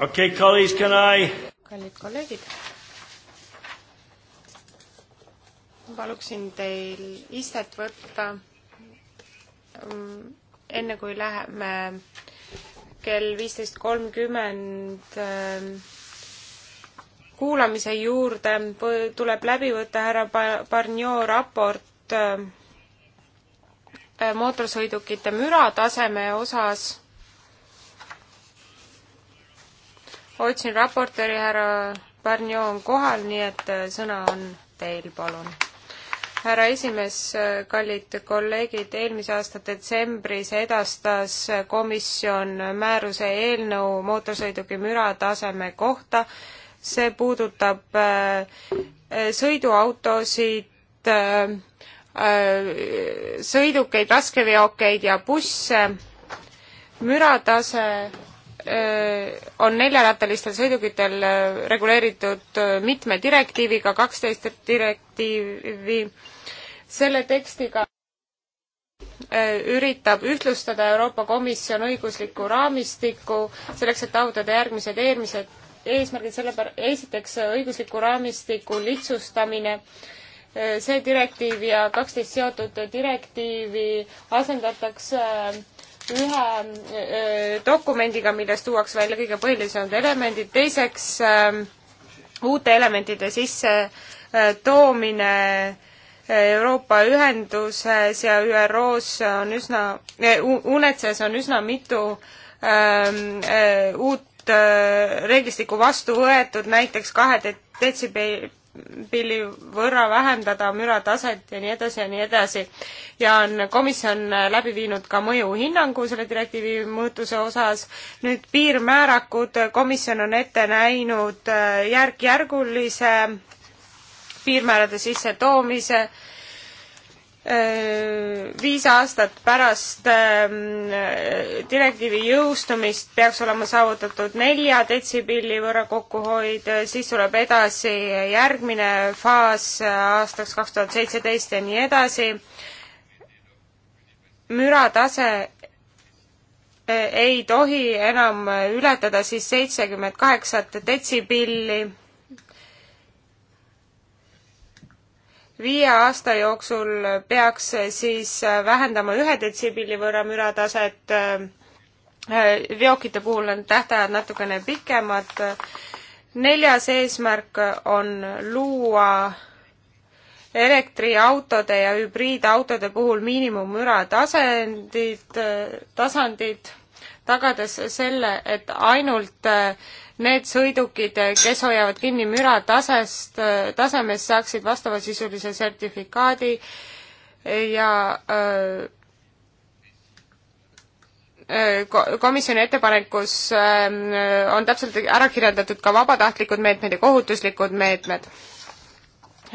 okei okay,, colleagues, can I? kallid kolleegid. paluksin teil istet võtta mm, enne kui läheme kell viisteist kolmkümmend ähm, kuulamise juurde, tuleb läbi võtta härra Barnio raport ähm, mootorsõidukite mürataseme osas otsin raportööri härra Barnio on kohal, nii et äh, sõna on teil, palun. härra esimees, äh, kallid kolleegid, eelmise aasta detsembris edastas äh, komisjon määruse eelnõu mootorsõiduki mürataseme kohta. see puudutab sõiduautosid, sõidukeid, raskeveokeid ja busse. müratase Äh, on neljaratalistel sõidukitel äh, reguleeritud äh, mitme direktiiviga, kaksteist direktiivi. selle tekstiga üritab ühtlustada Euroopa Komisjon õiguslikku raamistikku selleks, et taotleda järgmised eelmised eesmärgid, sellepär-, esiteks õigusliku raamistiku lihtsustamine, see direktiiv ja kaksteist seotud direktiivi asendatakse äh, ühe äh, dokumendiga, milles tuuakse välja kõige põhilisemad elemendid, teiseks äh, uute elementide sissetoomine äh, Euroopa ühenduses ja ÜRO-s on üsna, UNECE-s on üsna mitu ähm, uut reeglistiku vastu võetud, näiteks kahe detsibelli detsibelli võrra vähendada mürataset ja nii edasi ja nii edasi. ja on komisjon läbi viinud ka mõjuhinnangu selle direktiivi muutuse osas. nüüd piirmäärakud, komisjon on ette näinud järk-järgulise piirmäärade sissetoomise äh, Äh, viis aastat pärast ähm, äh, direktiivi jõustumist peaks olema saavutatud nelja detsibilli võrra kokkuhoid, äh, siis tuleb edasi järgmine faas aastaks kaks tuhat seitseteist ja nii edasi. müratase ei tohi enam ületada siis seitsekümmend kaheksat detsibilli viie aasta jooksul peaks siis vähendama ühe detsibilli võrra mürataset, veokite puhul on tähtajad natukene pikemad. neljas eesmärk on luua elektriautode ja hübriidautode puhul miinimummüra tasandid, tasandid tagades selle, et ainult äh, need sõidukid, äh, kes hoiavad kinni müra tasest, äh, tasemest, saaksid vastavasisulise sertifikaadi ja öö, komisjoni ettepanekus ähm, on täpselt ära kirjeldatud ka vabatahtlikud meetmed ja kohustuslikud meetmed.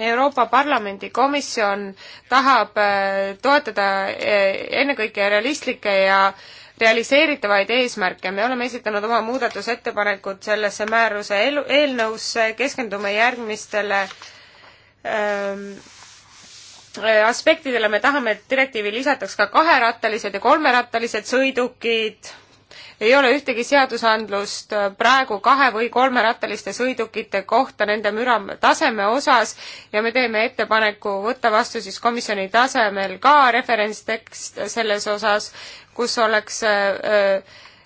Euroopa Parlamendi komisjon tahab toetada ennekõike realistlikke ja äh, realiseeritavaid eesmärke. me oleme esitanud oma muudatusettepanekud sellesse määruse elu, eelnõusse, keskendume järgmistele ähm, äh, aspektidele, me tahame, et direktiivi lisataks ka kaherattalised ja kolmerattalised sõidukid, ei ole ühtegi seadusandlust äh, praegu kahe- või kolmerattaliste sõidukite kohta nende müra taseme osas ja me teeme ettepaneku võtta vastu siis komisjoni tasemel ka referentstekst selles osas kus oleks äh, äh,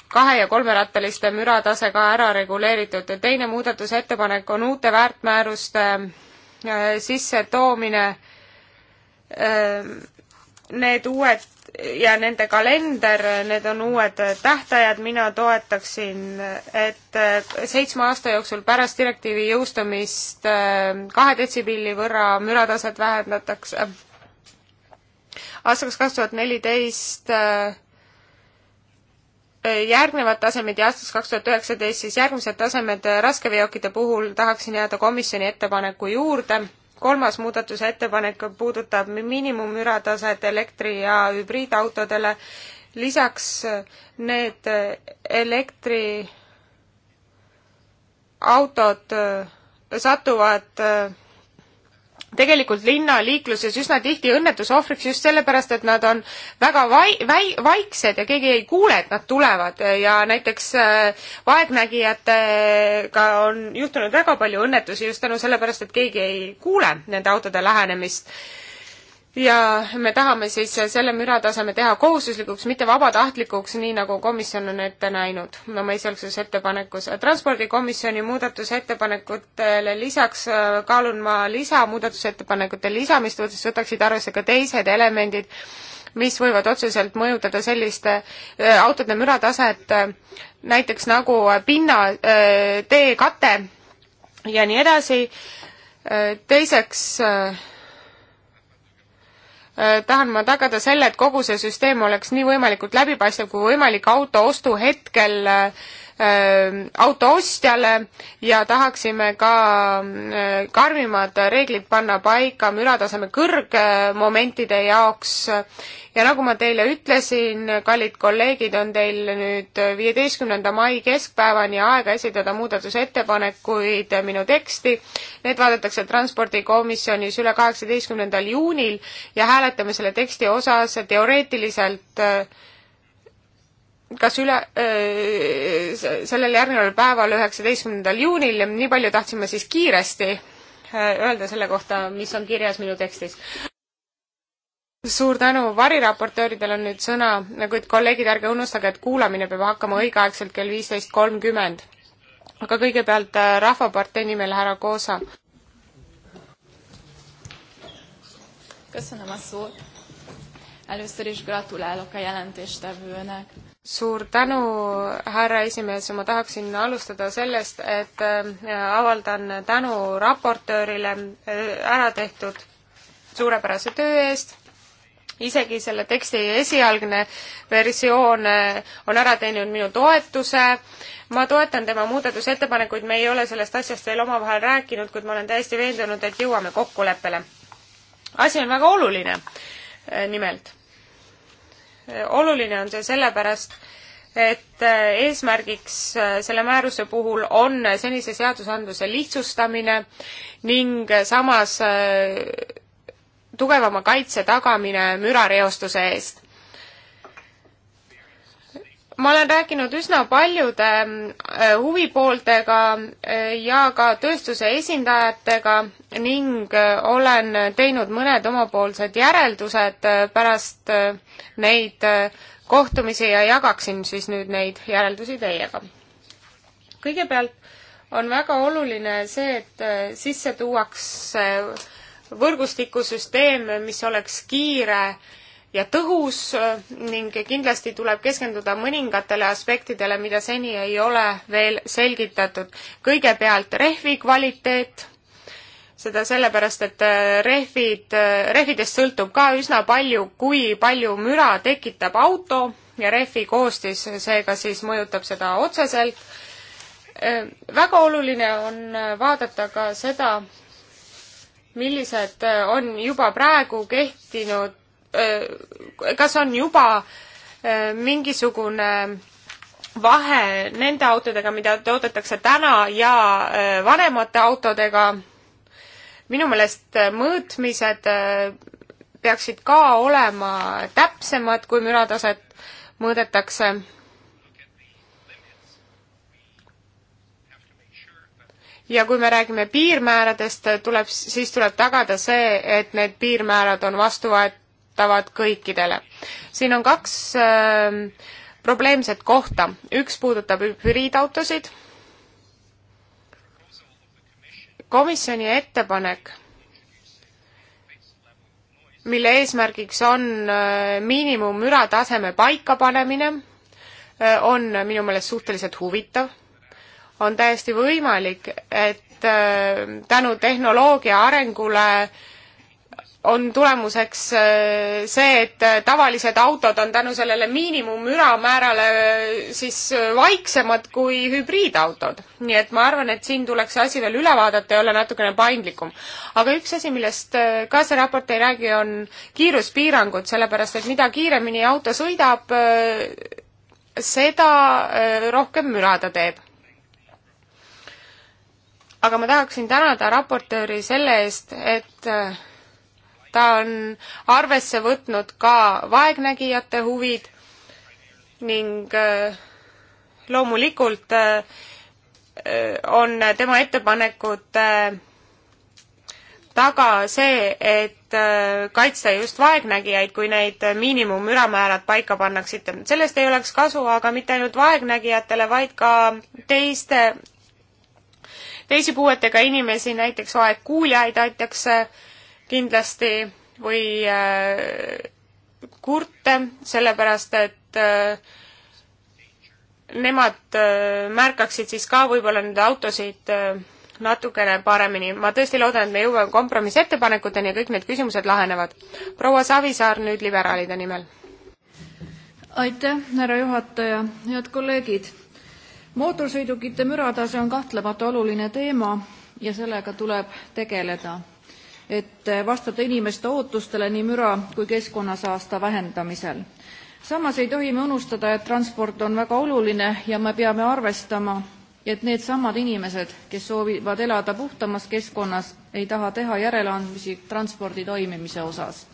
kahe- ja kolmerattaliste müratase ka ära reguleeritud. teine muudatusettepanek on uute väärtmääruste äh, sissetoomine, need uued ja nende kalender, need on uued tähtajad, mina toetaksin, et seitsme aasta jooksul pärast direktiivi jõustumist kahe detsibilli võrra mürataset vähendatakse. aastaks kaks tuhat neliteist järgnevad tasemed ja aastast kaks tuhat üheksateist siis järgmised tasemed raskeveokite puhul tahaksin jääda komisjoni ettepaneku juurde. kolmas muudatusettepanek puudutab miinimumürataset elektri- ja hübriidautodele. lisaks need elektriautod satuvad tegelikult linnaliikluses üsna tihti õnnetuse ohvriks just sellepärast, et nad on väga vai-, vai-, vaiksed ja keegi ei kuule, et nad tulevad ja näiteks äh, vaegnägijatega on juhtunud väga palju õnnetusi just tänu sellepärast, et keegi ei kuule nende autode lähenemist ja me tahame siis selle mürataseme teha kohustuslikuks, mitte vabatahtlikuks, nii nagu komisjon on ette näinud oma esialgses ettepanekus. Äh, transpordikomisjoni muudatusettepanekutele lisaks äh, kaalun ma lisamuudatusettepanekute lisamist, võtaksid arvesse ka teised elemendid, mis võivad otseselt mõjutada selliste äh, autode mürataset, näiteks nagu pinna, teekate ja nii edasi. teiseks Äh, tahan ma tagada selle, et kogu see süsteem oleks nii võimalikult läbipaistev kui võimalik auto ostu hetkel äh, Ähm, auto ostjale ja tahaksime ka äh, karmimad reeglid panna paika mürataseme kõrgmomentide äh, jaoks. ja nagu ma teile ütlesin, kallid kolleegid, on teil nüüd viieteistkümnenda mai keskpäevani aega esitada muudatusettepanekuid minu teksti. Need vaadatakse transpordikomisjonis üle kaheksateistkümnendal juunil ja hääletame selle teksti osas teoreetiliselt äh, kas üle, sellel järgneval päeval, üheksateistkümnendal juunil, nii palju tahtsin ma siis kiiresti öelda selle kohta, mis on kirjas minu tekstis. suur tänu, variraportööridel on nüüd sõna, kuid kolleegid, ärge unustage, et kuulamine peab hakkama õigeaegselt kell viisteist kolmkümmend. aga kõigepealt Rahvapartei nimel härra Koosa. köszönöm a szót. Először is gratulálok a jelentéstevőnek suur tänu, härra esimees, ma tahaksin alustada sellest, et äh, avaldan tänu raportöörile äh, ära tehtud suurepärase töö eest, isegi selle teksti esialgne versioon äh, on ära teeninud minu toetuse, ma toetan tema muudatusettepanekuid, me ei ole sellest asjast veel omavahel rääkinud, kuid ma olen täiesti veendunud, et jõuame kokkuleppele. asi on väga oluline, nimelt oluline on see sellepärast, et äh, eesmärgiks äh, selle määruse puhul on senise seadusandluse lihtsustamine ning samas äh, tugevama kaitse tagamine mürareostuse eest ma olen rääkinud üsna paljude mm, äh, huvipooltega äh, ja ka tööstuse esindajatega ning äh, olen teinud mõned omapoolsed järeldused pärast neid kohtumisi ja jagaksin siis nüüd neid järeldusi teiega. kõigepealt on väga oluline see, et sisse tuuakse võrgustikusüsteem, mis oleks kiire ja tõhus äh, ning kindlasti tuleb keskenduda mõningatele aspektidele, mida seni ei ole veel selgitatud. kõigepealt rehvi kvaliteet, seda sellepärast, et äh, rehvid, äh, rehvidest sõltub ka üsna palju, kui palju müra tekitab auto ja rehvi koostis, seega siis mõjutab seda otseselt. väga oluline on vaadata ka seda, millised on juba praegu kehtinud kas on juba mingisugune vahe nende autodega, mida toodetakse täna ja vanemate autodega. minu meelest mõõtmised peaksid ka olema täpsemad, kui mürataset mõõdetakse. ja kui me räägime piirmääradest, tuleb, siis tuleb tagada see, et need piirmäärad on vastu võetud puudutavad kõikidele. siin on kaks äh, probleemset kohta, üks puudutab hübriidautosid, komisjoni ettepanek, mille eesmärgiks on äh, miinimummüra taseme paikapanemine, äh, on minu meelest suhteliselt huvitav. on täiesti võimalik, et äh, tänu tehnoloogia arengule äh, on tulemuseks äh, see, et äh, tavalised autod on tänu sellele miinimumüramäärale äh, siis vaiksemad kui hübriidautod. nii et ma arvan, et siin tuleks see asi veel üle vaadata ja olla natukene paindlikum. aga üks asi, millest ka see raport ei räägi, on kiiruspiirangud, sellepärast et mida kiiremini auto sõidab, seda rohkem müra ta teeb aga ma tahaksin tänada raportööri selle eest, et ta on arvesse võtnud ka vaegnägijate huvid ning äh, loomulikult äh, äh, on tema ettepanekud taga see, et kaitsta just vaegnägijaid, kui neid miinimumüramäärad paika pannaksite. sellest ei oleks kasu aga mitte ainult vaegnägijatele, vaid ka teiste, teisi puuetega inimesi, näiteks vaegkuuljaid aitakse äh, kindlasti või äh, kurte, sellepärast et äh, nemad äh, märkaksid siis ka võib-olla nende autosid natukene paremini. ma tõesti loodan, et me jõuame kompromissettepanekuteni ja kõik need küsimused lahenevad. proua Savisaar nüüd liberaalide nimel. aitäh, härra juhataja, head kolleegid. mootorsõidukite müratase on kahtlemata oluline teema ja sellega tuleb tegeleda et vastata inimeste ootustele nii müra kui keskkonnasaasta vähendamisel. samas ei tohi me unustada, et transport on väga oluline ja me peame arvestama, et needsamad inimesed, kes soovivad elada puhtamas keskkonnas, ei taha teha järeleandmisi transpordi toimimise osas.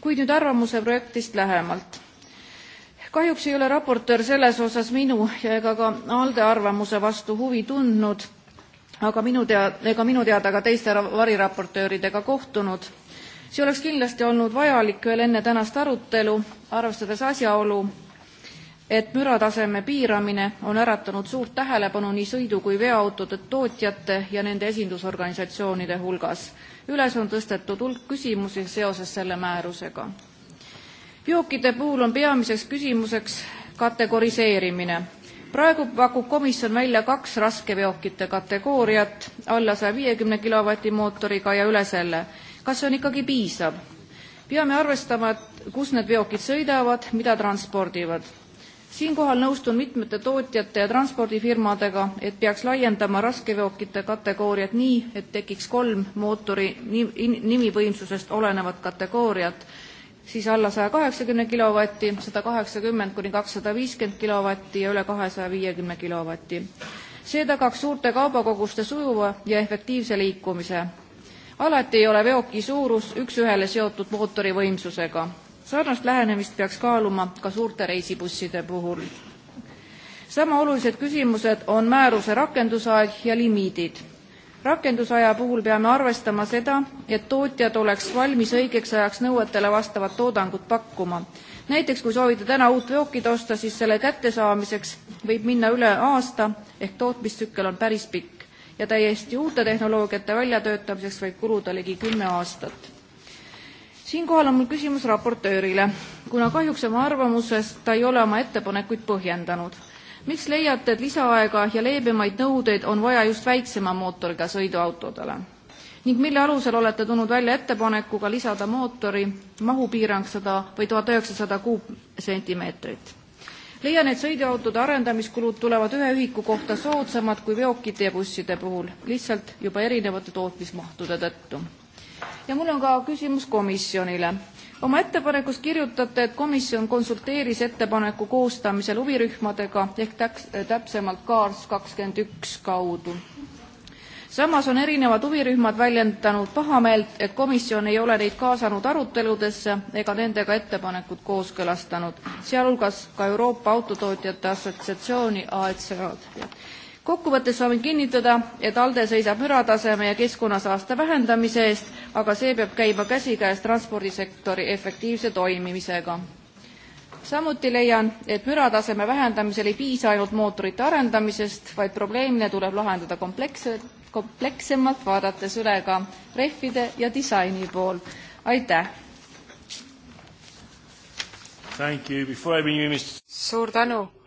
kuid nüüd arvamuse projektist lähemalt kahjuks ei ole raportöör selles osas minu ja ega ka alde arvamuse vastu huvi tundnud aga minu tea-, ega minu teada ka teiste variraportööridega kohtunud. see oleks kindlasti olnud vajalik veel enne tänast arutelu, arvestades asjaolu, et mürataseme piiramine on äratanud suurt tähelepanu nii sõidu kui veoautode tootjate ja nende esindusorganisatsioonide hulgas. üles on tõstetud hulk küsimusi seoses selle määrusega. veokite puhul on peamiseks küsimuseks kategoriseerimine praegu pakub komisjon välja kaks raskeveokite kategooriat alla saja viiekümne kilovati mootoriga ja üle selle kas see on ikkagi piisav peame arvestama et kus need veokid sõidavad mida transpordivad siinkohal nõustun mitmete tootjate ja transpordifirmadega et peaks laiendama raskeveokite kategooriat nii et tekiks kolm mootori nimivõimsusest olenevat kategooriat siis alla saja kaheksakümne kilovati, sada kaheksakümmend kuni kakssada viiskümmend kilovatti ja üle kahesaja viiekümne kilovati. see tagaks suurte kaubakoguste sujuva ja efektiivse liikumise. alati ei ole veoki suurus üks-ühele seotud mootori võimsusega. sarnast lähenemist peaks kaaluma ka suurte reisibusside puhul. sama olulised küsimused on määruse rakendusaeg ja limiidid rakendusaja puhul peame arvestama seda, et tootjad oleks valmis õigeks ajaks nõuetele vastavat toodangut pakkuma. näiteks kui soovite täna uut veokit osta, siis selle kättesaamiseks võib minna üle aasta ehk tootmistsükkel on päris pikk ja täiesti uute tehnoloogiate väljatöötamiseks võib kuluda ligi kümme aastat. siinkohal on mul küsimus raportöörile, kuna kahjuks oma arvamuses ta ei ole oma ettepanekuid põhjendanud miks leiate, et lisaaega ja leebemaid nõudeid on vaja just väiksema mootoriga sõiduautodele? ning mille alusel olete tulnud välja ettepanekuga lisada mootori mahupiirang sada või tuhat üheksasada kuupsentimeetrit? leian, et sõiduautode arendamiskulud tulevad ühe ühiku kohta soodsamad kui veokite ja busside puhul, lihtsalt juba erinevate tootmismahtude tõttu. ja mul on ka küsimus komisjonile oma ettepanekus kirjutate, et komisjon konsulteeris ettepaneku koostamisel huvirühmadega ehk täpsemalt Kaars kakskümmend üks kaudu. samas on erinevad huvirühmad väljendanud pahameelt, et komisjon ei ole neid kaasanud aruteludesse ega nendega ettepanekut kooskõlastanud, sealhulgas ka Euroopa Autotootjate Assotsiatsiooni AECA-d kokkuvõttes saame kinnitada, et ALDE seisab mürataseme ja keskkonnasaaste vähendamise eest, aga see peab käima käsikäes transpordisektori efektiivse toimimisega. samuti leian, et mürataseme vähendamisel ei piisa ainult mootorite arendamisest, vaid probleemile tuleb lahendada kompleksse-, komplekssemalt, vaadates üle ka rehvide ja disaini pool. aitäh! suur tänu!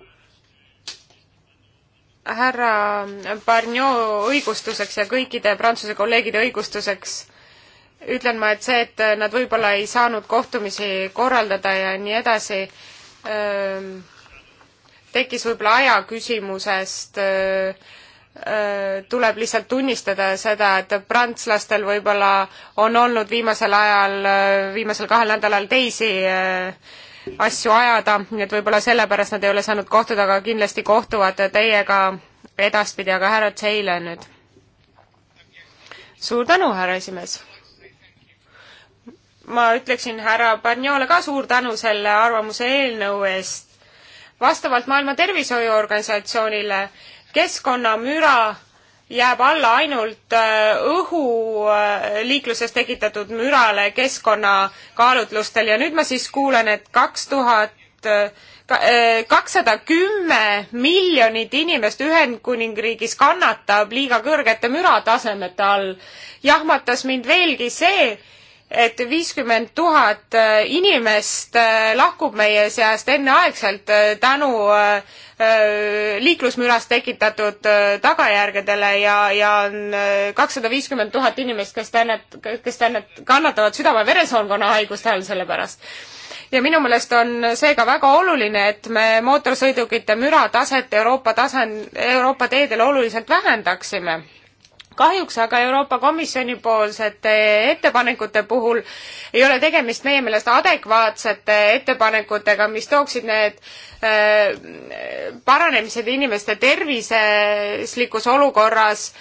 härra Barnot õigustuseks ja kõikide Prantsuse kolleegide õigustuseks ütlen ma, et see, et nad võib-olla ei saanud kohtumisi korraldada ja nii edasi, ähm, tekkis võib-olla aja küsimusest, äh, äh, tuleb lihtsalt tunnistada seda, et prantslastel võib-olla on olnud viimasel ajal, äh, viimasel kahel nädalal teisi öö, asju ajada, et võib-olla sellepärast nad ei ole saanud kohtuda, aga kindlasti kohtuvad teiega edaspidi, aga härra Tseile nüüd. suur tänu, härra esimees! ma ütleksin härra Barniole ka suur tänu selle arvamuse eelnõu eest. vastavalt Maailma Tervishoiuorganisatsioonile keskkonnamüra jääb alla ainult äh, õhuliikluses äh, tekitatud mürale keskkonnakaalutlustel ja nüüd ma siis kuulen, et kaks tuhat äh, kakssada kümme miljonit inimest Ühendkuningriigis kannatab liiga kõrgete müratasemete all. jahmatas mind veelgi see, et viiskümmend tuhat äh, inimest äh, lahkub meie seast enneaegselt äh, tänu liiklusmürast tekitatud tagajärgedele ja, ja on kakssada viiskümmend tuhat inimest, kes tännet, kes tännet kannatavad südame-veresoonkonna haiguste all selle pärast. ja minu meelest on seega väga oluline, et me mootorsõidukite müra taset Euroopa tasand, Euroopa teedel oluliselt vähendaksime kahjuks aga Euroopa Komisjoni poolsete ettepanekute puhul ei ole tegemist meie meelest adekvaatsete ettepanekutega, mis tooksid need äh, paranemised inimeste tervislikus olukorras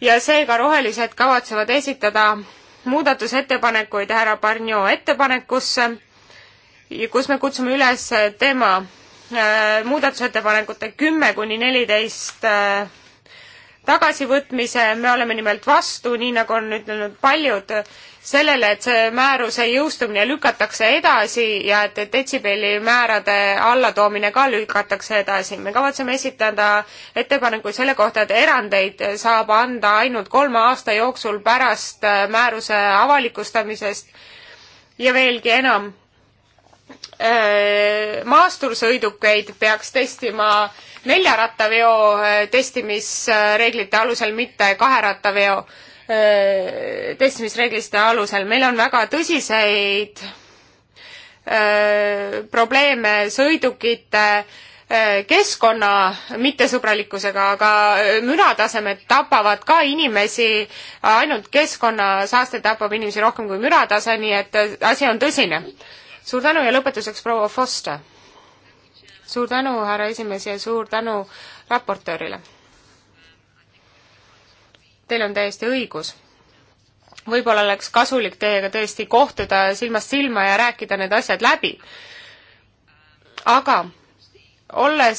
ja seega rohelised kavatsevad esitada muudatusettepanekuid härra Barnio ettepanekusse, kus me kutsume üles tema äh, muudatusettepanekute kümme kuni neliteist äh, tagasivõtmise, me oleme nimelt vastu, nii nagu on ütelnud paljud, sellele, et see määruse jõustumine lükatakse edasi ja et detsibelli määrade allatoomine ka lükatakse edasi. me kavatseme esitada ettepanekuid selle kohta, et erandeid saab anda ainult kolme aasta jooksul pärast määruse avalikustamisest ja veelgi enam Äh, maastursõidukeid peaks testima neljarattaveo äh, testimisreeglite alusel, mitte kaherattaveo äh, testimisreeglite alusel. meil on väga tõsiseid probleeme sõidukite keskkonna mittesõbralikkusega, aga müratasemed tapavad ka inimesi, ainult keskkonnasaaste tapab inimesi rohkem kui müratase, nii et asi on tõsine suur tänu ja lõpetuseks proua Foster. suur tänu, härra esimees, ja suur tänu raportöörile. Teil on täiesti õigus. võib-olla oleks kasulik teiega tõesti kohtuda silmast silma ja rääkida need asjad läbi. aga olles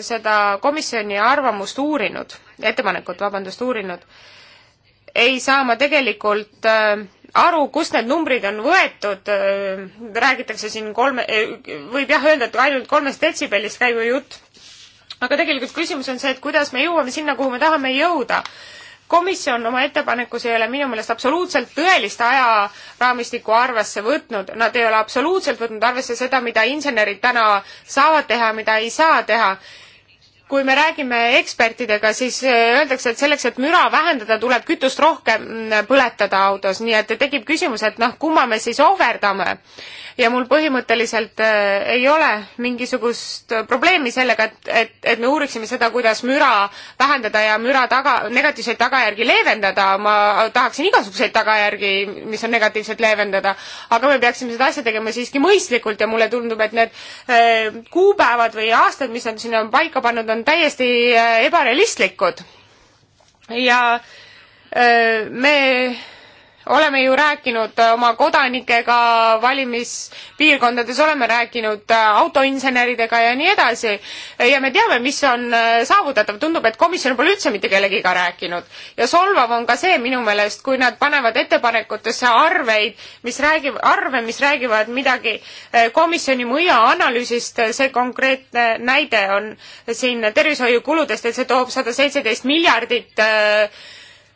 seda komisjoni arvamust uurinud, ettepanekut, vabandust, uurinud, ei saa ma tegelikult äh, aru, kust need numbrid on võetud, äh, räägitakse siin kolme, äh, võib jah öelda, et ainult kolmest detsibellist käib ju jutt, aga tegelikult küsimus on see, et kuidas me jõuame sinna, kuhu me tahame jõuda. komisjon oma ettepanekus ei ole minu meelest absoluutselt tõelist ajaraamistikku arvesse võtnud, nad ei ole absoluutselt võtnud arvesse seda, mida insenerid täna saavad teha, mida ei saa teha kui me räägime ekspertidega, siis äh, öeldakse, et selleks, et müra vähendada, tuleb kütust rohkem mm, põletada autos, nii et tekib küsimus, et noh, kumma me siis ohverdame. ja mul põhimõtteliselt äh, ei ole mingisugust probleemi sellega, et, et, et me uuriksime seda, kuidas müra vähendada ja müra taga, negatiivseid tagajärgi leevendada, ma tahaksin igasuguseid tagajärgi, mis on negatiivsed, leevendada, aga me peaksime seda asja tegema siiski mõistlikult ja mulle tundub, et need äh, kuupäevad või aastad, mis on sinna paika pannud, on on täiesti äh, ebarealistlikud ja äh, me oleme ju rääkinud äh, oma kodanikega valimispiirkondades, oleme rääkinud äh, autoinseneridega ja nii edasi. ja me teame, mis on äh, saavutatav, tundub, et komisjon pole üldse mitte kellegiga rääkinud. ja solvav on ka see minu meelest, kui nad panevad ettepanekutesse arveid, mis räägib, arve, mis räägivad midagi komisjoni mõjuanalüüsist, see konkreetne näide on siin tervishoiukuludest, et see toob sada seitseteist miljardit äh,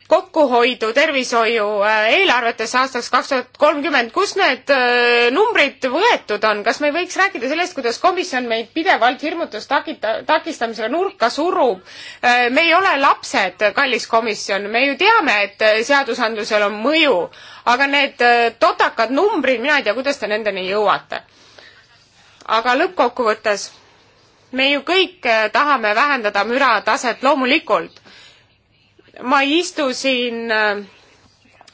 kokkuhoidu tervishoiu äh, eelarvetes aastaks kaks tuhat kolmkümmend, kus need äh, numbrid võetud on, kas me ei võiks rääkida sellest, kuidas komisjon meid pidevalt hirmutustakita-, takistamisega nurka surub? Äh, me ei ole lapsed, kallis komisjon, me ju teame, et seadusandlusel on mõju, aga need totakad numbrid, mina ei tea, kuidas te nendeni jõuate. aga lõppkokkuvõttes, me ju kõik tahame vähendada müra taset loomulikult ma ei istu siin äh,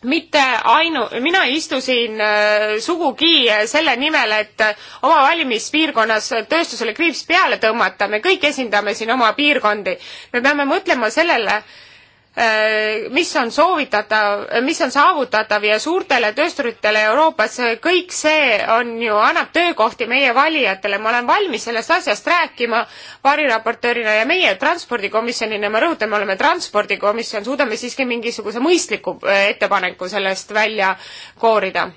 mitte ainu-, mina ei istu siin äh, sugugi äh, selle nimel, et oma valimispiirkonnas tööstusele kriips peale tõmmata, me kõik esindame siin oma piirkondi. me peame mõtlema sellele, Äh, mis on soovitatav, äh, mis on saavutatav ja suurtele töösturitele Euroopas, äh, kõik see on ju, annab töökohti meie valijatele, ma olen valmis sellest asjast rääkima variraportöörina ja meie transpordikomisjonina, ma rõhutan, me oleme transpordikomisjon, suudame siiski mingisuguse mõistliku ettepaneku sellest välja koorida.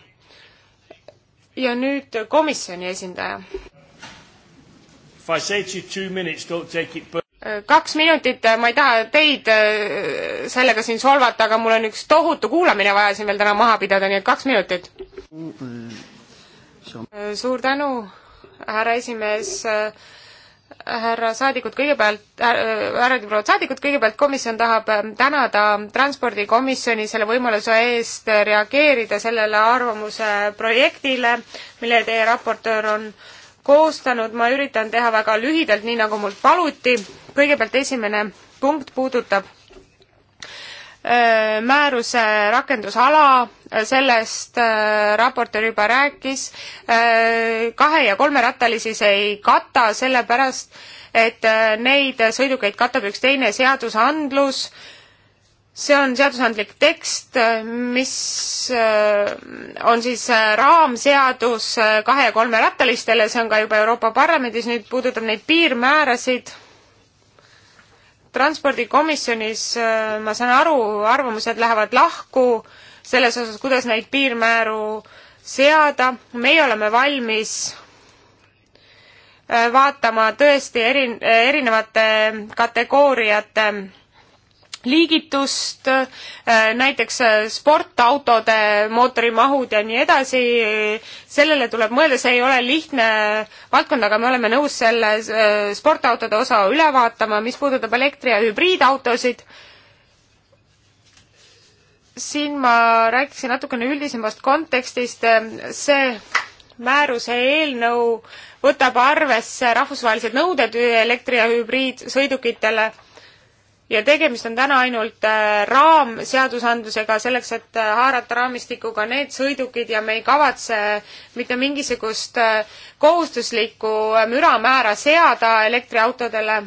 ja nüüd komisjoni esindaja. If I say to you two minutes, don't take it personally kaks minutit, ma ei taha teid äh, sellega siin solvata, aga mul on üks tohutu kuulamine vaja siin veel täna maha pidada, nii et kaks minutit. suur tänu, härra esimees härra saadikud kõigepealt, härra Dibrood saadikud, kõigepealt komisjon tahab äh, tänada Transpordikomisjoni selle võimaluse eest reageerida sellele arvamuse projektile, mille teie raportöör on äh, koostanud, ma üritan teha väga lühidalt, nii nagu mult paluti. kõigepealt esimene punkt puudutab äh, määruse rakendusala, sellest äh, raportöör juba rääkis, äh, kahe- ja kolmerattalisi see ei kata, sellepärast et neid sõidukeid katab üks teine seadusandlus see on seadusandlik tekst, mis äh, on siis äh, raamseadus äh, kahe- ja kolmerattalistele, see on ka juba Euroopa Parlamendis, nüüd puudutab neid piirmäärasid. transpordikomisjonis, ma saan aru, arvamused lähevad lahku selles osas, kuidas neid piirmääru seada, meie oleme valmis vaatama tõesti eri, erinevate kategooriate liigitust, äh, näiteks äh, sportautode mootorimahud ja nii edasi, sellele tuleb mõelda, see ei ole lihtne valdkond, aga me oleme nõus selle äh, sportautode osa üle vaatama, mis puudutab elektri- ja hübriidautosid, siin ma rääkisin natukene üldisemast kontekstist, see määruse eelnõu võtab arvesse rahvusvahelised nõuded elektri- ja hübriidsõidukitele ja tegemist on täna ainult äh, raamseadusandlusega selleks, et äh, haarata raamistikuga need sõidukid ja me ei kavatse mitte mingisugust äh, kohustuslikku müramäära seada elektriautodele.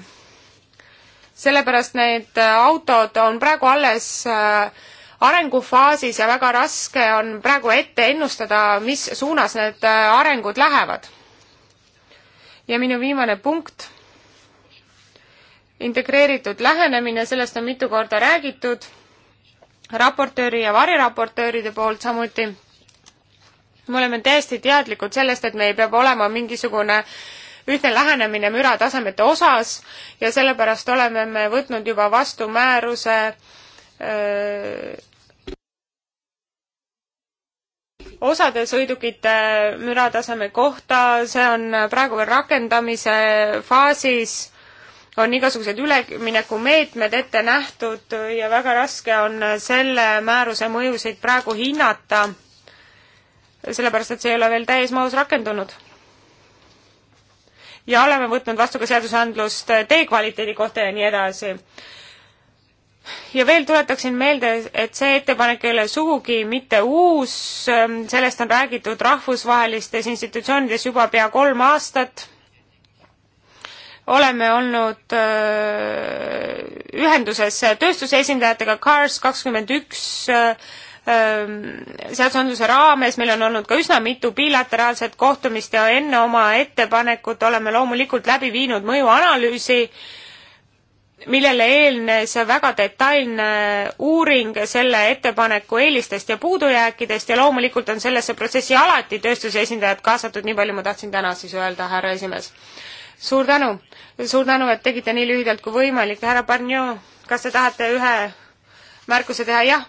sellepärast need autod on praegu alles arengufaasis ja väga raske on praegu ette ennustada, mis suunas need arengud lähevad. ja minu viimane punkt integreeritud lähenemine, sellest on mitu korda räägitud raportööri ja variraportööride poolt samuti. me oleme täiesti teadlikud sellest, et meil peab olema mingisugune ühtne lähenemine müratasemete osas ja sellepärast oleme me võtnud juba vastu määruse öö, äh, osade sõidukite mürataseme kohta, see on praegu veel rakendamise faasis on igasugused üleminekumeetmed ette nähtud ja väga raske on selle määruse mõjusid praegu hinnata, sellepärast et see ei ole veel täies mahus rakendunud. ja oleme võtnud vastu ka seadusandlust tee kvaliteedi kohta ja nii edasi ja veel tuletaksin meelde, et see ettepanek ei ole sugugi mitte uus, sellest on räägitud rahvusvahelistes institutsioonides juba pea kolm aastat oleme olnud äh, ühenduses äh, tööstuse esindajatega Cars kakskümmend üks äh, ähm, seadusandluse raames, meil on olnud ka üsna mitu bilateraalset kohtumist ja enne oma ettepanekut oleme loomulikult läbi viinud mõjuanalüüsi, millele eelnes väga detailne uuring selle ettepaneku eelistest ja puudujääkidest ja loomulikult on sellesse protsessi alati tööstuse esindajad kaasatud, nii palju ma tahtsin täna siis öelda, härra esimees suur tänu, suur tänu, et tegite nii lühidalt kui võimalik, härra Barnio, kas te tahate ühe märkuse teha, jah,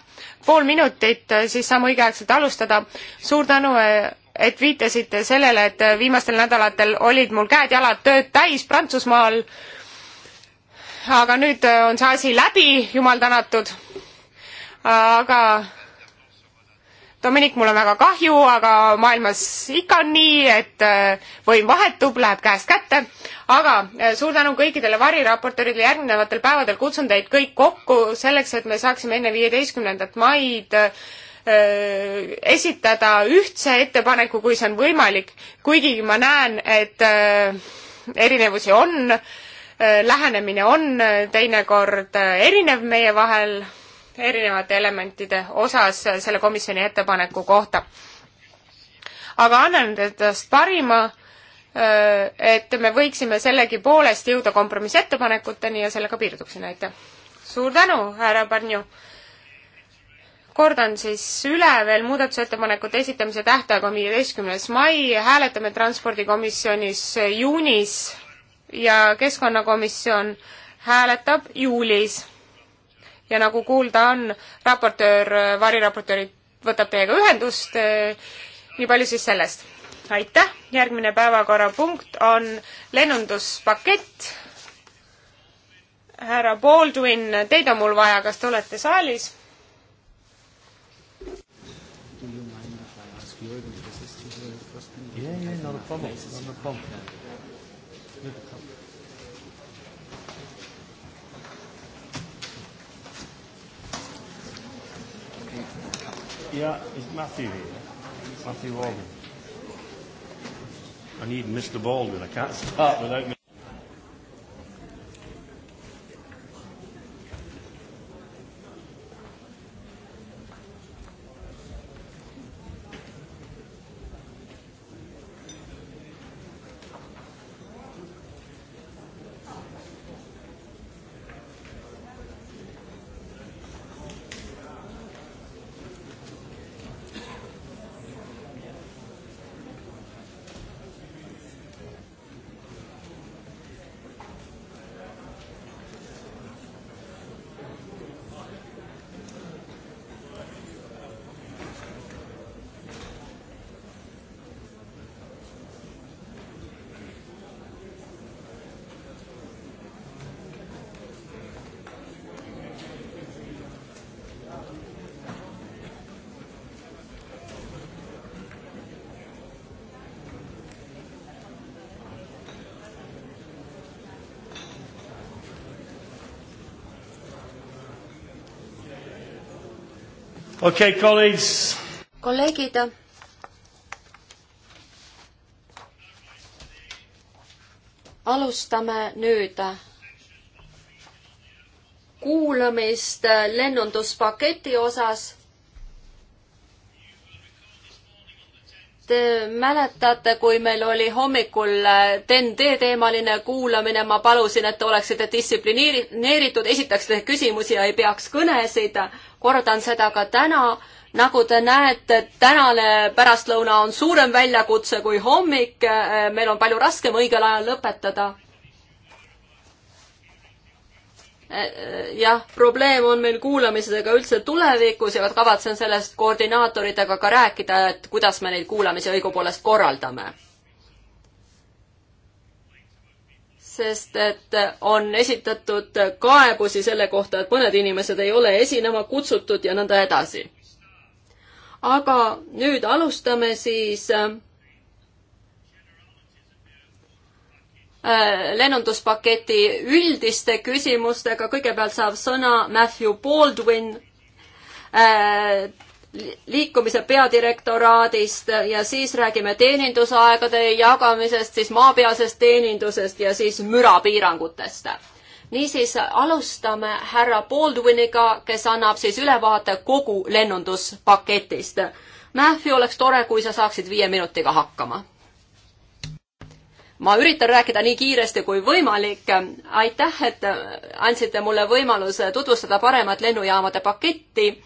pool minutit, äh, siis saame õigeaegselt alustada. suur tänu, äh, et viitasite sellele, et äh, viimastel nädalatel olid mul käed-jalad tööd täis Prantsusmaal. aga nüüd on see asi läbi, jumal tänatud. aga Dominik, mul on väga kahju, aga maailmas ikka on nii, et äh, võim vahetub, läheb käest kätte. aga äh, suur tänu kõikidele variraportööridele järgnevatel päevadel, kutsun teid kõik kokku selleks, et me saaksime enne viieteistkümnendat maid äh, esitada ühtse ettepaneku, kui see on võimalik, kuigi ma näen, et erinevusi on, lähenemine on teinekord erinev meie vahel erinevate elementide osas selle komisjoni ettepaneku kohta. aga annan endast parima, äh, et me võiksime sellegipoolest jõuda kompromissettepanekuteni ja sellega piirduksin, aitäh! suur tänu, härra Barnju! kordan siis üle veel muudatusettepanekute esitamise tähtaeg on viieteistkümnes mai, hääletame transpordikomisjonis juunis ja keskkonnakomisjon hääletab juulis ja nagu kuulda on, raportöör, variraportöörid võtab teiega ühendust. Eh, nii palju siis sellest. aitäh, järgmine päevakorrapunkt on lennunduspakett. härra Baldwin, teid on mul vaja, kas te olete saalis? Yeah, yeah, not a problem, not a problem. Yeah, it's Matthew eh, here. Matthew Baldwin. I need Mr. Baldwin. I can't start without. okei okay,, kolleegid. kolleegid. alustame nüüd kuulamist lennunduspaketi osas Te mäletate, kui meil oli hommikul TEN-T äh, teemaline kuulamine, ma palusin, et oleksite distsiplineeritud, esitaksite küsimusi ja ei peaks kõnesid. kordan seda ka täna. nagu te näete, tänane pärastlõuna on suurem väljakutse kui hommik. Äh, meil on palju raskem õigel ajal lõpetada jah, probleem on meil kuulamisega üldse tulevikus ja kavatsen sellest koordinaatoritega ka rääkida, et kuidas me neid kuulamisi õigupoolest korraldame. sest et on esitatud kaebusi selle kohta, et mõned inimesed ei ole esinema kutsutud ja nõnda edasi. aga nüüd alustame siis äh, Äh, lennunduspaketi üldiste küsimustega, kõigepealt saab sõna Matthew Baldwin äh, liikumise peadirektoraadist ja siis räägime teenindusaegade jagamisest, siis maapealsest teenindusest ja siis mürapiirangutest. niisiis alustame härra Baldwiniga, kes annab siis ülevaate kogu lennunduspaketist. Matthew, oleks tore, kui sa saaksid viie minutiga hakkama ma üritan rääkida nii kiiresti kui võimalik. aitäh, et andsite mulle võimaluse tutvustada paremat lennujaamade paketti.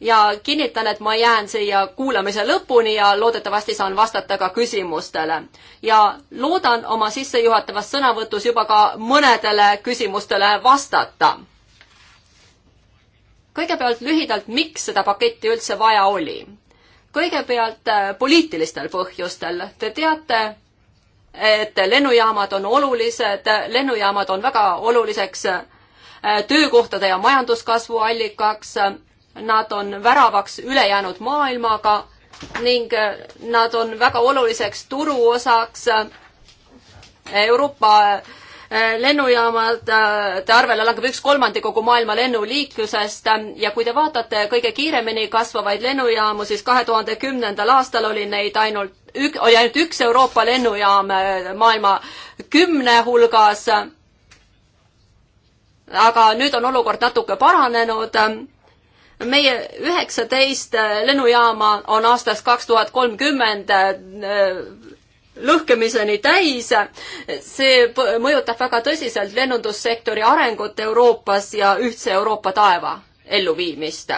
ja kinnitan, et ma jään siia kuulamise lõpuni ja loodetavasti saan vastata ka küsimustele. ja loodan oma sissejuhatavas sõnavõtus juba ka mõnedele küsimustele vastata. kõigepealt lühidalt, miks seda paketti üldse vaja oli? kõigepealt äh, poliitilistel põhjustel. Te teate, et lennujaamad on olulised, lennujaamad on väga oluliseks äh, töökohtade ja majanduskasvu allikaks. Nad on väravaks ülejäänud maailmaga ning äh, nad on väga oluliseks turuosaks äh, Euroopa Äh, lennujaamad, äh, arvele langeb üks kolmandik kogu maailma lennuliiklusest ja kui te vaatate kõige kiiremini kasvavaid lennujaamu, siis kahe tuhande kümnendal aastal oli neid ainult ük-, oli ainult üks Euroopa lennujaam äh, maailma kümne hulgas. aga nüüd on olukord natuke paranenud meie üheksateist lennujaama on aastast kaks tuhat kolmkümmend lõhkemiseni täis. see mõjutab väga tõsiselt lennundussektori arengut Euroopas ja ühtse Euroopa taeva elluviimist.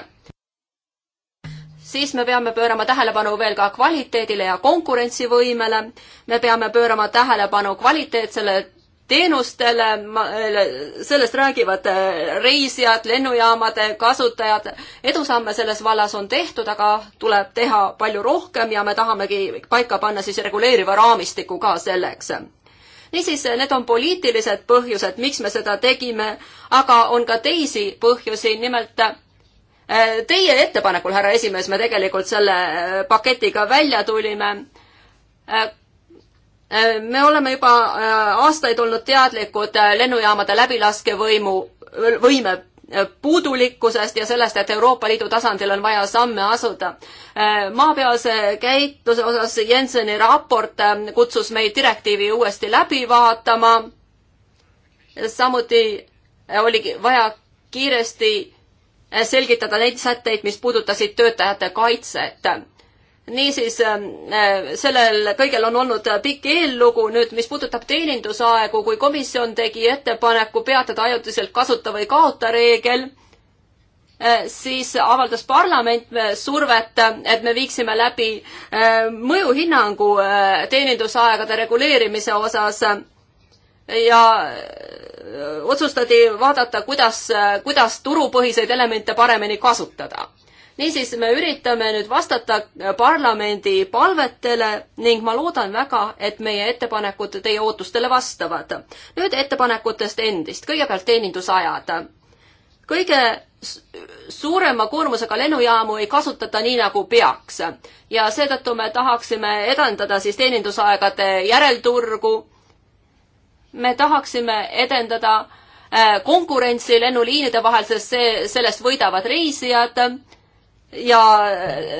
siis me peame pöörama tähelepanu veel ka kvaliteedile ja konkurentsivõimele. me peame pöörama tähelepanu kvaliteetsele teenustele, äh, sellest räägivad äh, reisijad, lennujaamade kasutajad, edusamme selles vallas on tehtud, aga tuleb teha palju rohkem ja me tahamegi paika panna siis reguleeriva raamistiku ka selleks. niisiis, need on poliitilised põhjused, miks me seda tegime, aga on ka teisi põhjusi, nimelt äh, teie ettepanekul, härra esimees, me tegelikult selle paketiga välja tulime Äh, me oleme juba äh, aastaid olnud teadlikud äh, lennujaamade läbilaskevõimu, võime puudulikkusest ja sellest, et Euroopa Liidu tasandil on vaja samme asuda. maapealse käitluse osas Jenseni raport kutsus meid direktiivi uuesti läbi vaatama. samuti oli vaja kiiresti selgitada neid sätteid, mis puudutasid töötajate kaitset niisiis ähm, äh, sellel kõigel on olnud äh, pikk eellugu nüüd, mis puudutab teenindusaegu, kui komisjon tegi ettepaneku peatada ajutiselt kasuta või kaota reegel, äh, siis avaldas parlament survet, et me viiksime läbi mõjuhinnangu teenindusaegade reguleerimise osas ja otsustati vaadata, kuidas, kuidas turupõhiseid elemente paremini kasutada niisiis, me üritame nüüd vastata äh, parlamendi palvetele ning ma loodan väga, et meie ettepanekud teie ootustele vastavad. nüüd ettepanekutest endist, kõigepealt teenindusajad. kõige suurema koormusega lennujaamu ei kasutata nii, nagu peaks ja seetõttu me tahaksime edendada siis teenindusaegade järelturgu. me tahaksime edendada äh, konkurentsi lennuliinide vahel, sest see, sellest võidavad reisijad ja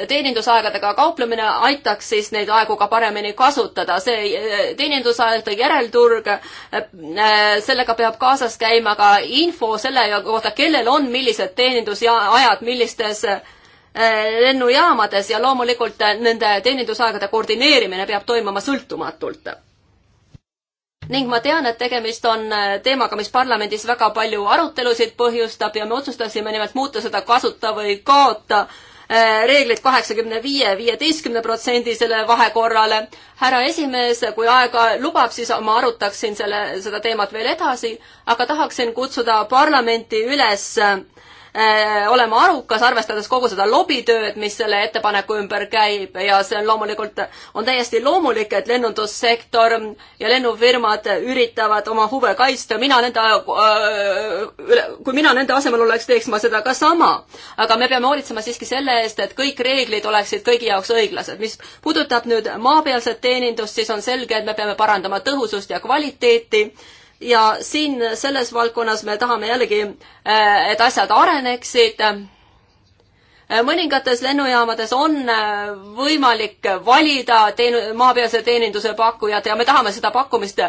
teenindusaegadega kauplemine aitaks siis neid aegu ka paremini kasutada. see eh, teenindusaegade järelturg, eh, sellega peab kaasas käima ka info selle kohta, kellel on millised teenindusajad, millistes eh, lennujaamades ja loomulikult nende teenindusaegade koordineerimine peab toimuma sõltumatult ning ma tean, et tegemist on äh, teemaga, mis parlamendis väga palju arutelusid põhjustab ja me otsustasime nimelt muuta seda kasuta või kaota äh, reeglit kaheksakümne viie, viieteistkümne protsendisele vahekorrale. härra esimees, kui aega lubab, siis ma arutaksin selle, seda teemat veel edasi, aga tahaksin kutsuda parlamenti üles äh, Äh, olema arukas, arvestades kogu seda lobitööd, mis selle ettepaneku ümber käib ja see on loomulikult, on täiesti loomulik, et lennundussektor ja lennufirmad üritavad oma huve kaitsta, mina nende, äh, kui mina nende asemel oleks, teeks ma seda ka sama. aga me peame hoolitsema siiski selle eest, et kõik reeglid oleksid kõigi jaoks õiglased. mis puudutab nüüd maapealset teenindust, siis on selge, et me peame parandama tõhusust ja kvaliteeti ja siin selles valdkonnas me tahame jällegi, äh, et asjad areneksid. Äh, mõningates lennujaamades on äh, võimalik valida teenu-, maapealse teeninduse pakkujat ja me tahame seda pakkumist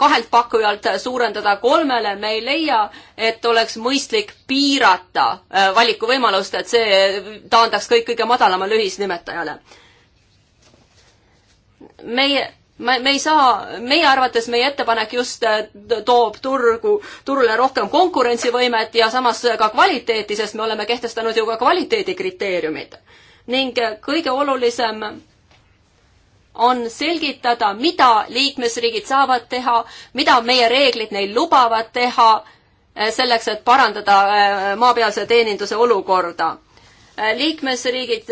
kahelt pakkujalt suurendada kolmele. me ei leia, et oleks mõistlik piirata valikuvõimalust, et see taandaks kõik kõige madalamale ühisnimetajale. meie me, me ei saa, meie arvates meie ettepanek just äh, toob turgu, turule rohkem konkurentsivõimet ja samas ka kvaliteeti, sest me oleme kehtestanud ju ka kvaliteedikriteeriumid. ning äh, kõige olulisem on selgitada, mida liikmesriigid saavad teha, mida meie reeglid neil lubavad teha, äh, selleks, et parandada maapealse teeninduse olukorda. liikmesriigid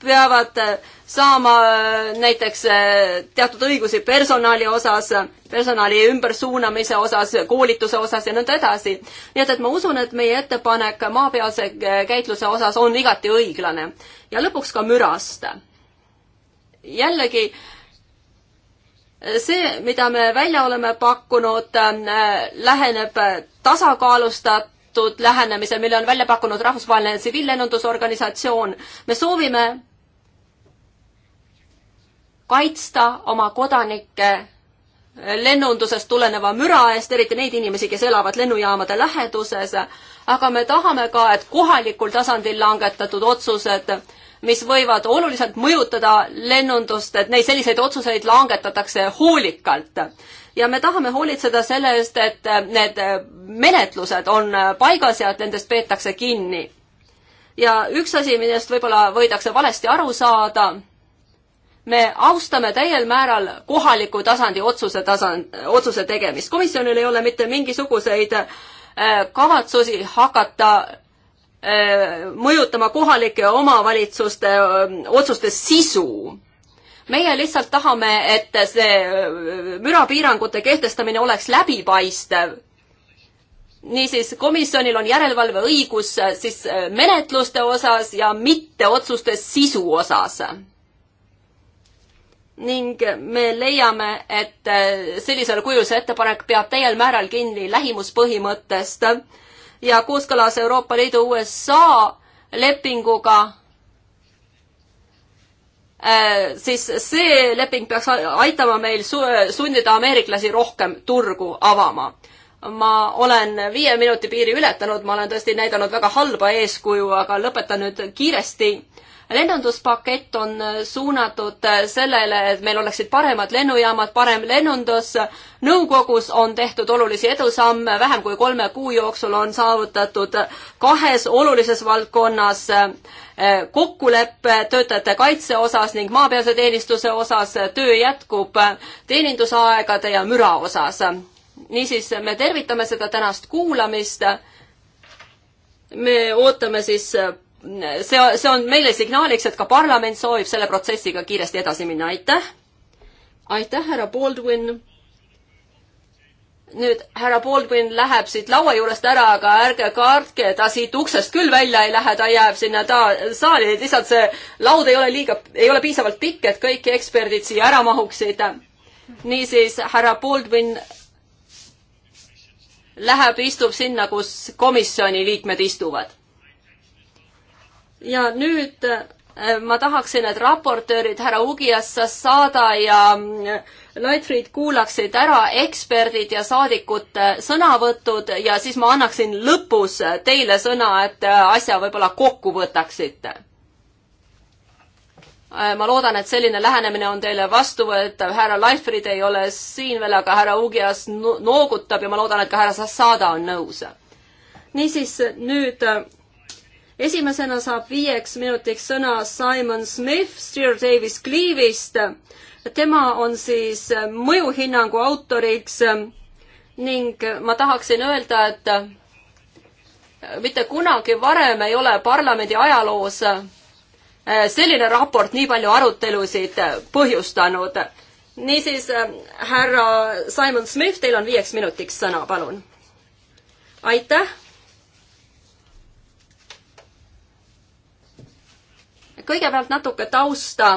peavad äh, saama äh, näiteks äh, teatud õigusi personali osas, personali ümbersuunamise osas, koolituse osas ja nõnda edasi. nii et, et ma usun, et meie ettepanek maapealse käitluse osas on igati õiglane. ja lõpuks ka mürast. jällegi, see, mida me välja oleme pakkunud äh,, läheneb tasakaalustatud lähenemise, mille on välja pakkunud rahvusvaheline tsiviillennundusorganisatsioon. me soovime kaitsta oma kodanikke lennundusest tuleneva müra eest, eriti neid inimesi, kes elavad lennujaamade läheduses, aga me tahame ka, et kohalikul tasandil langetatud otsused, mis võivad oluliselt mõjutada lennundust, et neid selliseid otsuseid langetatakse hoolikalt. ja me tahame hoolitseda selle eest, et need menetlused on paigas ja et nendest peetakse kinni. ja üks asi, millest võib-olla võidakse valesti aru saada me austame täiel määral kohaliku tasandi otsuse tasand, otsuse tegemist. komisjonil ei ole mitte mingisuguseid äh, kavatsusi hakata äh, mõjutama kohalike omavalitsuste äh, otsuste sisu. meie lihtsalt tahame, et see mürapiirangute kehtestamine oleks läbipaistev. niisiis, komisjonil on järelevalveõigus siis menetluste osas ja mitte otsuste sisu osas ning me leiame, et äh, sellisel kujul see ettepanek peab täiel määral kinni lähimuspõhimõttest ja kooskõlas Euroopa Liidu USA lepinguga Ee, äh, siis see leping peaks aitama meil su sundida ameeriklasi rohkem turgu avama. ma olen viie minuti piiri ületanud, ma olen tõesti näidanud väga halba eeskuju, aga lõpetan nüüd kiiresti lennunduspakett on äh, suunatud äh, sellele, et meil oleksid paremad lennujaamad, parem lennundus. nõukogus on tehtud olulisi edusamme, vähem kui kolme kuu jooksul on saavutatud kahes olulises valdkonnas äh, kokkulepe töötajate kaitse osas ning maapealse teenistuse osas töö jätkub teenindusaegade ja müra osas. niisiis, me tervitame seda tänast kuulamist. me ootame siis see, see on meile signaaliks, et ka parlament soovib selle protsessiga kiiresti edasi minna, aitäh. aitäh, härra Baldwin. nüüd härra Baldwin läheb siit laua juurest ära, aga ärge kartke, ta siit uksest küll välja ei lähe, ta jääb sinna ta saali, lihtsalt see laud ei ole liiga, ei ole piisavalt pikk, et kõik eksperdid siia ära mahuksid. niisiis, härra Baldwin läheb, istub sinna, kus komisjoni liikmed istuvad ja nüüd äh, ma tahaksin, et raportöörid härra Ugiasse saada ja mm, Leitfried kuulaksid ära eksperdid ja saadikute äh, sõnavõtud ja siis ma annaksin lõpus teile sõna, et äh, asja võib-olla kokku võtaksite. ma loodan, et selline lähenemine on teile vastuvõetav, härra Leitfried ei ole siin veel, aga härra Ugias noogutab ja ma loodan, et ka härra Sassada on nõus. niisiis nüüd esimesena saab viieks minutiks sõna Simon Smith Steer Davis Cleave'ist. tema on siis äh, mõjuhinnangu autoriks ähm, ning äh, ma tahaksin öelda, et äh, mitte kunagi varem ei ole parlamendi ajaloos selline raport nii palju arutelusid põhjustanud. niisiis, härra Simon Smith, teil on viieks minutiks sõna, palun. aitäh kõigepealt natuke tausta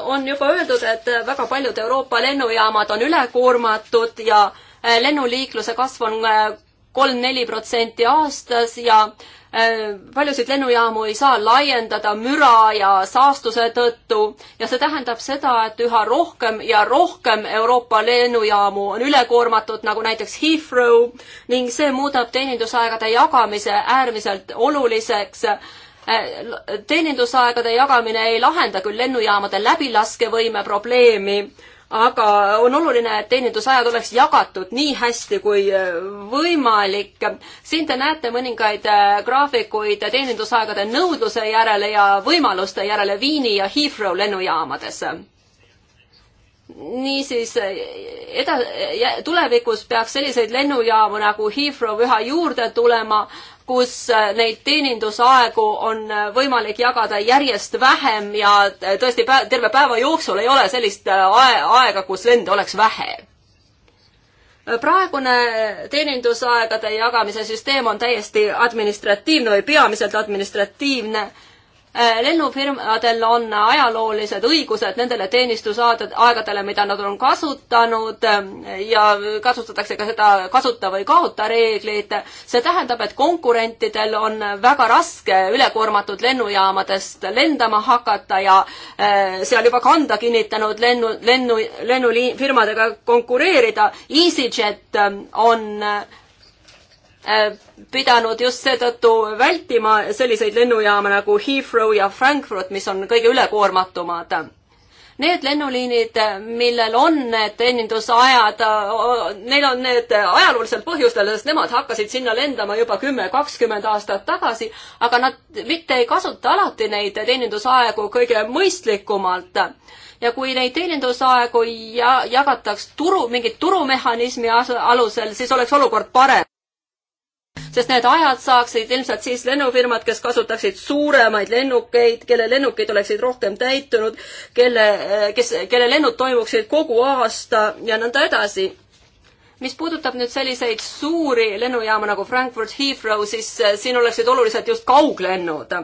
on juba öeldud, et väga paljud Euroopa lennujaamad on ülekoormatud ja äh, lennuliikluse kasv on äh, kolm-neli protsenti aastas ja äh, paljusid lennujaamu ei saa laiendada müra ja saastuse tõttu ja see tähendab seda, et üha rohkem ja rohkem Euroopa lennujaamu on ülekoormatud, nagu näiteks Heathrow ning see muudab teenindusaegade jagamise äärmiselt oluliseks Äh, teenindusaegade jagamine ei lahenda küll lennujaamade läbilaskevõime probleemi, aga on oluline, et teenindusajad oleks jagatud nii hästi kui äh, võimalik. siin te näete mõningaid äh, graafikuid teenindusaegade nõudluse järele ja võimaluste järele Viini ja Heathrow lennujaamades niisiis eda-, tulevikus peaks selliseid lennujaamu nagu Heathrow üha juurde tulema, kus äh, neid teenindusaegu on äh, võimalik jagada järjest vähem ja äh, tõesti pä terve päeva jooksul ei ole sellist aega, kus lende oleks vähe. praegune teenindusaegade jagamise süsteem on täiesti administratiivne või peamiselt administratiivne Äh, lennufirmadel äh, on ajaloolised õigused nendele teenistusaegadele, mida nad on kasutanud ähm, ja kasutatakse ka seda kasuta või kaota reegleid. see tähendab, et konkurentidel on väga raske ülekoormatud lennujaamadest lendama hakata ja äh, seal juba kanda kinnitanud lennu, lennu, lennufirmadega konkureerida. EasyJet ähm, on Äh, pidanud just seetõttu vältima selliseid lennujaama nagu Heathrow ja Frankfurt, mis on kõige ülekoormatumad. Need lennuliinid, millel on need teenindusajad, neil on need ajaloolisel põhjustel, sest nemad hakkasid sinna lendama juba kümme, kakskümmend aastat tagasi, aga nad mitte ei kasuta alati neid teenindusaegu kõige mõistlikumalt ja kui neid teenindusaegu ja jagataks turu, mingit turumehhanismi alusel, siis oleks olukord parem sest need ajad saaksid ilmselt siis lennufirmad, kes kasutaksid suuremaid lennukeid, kelle lennukid oleksid rohkem täitunud, kelle, kes, kelle lennud toimuksid kogu aasta ja nõnda edasi. mis puudutab nüüd selliseid suuri lennujaama nagu Frankfurt Heathrow, siis äh, siin oleksid olulised just kauglennud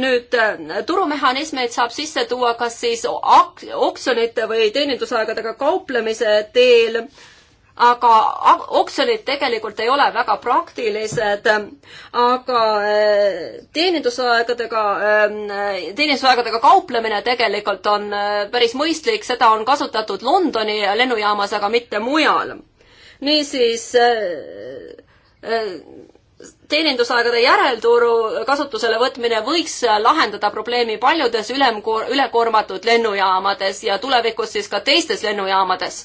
nüüd äh, turumehhanismeid saab sisse tuua kas siis oksjonite või teenindusaegadega kauplemise teel äh, aga oksjonid tegelikult ei ole väga praktilised, aga äh, teenindusaegadega, ähm, äh, teenindusaegadega kauplemine tegelikult on äh, päris mõistlik, seda on kasutatud Londoni lennujaamas, aga mitte mujal. niisiis teenindusaegade järelturu kasutusele võtmine võiks lahendada probleemi paljudes ülemkoor-, ülekoormatud lennujaamades ja tulevikus siis ka teistes lennujaamades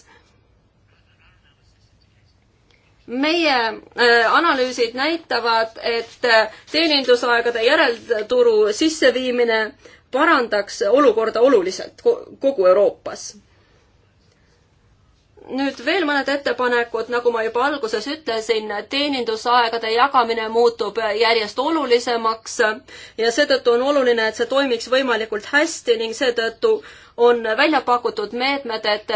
meie äh, analüüsid näitavad, et äh, teenindusaegade järelturu sisseviimine parandaks olukorda oluliselt kogu Euroopas nüüd veel mõned ettepanekud, nagu ma juba alguses ütlesin, teenindusaegade jagamine muutub järjest olulisemaks ja seetõttu on oluline, et see toimiks võimalikult hästi ning seetõttu on välja pakutud meetmed, et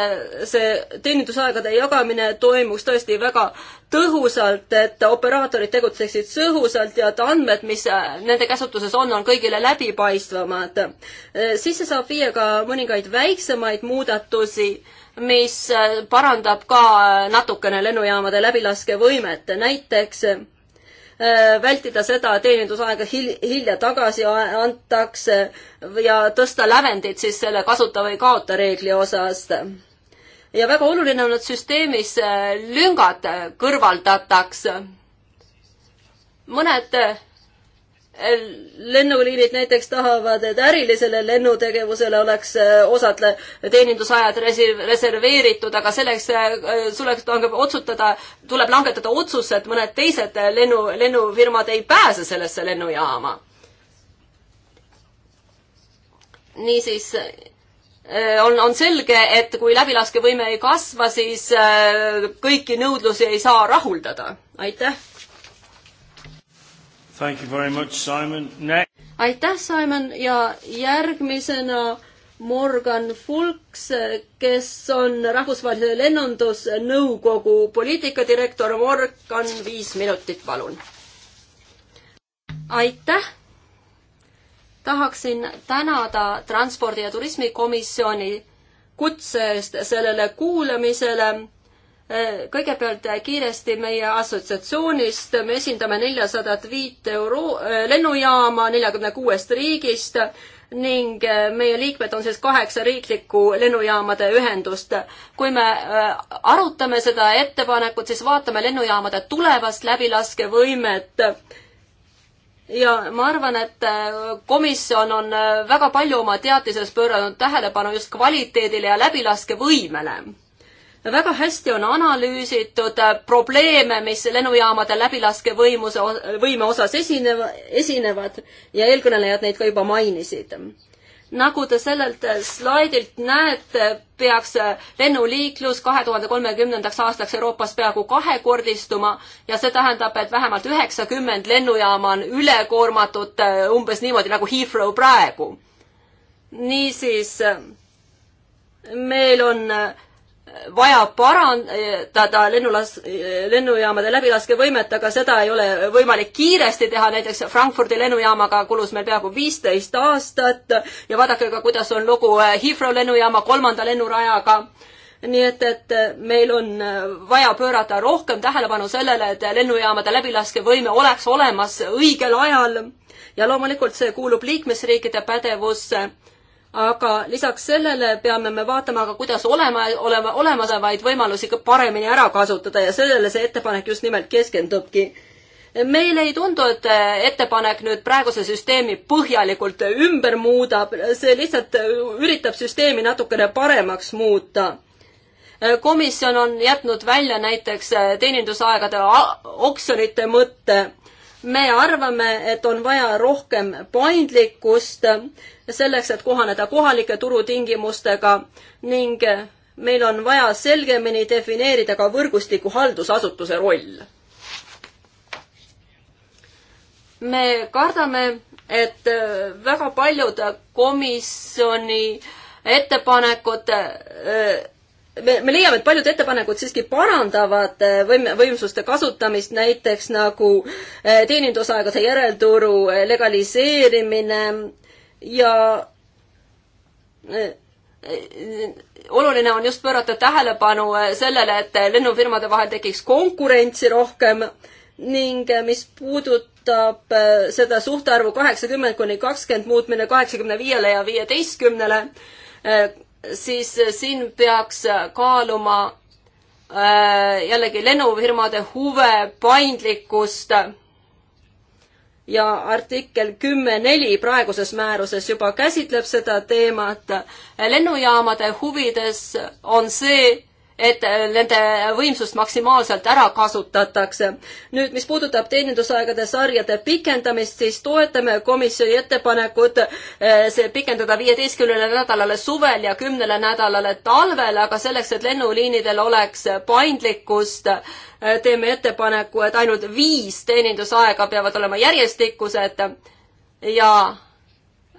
see teenindusaegade jagamine toimuks tõesti väga tõhusalt, et operaatorid tegutseksid sõhusalt ja et andmed, mis nende käsutuses on, on kõigile läbipaistvamad. sisse saab viia ka mõningaid väiksemaid muudatusi mis äh, parandab ka äh, natukene lennujaamade läbilaskevõimet, näiteks äh, vältida seda, et teenindusaega hil-, hilja tagasi antakse ja tõsta lävendit siis selle kasuta või kaota reegli osas. ja väga oluline on, et süsteemis lüngad kõrvaldatakse. mõned lennuliinid näiteks tahavad, et ärilisele lennutegevusele oleks äh, osad teenindusajad reserveeritud, aga selleks tuleks äh, otsustada, tuleb langetada otsus, et mõned teised lennu, lennufirmad ei pääse sellesse lennujaama. niisiis äh, on, on selge, et kui läbilaskevõime ei kasva, siis kõiki nõudlusi ei saa rahuldada. aitäh Much, Simon. aitäh, Simon ja järgmisena Morgan Fulks, kes on Rahvusvahelise Lennundusnõukogu poliitikadirektor. Morgan, viis minutit, palun. aitäh. tahaksin tänada Transpordi- ja Turismikomisjoni kutse eest sellele kuulamisele kõigepealt kiiresti meie assotsiatsioonist, me esindame neljasadat viit euro-, äh, lennujaama neljakümne kuuest riigist ning äh, meie liikmed on siis kaheksa riiklikku lennujaamade ühendust. kui me äh, arutame seda ettepanekut, siis vaatame lennujaamade tulevast läbilaskevõimet ja ma arvan, et komisjon on väga palju oma teatises pööranud tähelepanu just kvaliteedile ja läbilaskevõimele väga hästi on analüüsitud äh, probleeme, mis lennujaamade läbilaskevõimuse, võime osas esineva, esinevad ja eelkõnelejad neid ka juba mainisid. nagu te sellelt äh, slaidilt näete, peaks äh, lennuliiklus kahe tuhande kolmekümnendaks aastaks Euroopas peaaegu kahekordistuma ja see tähendab, et vähemalt üheksakümmend lennujaama on ülekoormatud umbes niimoodi nagu Heathrow praegu. niisiis meil on vaja parandada lennulas-, lennujaamade läbilaskevõimet, aga seda ei ole võimalik kiiresti teha, näiteks Frankfurdi lennujaamaga kulus meil peaaegu viisteist aastat ja vaadake ka, kuidas on lugu äh, Heathrow lennujaama kolmanda lennurajaga. nii et, et äh, meil on äh, vaja pöörata rohkem tähelepanu sellele, et lennujaamade läbilaskevõime oleks olemas õigel ajal ja loomulikult see kuulub liikmesriikide pädevusse aga lisaks sellele peame me vaatama ka, kuidas olema, olema, olemasolevaid võimalusi ka paremini ära kasutada ja sellele see ettepanek just nimelt keskendubki. meile ei tundu, et ettepanek nüüd praeguse süsteemi põhjalikult ümber muudab, see lihtsalt üritab süsteemi natukene paremaks muuta komisjon on jätnud välja näiteks teenindusaegade oksjonite mõtte me arvame, et on vaja rohkem paindlikkust selleks, et kohaneda kohalike turutingimustega ning meil on vaja selgemini defineerida ka võrgustiku haldusasutuse roll. me kardame, et väga paljud komisjoni ettepanekud me, me leiame, et paljud ettepanekud siiski parandavad võim-, võimsuste kasutamist, näiteks nagu teenindusaegade järelturu legaliseerimine, ja äh, oluline on just pöörata tähelepanu äh, sellele, et äh, lennufirmade vahel tekiks konkurentsi rohkem ning mis puudutab seda suhtarvu kaheksakümmend kuni kakskümmend muutmine kaheksakümne viiele ja viieteistkümnele, siis siin peaks kaaluma jällegi lennufirmade huve, paindlikkust ja artikkel kümme neli praeguses määruses juba käsitleb seda teemat. lennujaamade huvides on see, et äh, nende võimsust maksimaalselt ära kasutatakse. nüüd, mis puudutab teenindusaegade sarjade pikendamist, siis toetame komisjoni ettepanekut äh, see pikendada viieteistkümnele nädalale suvel ja kümnele nädalale talvel, aga selleks, et lennuliinidel oleks paindlikkust, äh, teeme ettepaneku, et ainult viis teenindusaega peavad olema järjestikused ja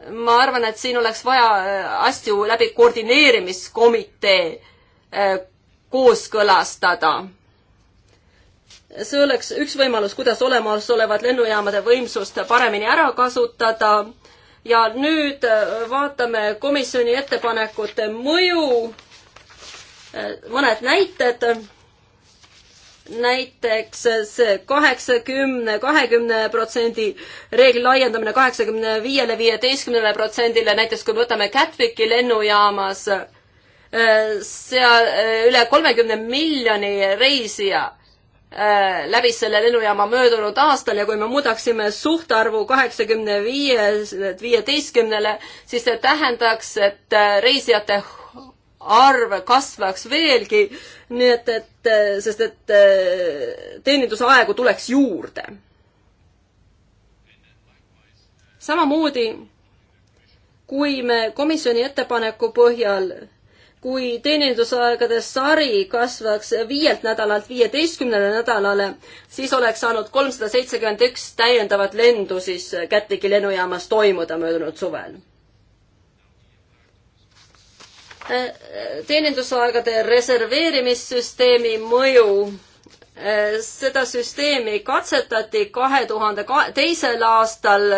ma arvan, et siin oleks vaja asju läbi koordineerimiskomitee kooskõlastada. see oleks üks võimalus, kuidas olemasolevat lennujaamade võimsust paremini ära kasutada ja nüüd äh, vaatame komisjoni ettepanekute mõju. Äh, mõned näited. näiteks äh, see kaheksakümne, kahekümne protsendi reegli laiendamine kaheksakümne viiele, viieteistkümnele protsendile, näiteks kui me võtame Catwicki lennujaamas seal eh, üle kolmekümne miljoni reisija eh, läbis selle lennujaama möödunud aastal ja kui me muudaksime suhtarvu kaheksakümne viie, viieteistkümnele, siis see tähendaks, et eh, reisijate arv kasvaks veelgi, nii et, et, sest et teenindusaegu tuleks juurde. samamoodi, kui me komisjoni ettepaneku põhjal kui teenindusaegade sari kasvaks viielt nädalalt viieteistkümnele nädalale, siis oleks saanud kolmsada seitsekümmend üks täiendavat lendu siis Kätliki lennujaamas toimuda möödunud suvel. teenindusaegade reserveerimissüsteemi mõju, seda süsteemi katsetati kahe tuhande teisel aastal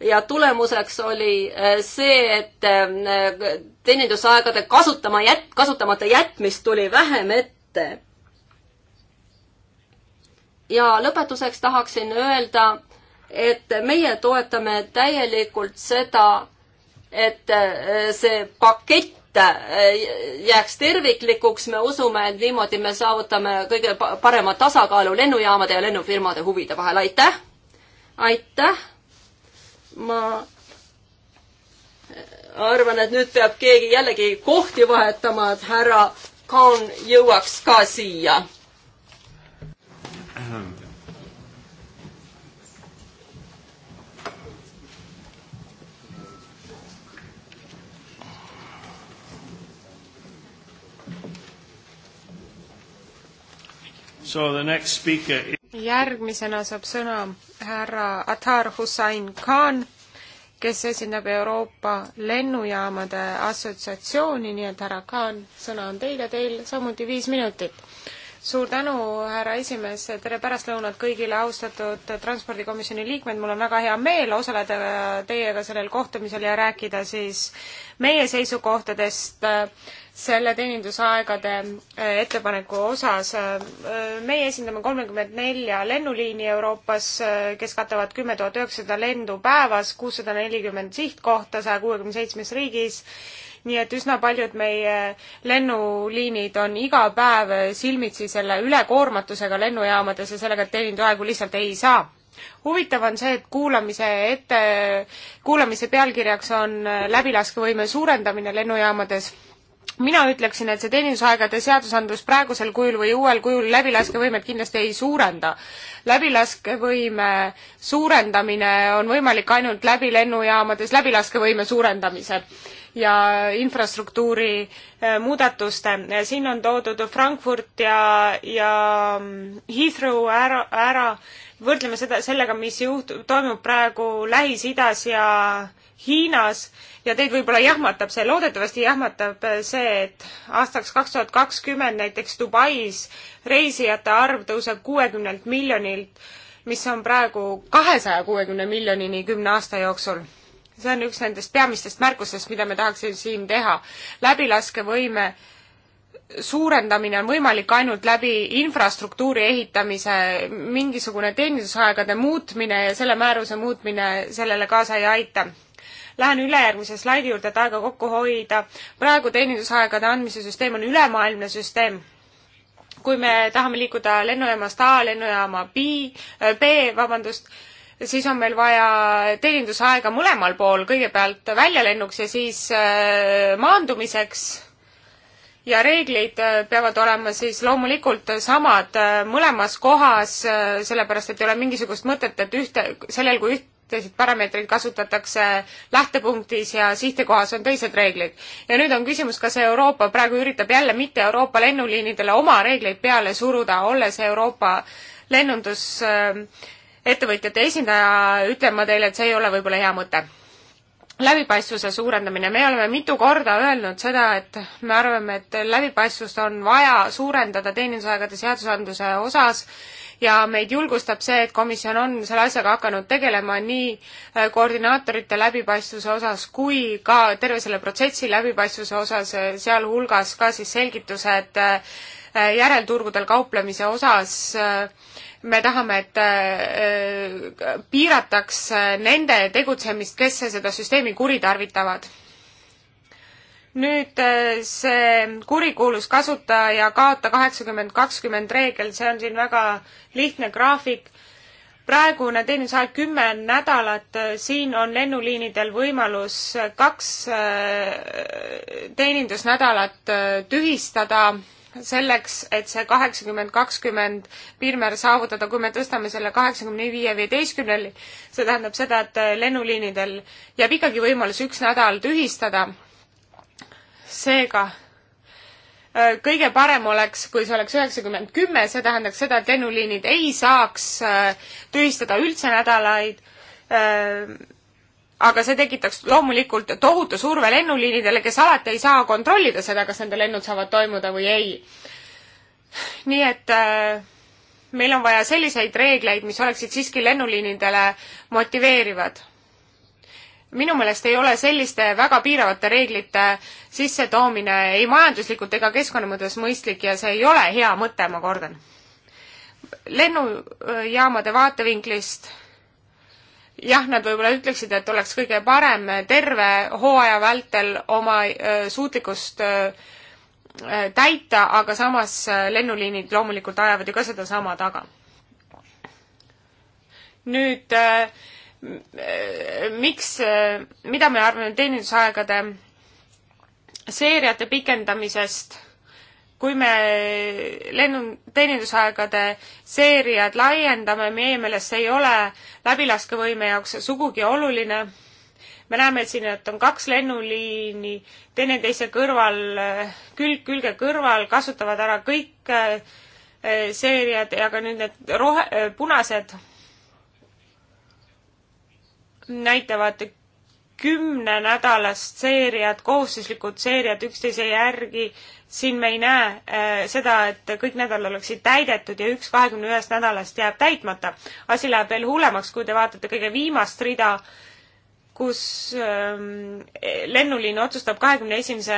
ja tulemuseks oli eh, see, et eh, teenindusaegade kasutama jät-, kasutamata jätmist tuli vähem ette. ja lõpetuseks tahaksin öelda, et meie toetame täielikult seda, et eh, see pakett jääks terviklikuks, me usume, et niimoodi me saavutame kõige parema tasakaalu lennujaamade ja lennufirmade huvide vahel, aitäh! aitäh! ma arvan, et nüüd peab keegi jällegi kohti vahetama, et härra Kaan jõuaks ka siia. So the next speaker is järgmisena saab sõna härra Atar Hussain Khan, kes esindab Euroopa Lennujaamade Assotsiatsiooni, nii et härra Khan, sõna on teile, teil samuti viis minutit suur tänu, härra esimees, tere pärastlõunat kõigile, austatud transpordikomisjoni liikmed, mul on väga hea meel osaleda teiega sellel kohtumisel ja rääkida siis meie seisukohtadest selle teenindusaegade ettepaneku osas. meie esindame kolmekümmet nelja lennuliini Euroopas, kes katavad kümme tuhat üheksasada lendu päevas, kuussada nelikümmend sihtkohta saja kuuekümne seitsmes riigis nii et üsna paljud meie lennuliinid on iga päev silmitsi selle ülekoormatusega lennujaamades ja sellega, et teenindajaegu lihtsalt ei saa huvitav on see, et kuulamise ette, kuulamise pealkirjaks on läbilaskevõime suurendamine lennujaamades mina ütleksin, et see teenindusaegade seadusandlus praegusel kujul või uuel kujul läbilaskevõimet kindlasti ei suurenda. läbilaskevõime suurendamine on võimalik ainult läbi lennujaamades läbilaskevõime suurendamise ja infrastruktuuri äh, muudatuste. siin on toodud Frankfurt ja, ja Heathrow ära, ära, võrdleme seda sellega, mis juht-, toimub praegu Lähis-Idas ja Hiinas ja teid võib-olla jahmatab see, loodetavasti jahmatab see, et aastaks kaks tuhat kakskümmend näiteks Dubais reisijate arv tõuseb kuuekümnelt miljonilt, mis on praegu kahesaja kuuekümne miljonini kümne aasta jooksul see on üks nendest peamistest märkustest, mida me tahaksime siin teha. läbilaskevõime suurendamine on võimalik ainult läbi infrastruktuuri ehitamise, mingisugune teenindusaegade muutmine ja selle määruse muutmine sellele kaasa ei aita. Lähen ülejärgmise slaidi juurde, et aega kokku hoida. praegu teenindusaegade andmise süsteem on ülemaailmne süsteem. kui me tahame liikuda lennujaamast A lennujaama B, B, vabandust, siis on meil vaja teenindusaega mõlemal pool, kõigepealt väljalennuks ja siis äh, maandumiseks. ja reeglid äh, peavad olema siis loomulikult samad äh, mõlemas kohas, sellepärast et ei ole mingisugust mõtet, et ühte, sellel kui üht teised parameetrid kasutatakse lähtepunktis ja sihtekohas on teised reeglid. ja nüüd on küsimus, kas Euroopa praegu üritab jälle mitte Euroopa lennuliinidele oma reegleid peale suruda, olles Euroopa lennundus äh, ettevõtjate esindaja ütlen ma teile, et see ei ole võib-olla hea mõte. läbipaistvuse suurendamine, me oleme mitu korda öelnud seda, et me arvame, et läbipaistvust on vaja suurendada teenindusaegade seadusandluse osas ja meid julgustab see, et komisjon on selle asjaga hakanud tegelema nii äh, koordinaatorite läbipaistvuse osas kui ka terve selle protsessi läbipaistvuse osas, äh, sealhulgas ka siis selgitused äh, järelturgudel kauplemise osas me tahame, et piirataks nende tegutsemist, kes seda süsteemi kuritarvitavad nüüd äh, see kurikuulus kasuta ja kaota kaheksakümmend kakskümmend reegel, see on siin väga lihtne graafik. praegune teenindusaeg kümme nädalat, äh, siin on lennuliinidel võimalus kaks äh, teenindusnädalat tühistada selleks, et see kaheksakümmend kakskümmend piirmäär saavutada, kui me tõstame selle kaheksakümne viie viieteistkümneni, see tähendab seda, et lennuliinidel jääb ikkagi võimalus üks nädal tühistada seega äh, kõige parem oleks, kui see oleks üheksakümmend kümme, see tähendaks seda, et lennuliinid ei saaks äh, tühistada üldse nädalaid. Äh, aga see tekitaks loomulikult tohutu surve lennuliinidele, kes alati ei saa kontrollida seda, kas nende lennud saavad toimuda või ei. nii et meil on vaja selliseid reegleid, mis oleksid siiski lennuliinidele motiveerivad minu meelest ei ole selliste väga piiravate reeglite sissetoomine ei majanduslikult ega keskkonna mõttes mõistlik ja see ei ole hea mõte, ma kordan. lennujaamade vaatevinklist jah, nad võib-olla ütleksid, et oleks kõige parem terve hooaja vältel oma suutlikkust täita, aga samas lennuliinid loomulikult ajavad ju ka sedasama taga. nüüd äh, Äh, miks, äh, mida me arvame teenindusaegade seeriate pikendamisest, kui me lennu-, teenindusaegade seeriad laiendame, meie meelest see ei ole läbilaskevõime jaoks sugugi oluline. me näeme, et siin, et on kaks lennuliini teineteise kõrval, külg külge kõrval, kasutavad ära kõik äh, seeriad ja ka nüüd need rohe-, punased näitavad kümnenädalast seeriad, kohustuslikud seeriad üksteise järgi, siin me ei näe äh, seda, et kõik nädalad oleksid täidetud ja üks kahekümne ühest nädalast jääb täitmata. asi läheb veel hullemaks, kui te vaatate kõige viimast rida äh,, kus ähm, lennuliin otsustab kahekümne esimese,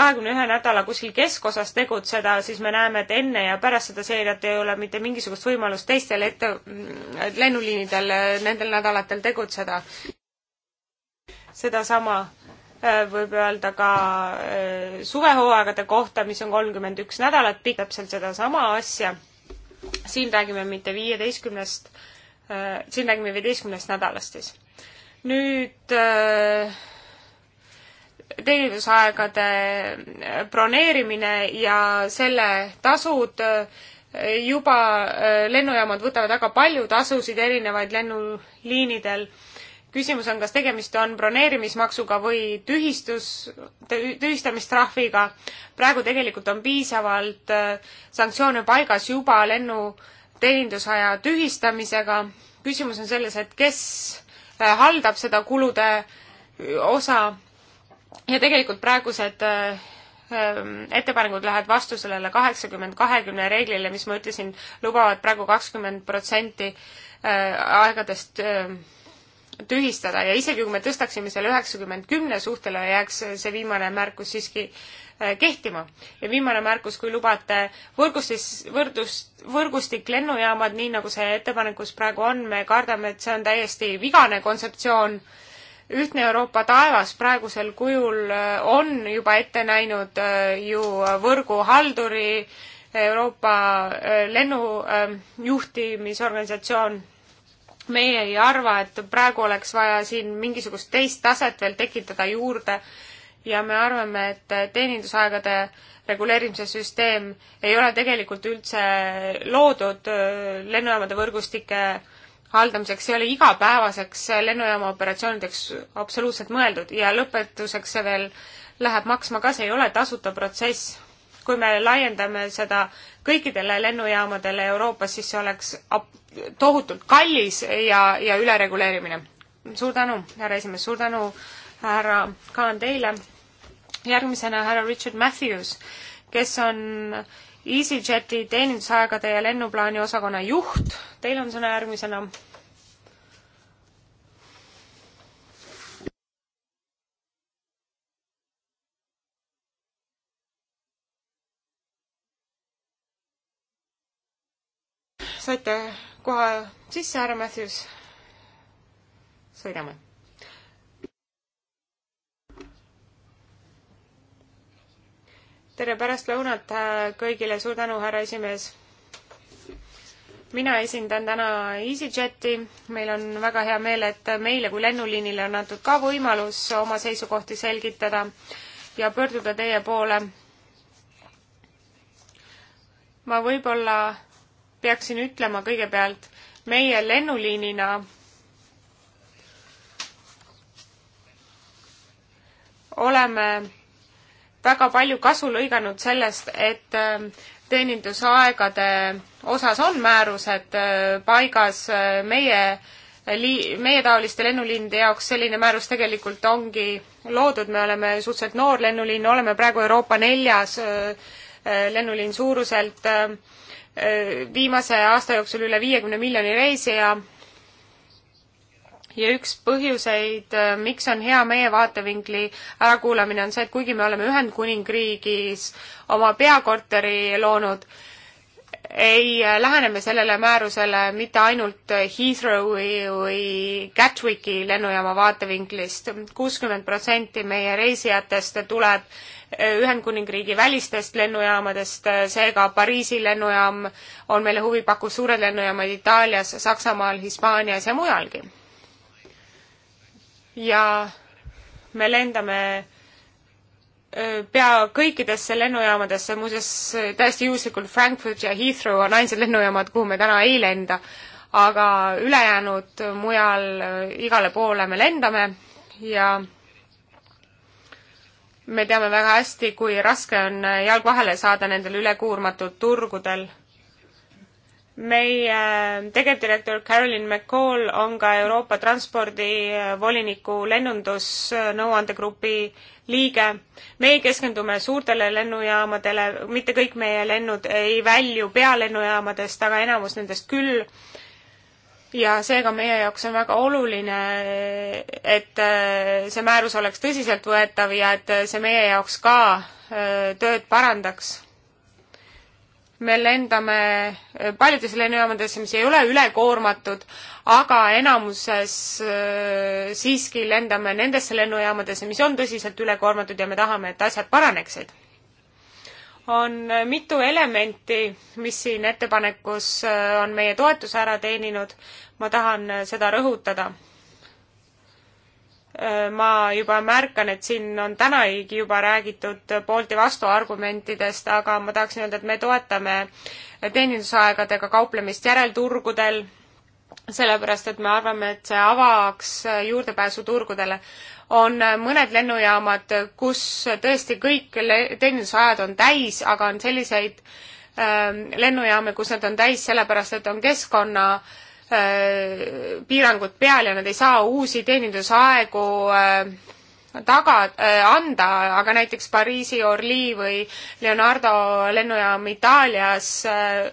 kahekümne ühe nädala kuskil keskosas tegutseda, siis me näeme, et enne ja pärast seda seiret ei ole mitte mingisugust võimalust teistel ette, mm, lennuliinidel äh, nendel nädalatel tegutseda. sedasama äh, võib öelda ka äh, suvehooaegade kohta, mis on kolmkümmend üks nädalat pikk, täpselt sedasama asja. siin räägime mitte viieteistkümnest, siin räägime viieteistkümnest nädalast siis nüüd äh, teenistusaegade broneerimine ja selle tasud, äh, juba äh, lennujaamad võtavad väga palju tasusid erinevaid lennuliinidel. küsimus on, kas tegemist on broneerimismaksuga või tühistus, tühistamistrahviga. praegu tegelikult on piisavalt sanktsioone paigas juba lennuteenindusaja tühistamisega. küsimus on selles, et kes Äh, haldab seda kulude äh, osa ja tegelikult praegused äh, ähm, ettepanekud lähevad vastu sellele kaheksakümmend kahekümne reeglile, mis ma ütlesin, lubavad praegu kakskümmend protsenti aegadest ähm, tühistada ja isegi kui me tõstaksime selle üheksakümmend kümne suhtele, jääks see viimane märkus siiski äh, kehtima. ja viimane märkus, kui lubate, võrgustis, võrdust, võrgustik lennujaamad, nii nagu see ettepanekus praegu on, me kardame, et see on täiesti vigane kontseptsioon. ühtne Euroopa taevas praegusel kujul äh, on juba ette näinud äh, ju võrguhalduri Euroopa lennujuhtimisorganisatsioon meie ei arva, et praegu oleks vaja siin mingisugust teist taset veel tekitada juurde ja me arvame, et teenindusaegade reguleerimise süsteem ei ole tegelikult üldse loodud äh, lennujaamade võrgustike haldamiseks, see oli igapäevaseks lennujaama operatsioonideks absoluutselt mõeldud ja lõpetuseks see veel läheb maksma ka, see ei ole tasuta protsess. kui me laiendame seda kõikidele lennujaamadele Euroopas, siis see oleks ab-, tohutult kallis ja, ja ülereguleerimine. suur tänu, härra esimees, suur tänu, härra Kaan teile. järgmisena härra Richard Matthews, kes on EasyJeti teenindusaegade ja lennuplaani osakonna juht. Teil on sõna järgmisena saite koha sisse, härra Matthews? sõidame tere pärastlõunat äh, kõigile, suur tänu, härra esimees. mina esindan täna EasyJeti, meil on väga hea meel, et meile kui lennuliinile on antud ka võimalus oma seisukohti selgitada ja pöörduda teie poole. ma võib-olla peaksin ütlema kõigepealt, meie lennuliinina oleme väga palju kasu lõiganud sellest, et ähm, teenindusaegade osas on määrused äh, paigas, äh, meie lii-, meietaoliste lennuliinide jaoks selline määrus tegelikult ongi loodud, me oleme suhteliselt noor lennuliin, oleme praegu Euroopa neljas äh, lennuliin suuruselt äh, viimase aasta jooksul üle viiekümne miljoni reisija ja üks põhjuseid, äh, miks on hea meie vaatevinkli ärakuulamine, on see, et kuigi me oleme Ühendkuningriigis oma peakorteri loonud, ei äh, lähene me sellele määrusele mitte ainult Heathrowi või Gatwicki lennujaama vaatevinklist. kuuskümmend protsenti meie reisijatest tuleb Ühendkuningriigi välistest lennujaamadest, seega Pariisi lennujaam on meile huvi pakkuv, suured lennujaamad Itaalias, Saksamaal, Hispaanias ja mujalgi. ja me lendame pea kõikidesse lennujaamadesse, muuseas täiesti juhuslikult Frankfurt ja Heathrow on ainsad lennujaamad, kuhu me täna ei lenda, aga ülejäänud mujal igale poole me lendame ja me teame väga hästi, kui raske on jalg vahele saada nendel ülekuurmatud turgudel. meie äh, tegevdirektor Carolyn McCall on ka Euroopa transpordivoliniku lennundusnõuandegrupi liige. meie keskendume suurtele lennujaamadele, mitte kõik meie lennud ei välju pealennujaamadest, aga enamus nendest küll ja seega meie jaoks on väga oluline, et äh, see määrus oleks tõsiseltvõetav ja et äh, see meie jaoks ka äh, tööd parandaks. me lendame paljudes lennujaamades, mis ei ole ülekoormatud, aga enamuses siiski lendame nendesse lennujaamadesse, mis on tõsiselt ülekoormatud ja me tahame, et asjad paraneksid on mitu elementi, mis siin ettepanekus äh, on meie toetuse ära teeninud. ma tahan äh, seda rõhutada. Äh, ma juba märkan, et siin on tänagi juba räägitud poolt ja vastu argumentidest, aga ma tahaksin öelda, et me toetame teenindusaegadega kauplemist järelturgudel, sellepärast et me arvame, et see avaks juurdepääsu turgudele on mõned lennujaamad, kus tõesti kõik teenindusajad on täis, aga on selliseid ähm, lennujaame, kus nad on täis sellepärast, et on keskkonna äh, piirangud peal ja nad ei saa uusi teenindusaegu äh, taga äh, anda, aga näiteks Pariisi Orly või Leonardo lennujaam Itaalias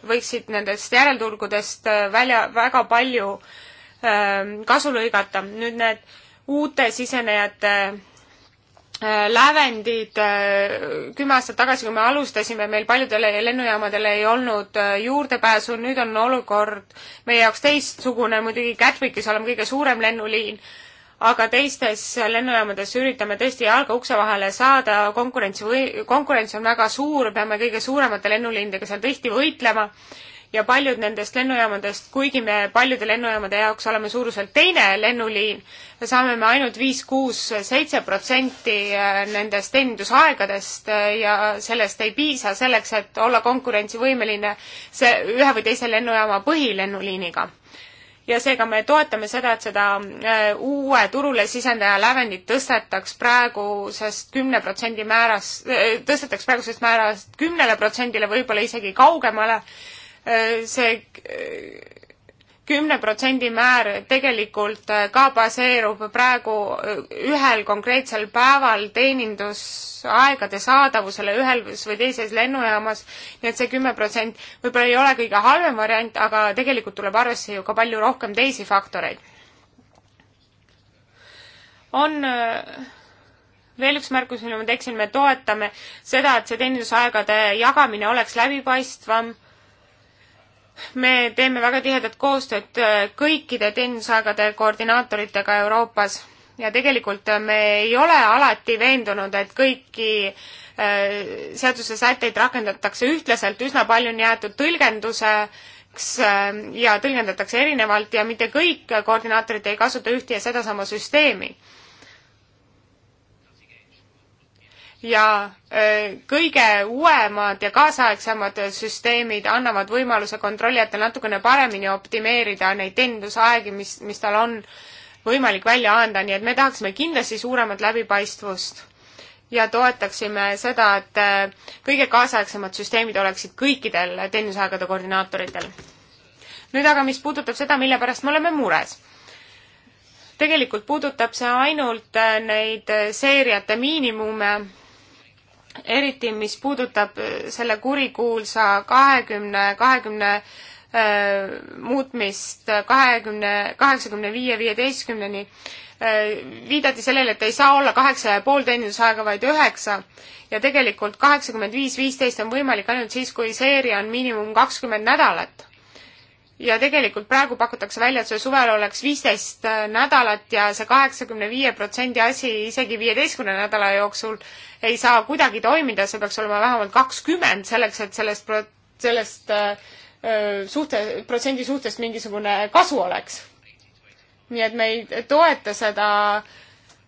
võiksid nendest järelturgudest välja väga palju ähm, kasu lõigata. nüüd need äh, uute sisenejate äh, lävendid äh, kümme aastat tagasi, kui me alustasime, meil paljudele lennujaamadele ei olnud äh, juurdepääsu, nüüd on olukord meie jaoks teistsugune, muidugi Catwickis oleme kõige suurem lennuliin, aga teistes lennujaamades üritame tõesti jalga ukse vahele saada, konkurentsi või, konkurents on väga suur, peame kõige suuremate lennuliinidega seal tõesti võitlema ja paljud nendest lennujaamadest, kuigi me paljude lennujaamade jaoks oleme suuruselt teine lennuliin, saame me ainult viis, kuus, seitse protsenti äh, nendest teenindusaegadest äh, ja sellest ei piisa selleks, et olla konkurentsivõimeline see ühe või teise lennujaama põhilennuliiniga ja seega me toetame seda, et seda äh, uue turule sisendaja lävendit tõstetaks praegusest kümne protsendi määras, tõstetaks praegusest määrast kümnele protsendile, võib-olla isegi kaugemale Äh, see äh, kümne protsendi määr tegelikult äh, ka baseerub praegu ühel konkreetsel päeval teenindusaegade saadavusele ühes või teises lennujaamas, nii et see kümme protsent võib-olla ei ole kõige halvem variant, aga tegelikult tuleb arvesse ju ka palju rohkem teisi faktoreid. on veel üks märkus, mille ma teeksin, me toetame seda, et see teenindusaegade jagamine oleks läbipaistvam me teeme väga tihedat koostööd äh, kõikide teenusaegade koordinaatoritega Euroopas ja tegelikult äh, me ei ole alati veendunud, et kõiki äh, seaduse sätteid rakendatakse ühtlaselt, üsna palju on jäetud tõlgenduseks ja tõlgendatakse erinevalt ja mitte kõik koordinaatorid ei kasuta ühte ja sedasama süsteemi ja äh, kõige uuemad ja kaasaegsemad süsteemid annavad võimaluse kontrollijatel natukene paremini optimeerida neid teenindusaegi, mis, mis tal on võimalik välja anda, nii et me tahaksime kindlasti suuremat läbipaistvust ja toetaksime seda, et äh, kõige kaasaegsemad süsteemid oleksid kõikidel teenindusaegade koordinaatoritel. nüüd aga, mis puudutab seda, mille pärast me oleme mures tegelikult puudutab see ainult äh, neid seeriate miinimume eriti mis puudutab äh, selle kurikuulsa kahekümne, kahekümne äh, muutmist kahekümne, kaheksakümne viie, viieteistkümneni, äh, viidati sellele, et ei saa olla kaheksa ja pool teenindusaega, vaid üheksa ja tegelikult kaheksakümmend viis, viisteist on võimalik ainult siis, kui seeria on miinimum kakskümmend nädalat ja tegelikult praegu pakutakse välja, et see suvel oleks viisteist äh, nädalat ja see kaheksakümne viie protsendi asi isegi viieteistkümne nädala jooksul ei saa kuidagi toimida, see peaks olema vähemalt kakskümmend selleks, et sellest, sellest äh, äh, suhte, protsendi suhtest mingisugune kasu oleks. nii et me ei toeta seda äh,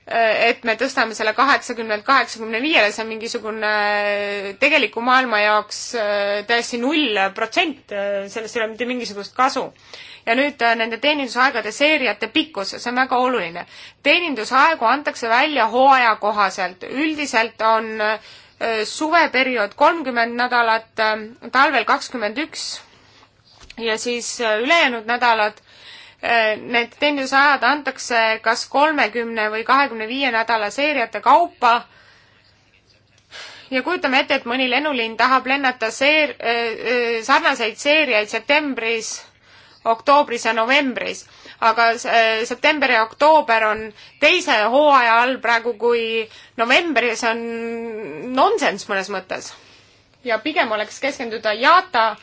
et me tõstame selle kaheksakümnelt kaheksakümne viiele, see on mingisugune äh, tegeliku maailma jaoks äh, täiesti null protsent, äh, sellest ei ole mitte mingisugust kasu. ja nüüd nende teenindusaegade seeriate pikkus, see on väga oluline. teenindusaegu antakse välja hooaja kohaselt, üldiselt on suveperiood kolmkümmend nädalat, talvel kakskümmend üks ja siis ülejäänud nädalad Äh, need teenindusajad antakse kas kolmekümne või kahekümne viie nädala seeriate kaupa ja kujutame ette, et mõni lennuliin tahab lennata seer-, äh, äh, sarnaseid seeriaid septembris, oktoobris ja novembris, aga september ja oktoober on teise hooaja all praegu kui november ja see on nonsenss mõnes mõttes. ja pigem oleks keskenduda IATA äh,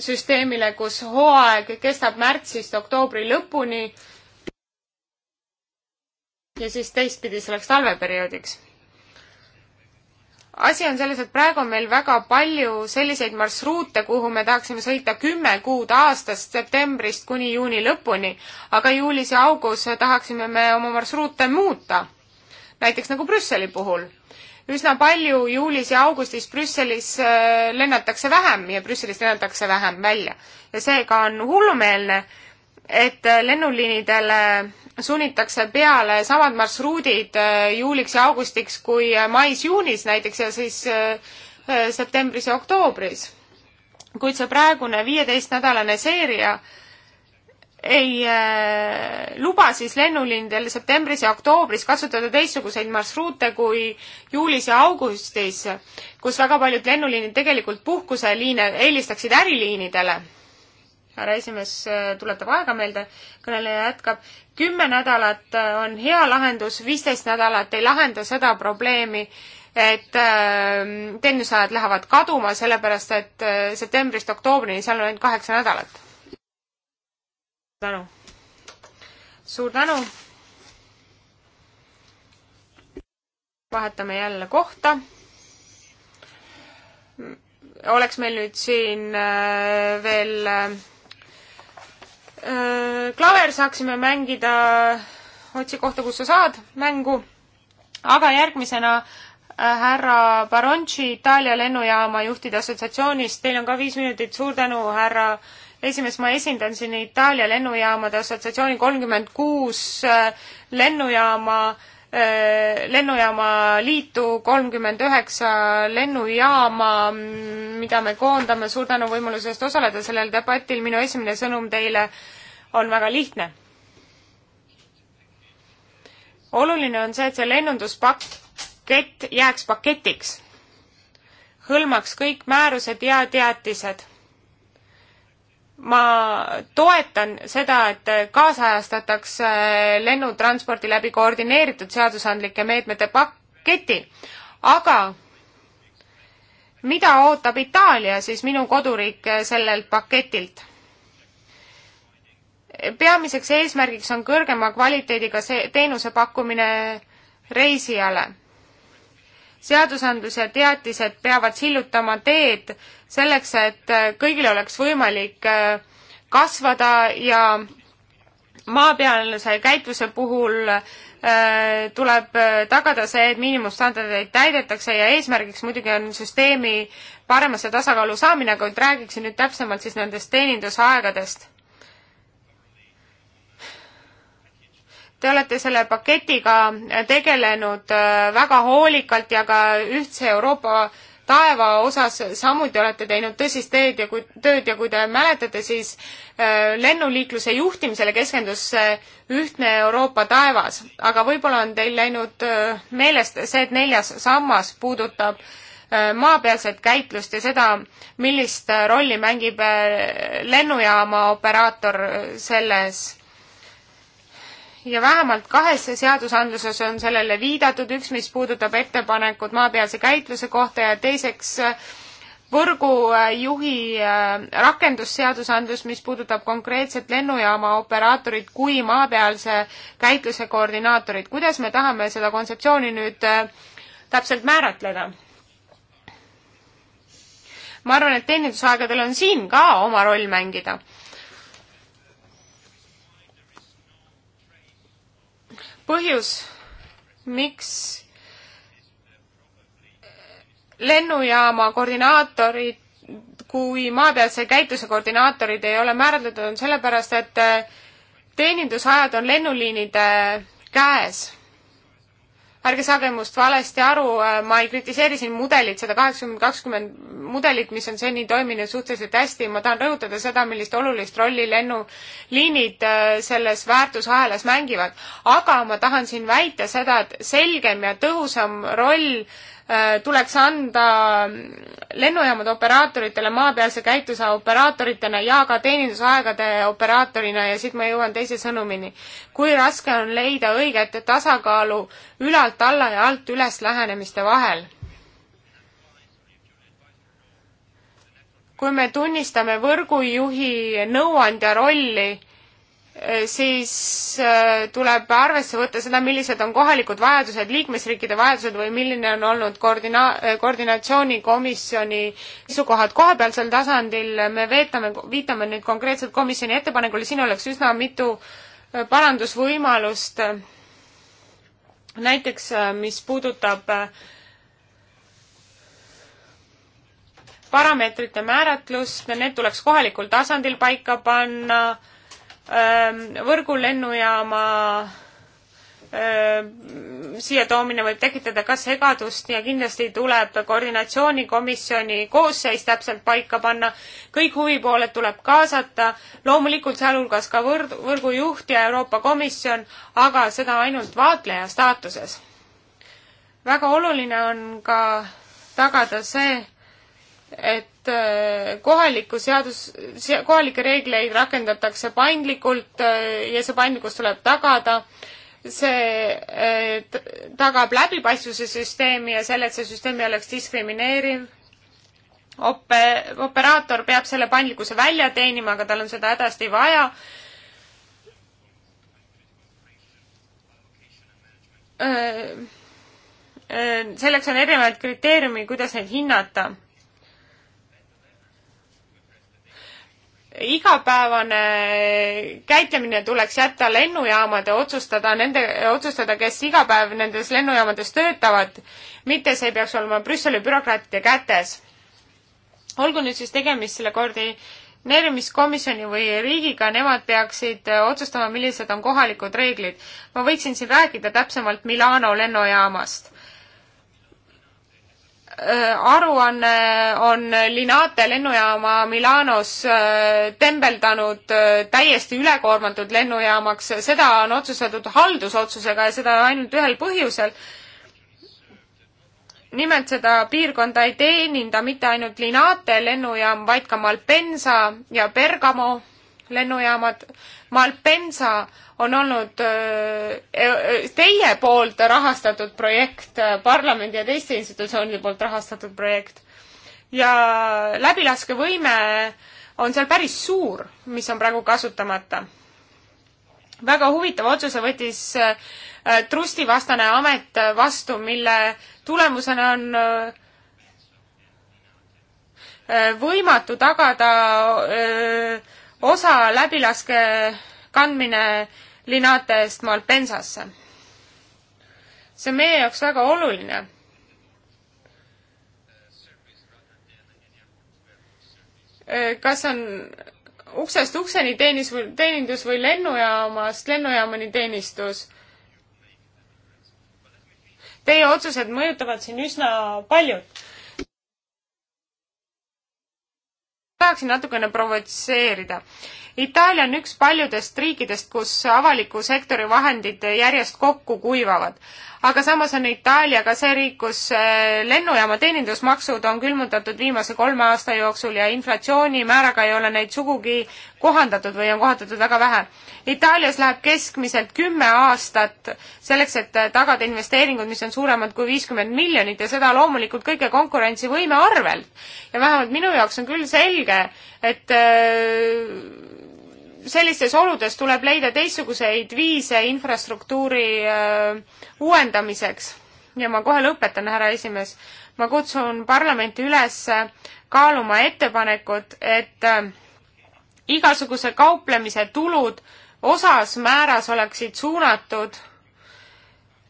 süsteemile, kus hooaeg kestab märtsist oktoobri lõpuni. ja siis teistpidi see oleks talveperioodiks. asi on selles, et praegu on meil väga palju selliseid marsruute, kuhu me tahaksime sõita kümme kuud aastast septembrist kuni juuni lõpuni, aga juulis ja augus tahaksime me oma marsruute muuta. näiteks nagu Brüsseli puhul üsna palju juulis ja augustis Brüsselis äh, lennatakse vähem ja Brüsselist lennatakse vähem välja. ja seega on hullumeelne, et äh, lennuliinidele sunnitakse peale samad marsruudid äh, juuliks ja augustiks kui mais-juunis näiteks ja siis septembris ja oktoobris. kuid see praegune viieteistnädalane seeria ei äh, luba siis lennulindel septembris ja oktoobris kasutada teistsuguseid marsruute kui juulis ja augustis, kus väga paljud lennuliinid tegelikult puhkuseliine eelistaksid äriliinidele. härra esimees äh, tuletab aega meelde, kõneleja jätkab. kümme nädalat äh, on hea lahendus, viisteist nädalat ei lahenda seda probleemi et äh, teenusajad lähevad kaduma, sellepärast et äh, septembrist oktoobrini seal on ainult kaheksa nädalat tänu. suur tänu. vahetame jälle kohta. oleks meil nüüd siin äh, veel äh, klaver, saaksime mängida otsi kohta, kus sa saad mängu. aga järgmisena äh, härra Baronci Itaalia lennujaama juhtide assotsiatsioonist, teil on ka viis minutit, suur tänu, härra esimees, ma esindan siin Itaalia lennujaamade assotsiatsiooni kolmkümmend kuus äh, lennujaama äh, lennujaama liitu, kolmkümmend üheksa lennujaama, mm, mida me koondame, suur tänu võimaluse eest osaleda sellel debatil, minu esimene sõnum teile on väga lihtne. oluline on see, et see lennunduspakett jääks paketiks, hõlmaks kõik määrused ja teatised ma toetan seda, et kaasajastatakse lennutranspordi läbi koordineeritud seadusandlike meetmete paketi, aga mida ootab Itaalia siis minu koduriik sellelt paketilt? peamiseks eesmärgiks on kõrgema kvaliteediga see teenuse pakkumine reisijale. seadusandluse teatised peavad sillutama teed selleks, et äh, kõigil oleks võimalik äh, kasvada ja maapealse käitluse puhul äh, tuleb tagada see, et miinimumstandardeid täidetakse ja eesmärgiks muidugi on süsteemi paremasse tasakaalu saamine, kuid räägiksin nüüd täpsemalt siis nendest teenindusaegadest. Te olete selle paketiga tegelenud väga hoolikalt ja ka ühtse Euroopa äh, taeva osas samuti olete teinud tõsist teed ja kui, tööd ja kui te mäletate, siis äh, lennuliikluse juhtimisele keskendus äh, ühtne Euroopa taevas, aga võib-olla on teil läinud äh, meelest see, et neljas sammas puudutab maapealset käitlust ja seda, millist rolli mängib lennujaama operaator selles ja vähemalt kahes seadusandluses on sellele viidatud, üks, mis puudutab ettepanekut maapealse käitluse kohta ja teiseks äh, võrgujuhi äh, äh, rakendusseadusandlus, mis puudutab konkreetset lennujaama operaatorit kui maapealse käitluse koordinaatorit. kuidas me tahame seda kontseptsiooni nüüd täpselt määratleda? ma arvan, et teenindusaegadel on siin ka oma roll mängida põhjus, miks lennujaama koordinaatorid kui maapealse käitluse koordinaatorid ei ole määratletud, on sellepärast, et teenindusajad on lennuliinide käes ärge saage must valesti aru, äh, ma ei kritiseeri siin mudelit, seda kaheksakümmend kakskümmend mudelit, mis on seni toiminud suhteliselt hästi, ma tahan rõhutada seda, millist olulist rolli lennuliinid äh, selles väärtusahelas mängivad. aga ma tahan siin väita seda, et selgem ja tõhusam roll äh, Äh, tuleks anda lennujaamade operaatoritele maapealse käitluse operaatoritena ja ka teenindusaegade operaatorina ja siit ma jõuan teise sõnumini. kui raske on leida õiget tasakaalu ülalt alla ja alt üles lähenemiste vahel? kui me tunnistame võrgujuhi nõuandja rolli Äh, siis äh, tuleb arvesse võtta seda, millised on kohalikud vajadused, liikmesriikide vajadused või milline on olnud koordina-, äh, koordinatsioonikomisjoni seisukohad kohapealsel tasandil, me veetame, viitame nüüd konkreetselt komisjoni ettepanekule, siin oleks üsna mitu parandusvõimalust, näiteks mis puudutab parameetrite määratlust, need tuleks kohalikul tasandil paika panna, võrgulennujaama siia toomine võib tekitada ka segadust ja kindlasti tuleb koordinatsioonikomisjoni koosseis täpselt paika panna. kõik huvipooled tuleb kaasata, loomulikult sealhulgas ka võrd-, võrgujuht ja Euroopa Komisjon, aga seda ainult vaatleja staatuses. väga oluline on ka tagada see, et äh, kohalikku seadus, kohalikke reegleid rakendatakse paindlikult äh, ja see paindlikkus tuleb tagada. see äh, tagab läbipaistvuse süsteemi ja selle, et see süsteem ei oleks diskrimineeriv. Ope-, operaator peab selle paindlikkuse välja teenima, aga tal on seda hädasti vaja selleks on erinevaid kriteeriumi, kuidas neid hinnata. igapäevane käitlemine tuleks jätta lennujaamade otsustada, nende, otsustada, kes iga päev nendes lennujaamades töötavad, mitte see peaks olema Brüsseli bürokraatide kätes. olgu nüüd siis tegemist selle koordineerimiskomisjoni või riigiga, nemad peaksid äh, otsustama, millised on kohalikud reeglid. ma võiksin siin rääkida täpsemalt Milano lennujaamast Äh, aruanne on Linate lennujaama Milanos äh, tembeldanud äh, täiesti ülekoormatud lennujaamaks, seda on otsustatud haldusotsusega ja seda ainult ühel põhjusel. nimelt seda piirkonda ei teeninda mitte ainult Linate lennujaam, vaid ka Malpensa ja Bergamo lennujaamad. Malpensa on olnud äh, äh, teie poolt rahastatud projekt, äh, parlamendi ja teiste institutsioonide poolt rahastatud projekt. ja läbilaskevõime on seal päris suur, mis on praegu kasutamata. väga huvitava otsuse võttis trustivastane amet vastu, mille tulemusena on võimatu tagada öö, osa läbilaske kandmine Linatest Malpensasse. see on meie jaoks väga oluline. kas on uksest ukseni teenis või teenindus või lennujaamast lennujaamani teenistus. Teie otsused mõjutavad siin üsna paljut. tahaksin natukene provotseerida Itaalia on üks paljudest riikidest, kus avaliku sektori vahendid järjest kokku kuivavad. aga samas on Itaalia ka see riik, kus eh, lennujaama teenindusmaksud on külmutatud viimase kolme aasta jooksul ja inflatsioonimääraga ei ole neid sugugi kohandatud või on kohandatud väga vähe. Itaalias läheb keskmiselt kümme aastat selleks, et eh, tagada investeeringud, mis on suuremad kui viiskümmend miljonit ja seda loomulikult kõige konkurentsivõime arvelt. ja vähemalt minu jaoks on küll selge, et eh, sellistes oludes tuleb leida teistsuguseid viise infrastruktuuri äh, uuendamiseks ja ma kohe lõpetan, härra esimees. ma kutsun parlamenti üles kaaluma ettepanekut, et äh, igasuguse kauplemise tulud osas määras oleksid suunatud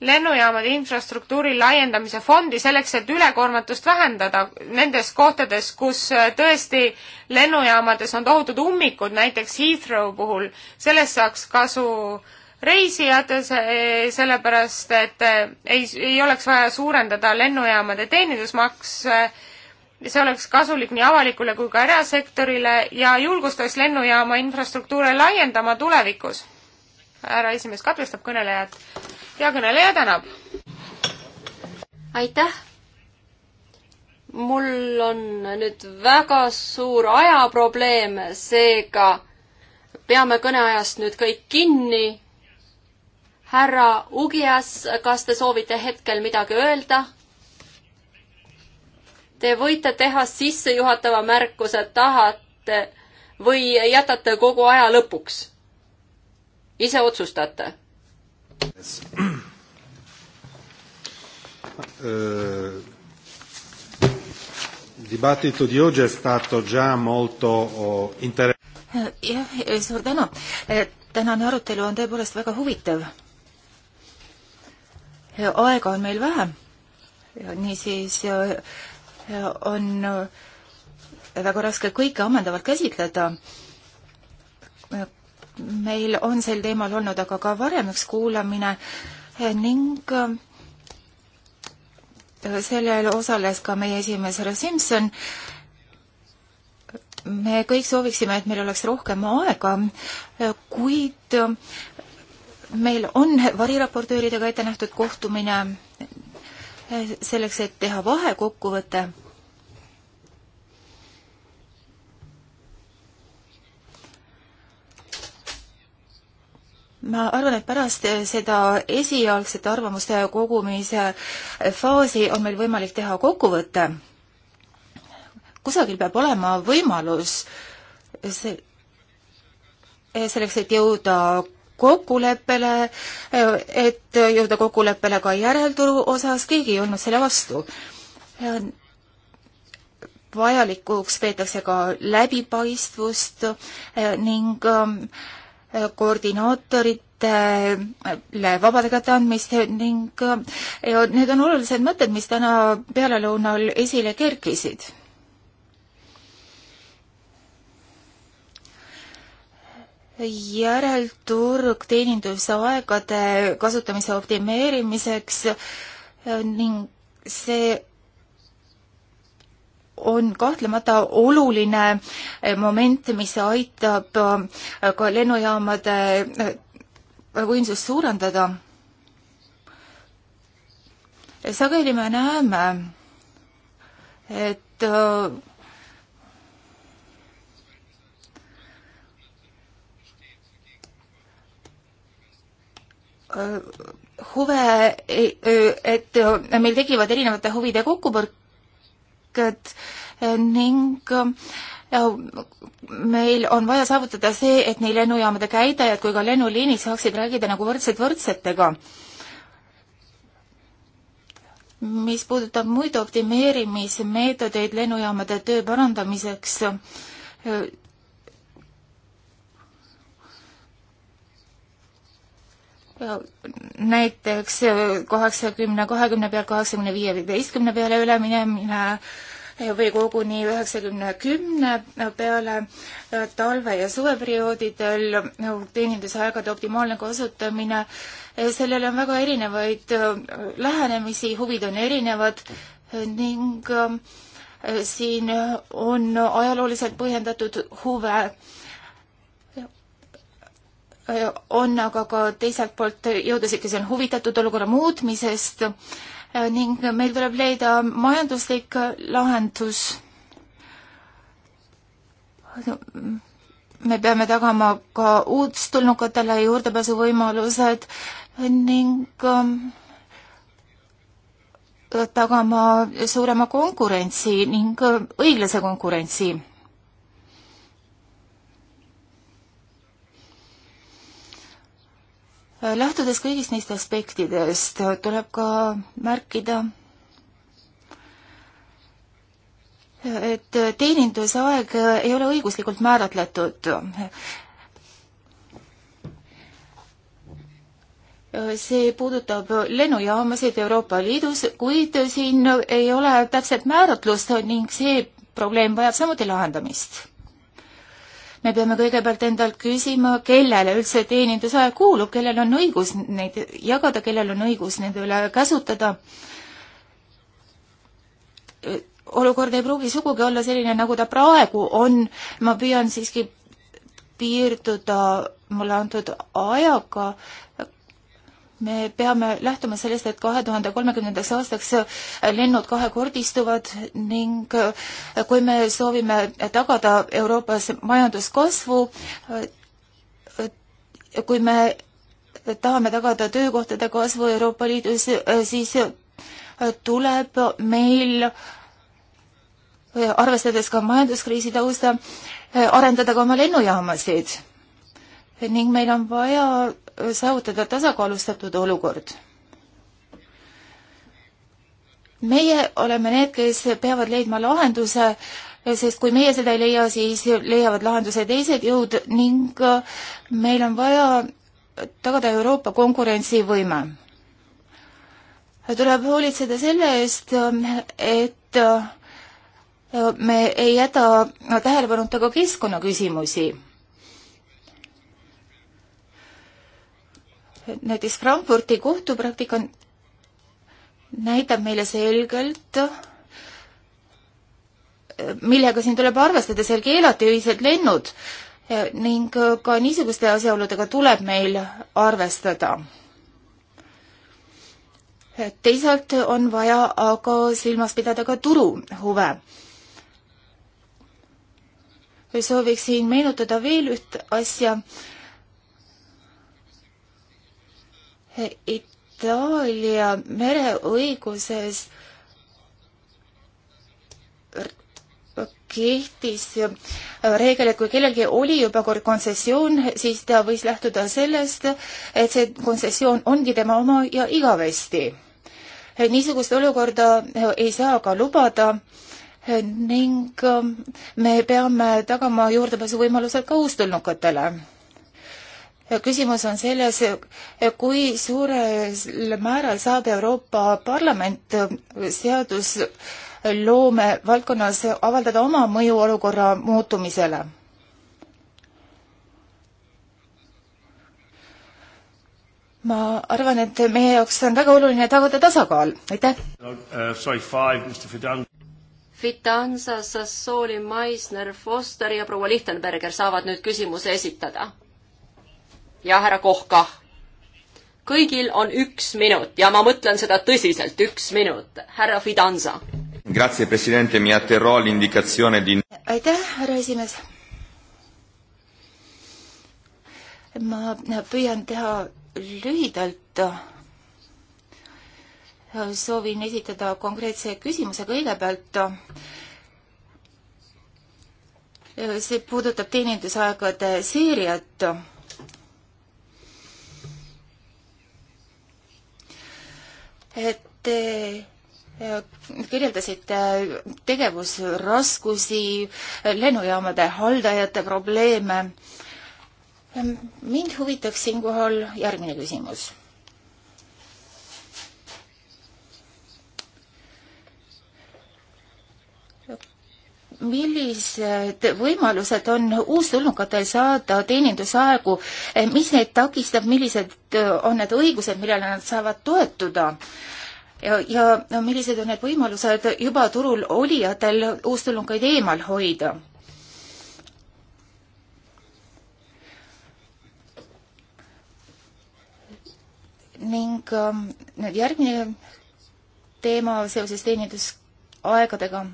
lennujaamade infrastruktuuri laiendamise fondi selleks, et ülekoormatust vähendada nendes kohtades, kus äh, tõesti lennujaamades on tohutud ummikud, näiteks Heathrow puhul. sellest saaks kasu reisijad, sellepärast et äh, ei, ei oleks vaja suurendada lennujaamade teenindusmakse, äh, see oleks kasulik nii avalikule kui ka erasektorile ja julgustaks lennujaama infrastruktuure laiendama tulevikus. härra esimees katkestab kõnelejat hea kõneleja tänab! aitäh! mul on nüüd väga suur ajaprobleem, seega peame kõneajast nüüd kõik kinni. härra Ugias, kas te soovite hetkel midagi öelda? Te võite teha sissejuhatava märkuse, tahate või jätate kogu aja lõpuks? ise otsustate Yes. Uh, il dibattito di oggi è stato già molto oh, interessante. Eh, jah, eh, suur tänu. Eh, tänane arutelu on tõepoolest väga huvitav. aega on meil vähe. niisiis on väga raske kõike ammendavalt käsitleda meil on sel teemal olnud aga ka varem üks kuulamine eh, ning eh, sellel osales ka meie esimees härra Simson. me kõik sooviksime, et meil oleks rohkem aega, eh, kuid meil on variraportööridega ette nähtud kohtumine selleks, et teha vahekokkuvõte ma arvan, et pärast seda esialgset arvamuste kogumise faasi on meil võimalik teha kokkuvõte. kusagil peab olema võimalus see, selleks, et jõuda kokkuleppele, et jõuda kokkuleppele ka järelturu osas, keegi ei olnud selle vastu. vajalikuks peetakse ka läbipaistvust ning ähm, koordinaatoritele äh, vabade käte andmist ning äh, ja need on olulised mõtted, mis täna pealelõunal esile kerkisid. järelturg teenindusaegade kasutamise optimeerimiseks äh, ning see on kahtlemata oluline eh, moment, mis aitab eh, ka lennujaamade eh, võimsust suurendada. sageli me näeme, et huve, et meil tekivad erinevate huvide kokkupõrk-, tõkked ning äh, meil on vaja saavutada see, et nii lennujaamade käidajad kui ka lennuliinid saaksid räägida nagu võrdsed võrdsetega. mis puudutab muid optimeerimismeetodeid lennujaamade töö parandamiseks, äh, näiteks äh, kaheksakümne, kahekümne pealt kaheksakümne viie või viieteistkümne peale üleminemine äh, või koguni üheksakümne kümne peale äh, talve- ja suveperioodidel teenindusaegade optimaalne kasutamine. sellele on väga erinevaid lähenemisi, huvid on erinevad ning siin on ajalooliselt põhjendatud huve on aga ka teiselt poolt jõudusid, kes on huvitatud olukorra muutmisest ning meil tuleb leida majanduslik lahendus. me peame tagama ka uudstulnukatele juurdepääsuvõimalused ning tagama suurema konkurentsi ning õiglase konkurentsi lähtudes kõigist neist aspektidest, tuleb ka märkida, et teenindusaeg ei ole õiguslikult määratletud. see puudutab lennujaamasid Euroopa Liidus, kuid siin ei ole täpset määratlust ning see probleem vajab samuti lahendamist me peame kõigepealt endalt küsima, kellele üldse teenindusaeg kuulub, kellel on õigus neid jagada, kellel on õigus nende üle käsutada. olukord ei pruugi sugugi olla selline, nagu ta praegu on, ma püüan siiski piirduda mulle antud ajaga, me peame lähtuma sellest, et kahe tuhande kolmekümnendaks aastaks lennud kahekordistuvad ning äh, kui me soovime tagada Euroopas majanduskasvu, äh, kui me tahame tagada töökohtade kasvu Euroopa Liidus, äh, siis tuleb meil arvestades ka majanduskriisi tausta, arendada ka oma lennujaamasid. ning meil on vaja saavutada tasakaalustatud olukord. meie oleme need, kes peavad leidma lahenduse, sest kui meie seda ei leia, siis leiavad lahenduse teised jõud ning äh, meil on vaja tagada Euroopa konkurentsivõime. tuleb hoolitseda selle eest, et äh, me ei jäta tähelepanuta ka keskkonnaküsimusi näiteks Frankfurdi kohtupraktika näitab meile selgelt, millega siin tuleb arvestada, seal keelati öised lennud ning äh, ka niisuguste asjaoludega tuleb meil arvestada. teisalt on vaja aga silmas pidada ka turu huve. sooviksin meenutada veel üht asja Itaalia mereõiguses kehtis reegel, et kui kellelgi oli juba kord kontsessioon, siis ta võis lähtuda sellest, et see kontsessioon ongi tema oma ja igavesti. niisugust olukorda ei saa ka lubada ning me peame tagama juurdepääsuvõimalused ka uustulnukatele küsimus on selles, kui suurel määral saab Euroopa Parlament seadusloome valdkonnas avaldada oma mõju olukorra muutumisele? ma arvan, et meie jaoks on väga oluline tagada tasakaal, aitäh uh,! Fitanza, Sassooli, Maisner, Foster ja proua Lichtenberger saavad nüüd küsimuse esitada ja härra Kohka. kõigil on üks minut ja ma mõtlen seda tõsiselt, üks minut. härra Fidanza. aitäh, härra esimees. ma püüan teha lühidalt soovin esitada konkreetse küsimuse kõigepealt. see puudutab teenindusaegade seeriat Te eh, kirjeldasite tegevusraskusi, lennujaamade haldajate probleeme. mind huvitaks siinkohal järgmine küsimus millised võimalused on uustulnukatel saada teenindusaegu, mis neid takistab, millised äh, on need õigused, millele nad saavad toetuda? ja, ja no, millised on need võimalused juba turul olijatel uustulnukaid eemal hoida? ning ähm, nüüd järgmine teema seoses teenindusaegadega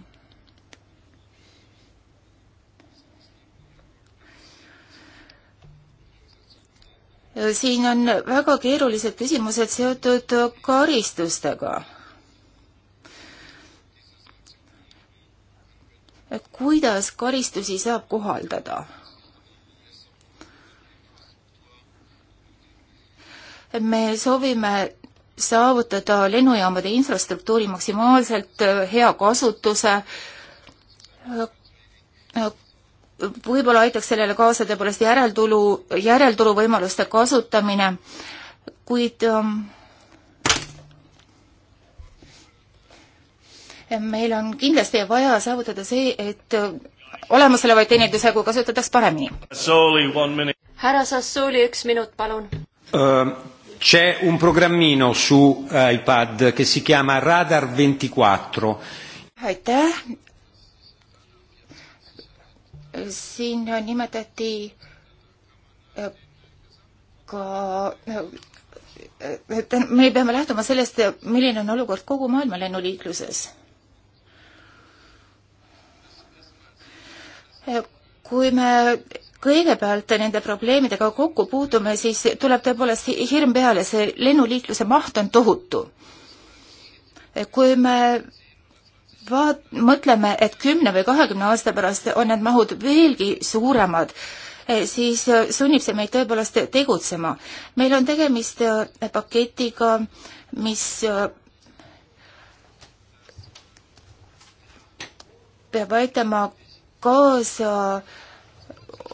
siin on väga keerulised küsimused seotud karistustega. kuidas karistusi saab kohaldada? me soovime saavutada lennujaamade infrastruktuuri maksimaalselt hea kasutuse võib-olla aitaks sellele kaasa tõepoolest järeltulu, järeltulu võimaluste kasutamine, kuid ähm, meil on kindlasti vaja saavutada see, et olemasolevaid teenindusi kasutataks paremini. härra Sassooli, üks minut, palun uh,. C'è un programmino su äh, iPad che si chiama Radar 24. aitäh, siin nimetati äh, ka äh, et me peame lähtuma sellest, milline on olukord kogu maailma lennuliikluses. Äh, kui me kõigepealt nende probleemidega kokku puutume, siis tuleb tõepoolest hirm peale, see lennuliikluse maht on tohutu. kui me vaat-, mõtleme, et kümne või kahekümne aasta pärast on need mahud veelgi suuremad, e, siis e, sunnib see meid tõepoolest tegutsema. meil on tegemist e, paketiga, mis peab aitama kaasa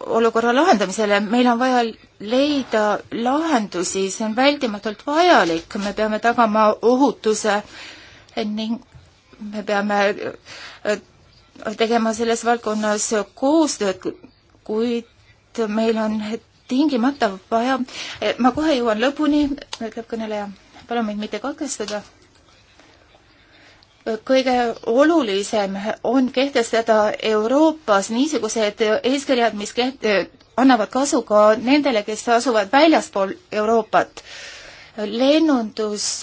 olukorra lahendamisele, meil on vaja leida lahendusi, see on vältimatult vajalik, me peame tagama ohutuse ning me peame äh, tegema selles valdkonnas koostööd, kuid meil on tingimata vaja, äh, ma kohe jõuan lõpuni, ütleb kõneleja, palun mind mitte katkestada äh, kõige olulisem on kehtestada Euroopas niisugused eeskirjad, mis keht-, annavad kasu ka nendele, kes asuvad väljaspool Euroopat. lennundus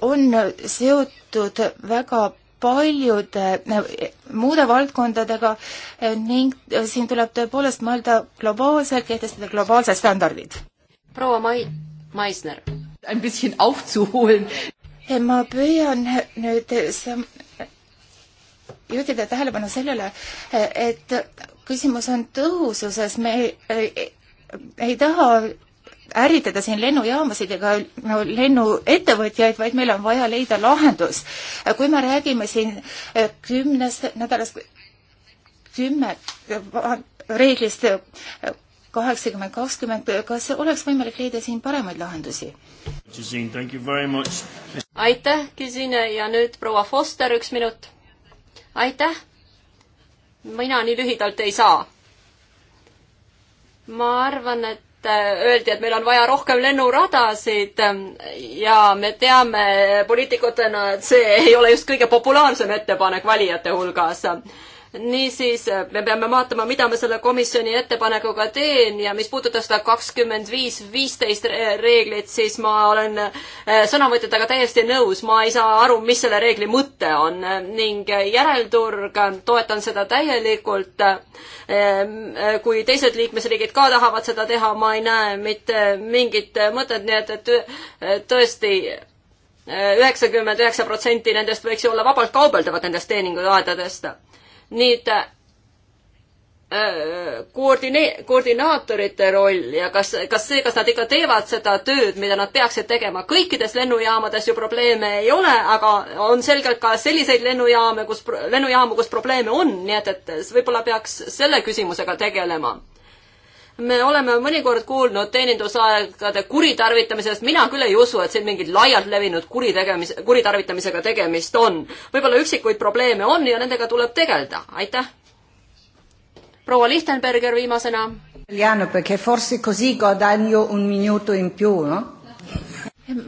on seotud väga paljude äh, muude valdkondadega äh, ning äh, siin tuleb tõepoolest mõelda globaalselt, kehtestada globaalsed standardid. proua Mai-, Maisner. ma püüan nüüd juhtida tähelepanu sellele, et küsimus on tõhususes, me ei, ei, ei taha ärritada siin lennujaamasid ega no, lennuettevõtjaid, vaid meil on vaja leida lahendus. kui me räägime siin eh, kümnest nädalast, kümme eh, reeglist eh, kaheksakümmend, kakskümmend, kas oleks võimalik leida siin paremaid lahendusi? aitäh, Gesine ja nüüd proua Foster, üks minut. aitäh. mina nii lühidalt ei saa. ma arvan, et Äh, öeldi, et meil on vaja rohkem lennuradasid ähm, ja me teame poliitikutena, et see ei ole just kõige populaarsem ettepanek valijate hulgas niisiis me peame vaatama, mida me selle komisjoni ettepanekuga teen ja mis puudutab seda kakskümmend viis, viisteist reeglit, siis ma olen äh, sõnavõtjatega täiesti nõus, ma ei saa aru, mis selle reegli mõte on ning järelturg, toetan seda täielikult. Ehm, äh, kui teised liikmesriigid ka tahavad seda teha, ma ei näe mitte mingit mõtet, nii et, et tõesti äh, üheksakümmend üheksa protsenti nendest võiks ju olla vabalt kaubeldavad nendest teeninguaedadest nüüd äh, koordine-, koordinaatorite roll ja kas, kas see, kas nad ikka teevad seda tööd, mida nad peaksid tegema, kõikides lennujaamades ju probleeme ei ole, aga on selgelt ka selliseid lennujaame, kus, lennujaamu, kus probleeme on, nii et, et võib-olla peaks selle küsimusega tegelema me oleme mõnikord kuulnud teenindusaegade kuritarvitamisest, mina küll ei usu, et siin mingit laialt levinud kuritegemise, kuritarvitamisega tegemist on. võib-olla üksikuid probleeme on ja nendega tuleb tegeleda, aitäh. proua Lichtenberger viimasena. Italiano perché forse così guadagno un minuto in più, no?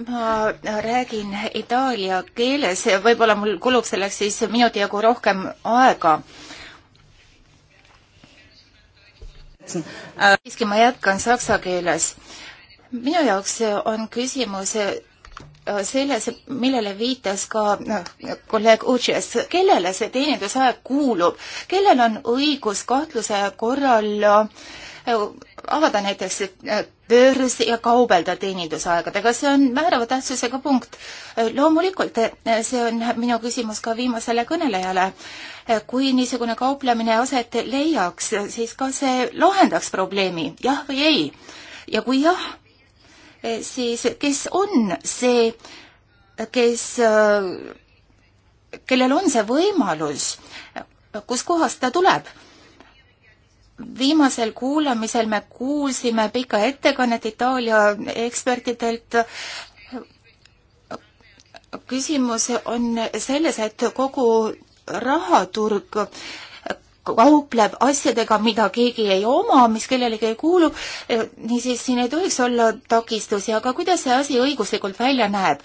ma räägin itaalia keeles, võib-olla mul kulub selleks siis minuti jagu rohkem aega siiski ma jätkan saksa keeles. minu jaoks on küsimus äh, selles, millele viitas ka noh, kolleeg Utšes, kellele see teenindusaeg kuulub, kellel on õigus kahtluse korral äh, avada näiteks börs ja kaubelda teenindusaegadega, see on määrava tähtsusega punkt. loomulikult, see on minu küsimus ka viimasele kõnelejale Eh, kui niisugune kauplemine aset leiaks, siis kas see lahendaks probleemi, jah või ei? ja kui jah, eh, siis kes on see, kes, eh, kellel on see võimalus, kuskohast ta tuleb? viimasel kuulamisel me kuulsime pika ettekannet Itaalia ekspertidelt, küsimus on selles, et kogu rahaturg kaupleb asjadega, mida keegi ei oma, mis kellelegi ei kuulu, niisiis siin ei tohiks olla takistusi, aga kuidas see asi õiguslikult välja näeb?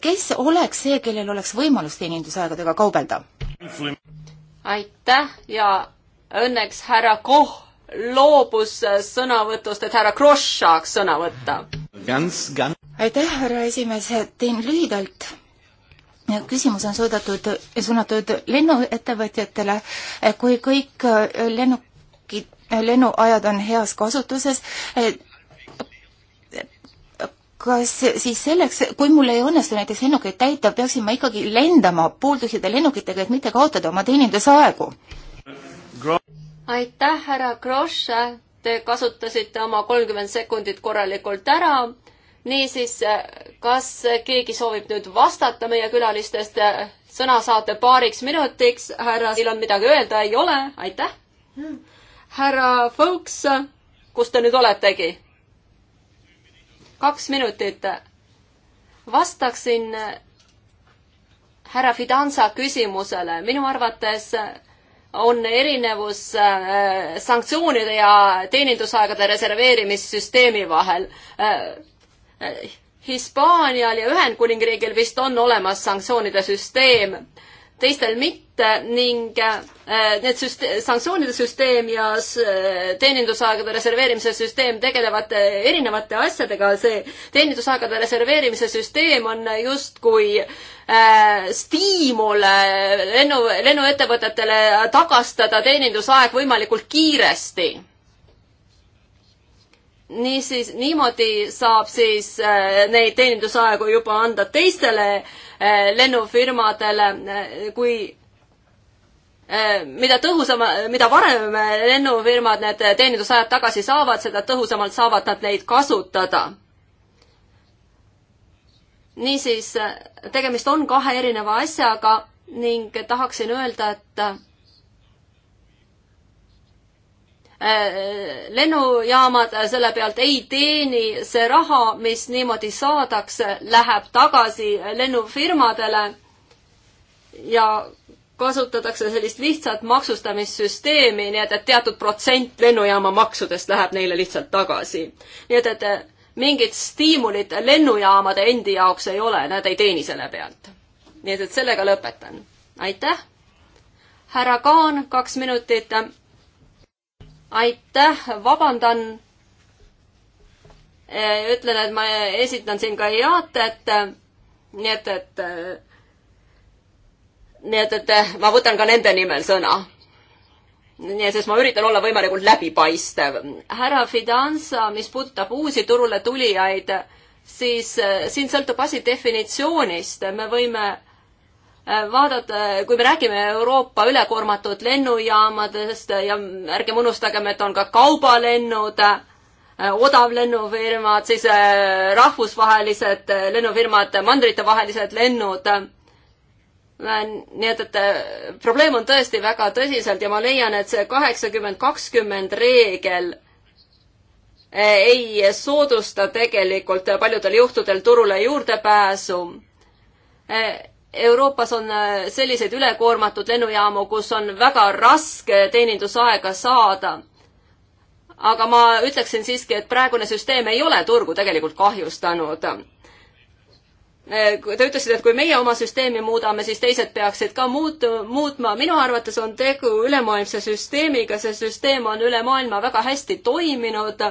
kes oleks see, kellel oleks võimalus teenindusaegadega kaubelda? aitäh ja õnneks härra Koh loobus sõnavõtust, et härra Kross saaks sõna võtta. aitäh, härra esimees, teen lühidalt küsimus on suudetud, suunatud lennuettevõtjatele, kui kõik äh, lennukid, äh, lennuajad on heas kasutuses, äh, kas siis selleks, kui mul ei õnnestu näiteks lennukeid täita, peaksin ma ikkagi lendama pooltühjade lennukitega, et mitte kaotada oma teenindusaegu? aitäh, härra Grosch, te kasutasite oma kolmkümmend sekundit korralikult ära niisiis, äh, kas keegi soovib nüüd vastata meie külalistest? Äh, sõna saate paariks minutiks, härra, teil on midagi öelda, ei ole, aitäh. Hmm. härra Fõuks, kus te nüüd oletegi? kaks minutit. vastaksin äh, härra Fidanza küsimusele, minu arvates on erinevus sanktsioonide ja teenindusaegade reserveerimissüsteemi vahel. Äh, Hispaanial ja Ühendkuningriigil vist on olemas sanktsioonide süsteem, teistel mitte ning äh, need süste-, sanktsioonide süsteem ja teenindusaegade reserveerimise süsteem tegelevad äh, erinevate asjadega, see teenindusaegade reserveerimise süsteem on justkui äh, stiimul lennu, lennuettevõtetele tagastada teenindusaeg võimalikult kiiresti niisiis, niimoodi saab siis äh, neid teenindusaegu juba anda teistele äh, lennufirmadele, äh, kui mida tõhusama, mida varem lennufirmad need teenindusajad tagasi saavad, seda tõhusamalt saavad nad neid kasutada. niisiis, tegemist on kahe erineva asjaga ning tahaksin öelda, et lennujaamad selle pealt ei teeni, see raha, mis niimoodi saadakse, läheb tagasi lennufirmadele ja kasutatakse sellist lihtsat maksustamissüsteemi, nii et, et teatud protsent lennujaama maksudest läheb neile lihtsalt tagasi. nii et, et mingit stiimulit lennujaamade endi jaoks ei ole, nad ei teeni selle pealt. nii et, et sellega lõpetan. aitäh! härra Kaan, kaks minutit aitäh, vabandan. Äh, ütlen, et ma esitan siin ka IATE-t, nii et, et äh, nii et, et äh, ma võtan ka nende nimel sõna. nii et, sest ma üritan olla võimalikult läbipaistev. härra Fidanza, mis puudutab uusi turule tulijaid, siis siin sõltub asi definitsioonist, me võime Äh, vaadata, äh, kui me räägime Euroopa ülekoormatud lennujaamadest äh, ja ärgem unustagem, et on ka kaubalennud, odavlennufirmad, siis rahvusvahelised lennufirmad, mandritevahelised lennud. nii et, et probleem on tõesti väga tõsiselt ja ma leian, et see kaheksakümmend kakskümmend reegel ei soodusta tegelikult paljudel juhtudel turule juurdepääsu Euroopas on äh, selliseid ülekoormatud lennujaamu, kus on väga raske teenindusaega saada. aga ma ütleksin siiski, et praegune süsteem ei ole turgu tegelikult kahjustanud. Äh, te ütlesite, et kui meie oma süsteemi muudame, siis teised peaksid ka muut-, muutma. minu arvates on tegu ülemaailmse süsteemiga, see süsteem on üle maailma väga hästi toiminud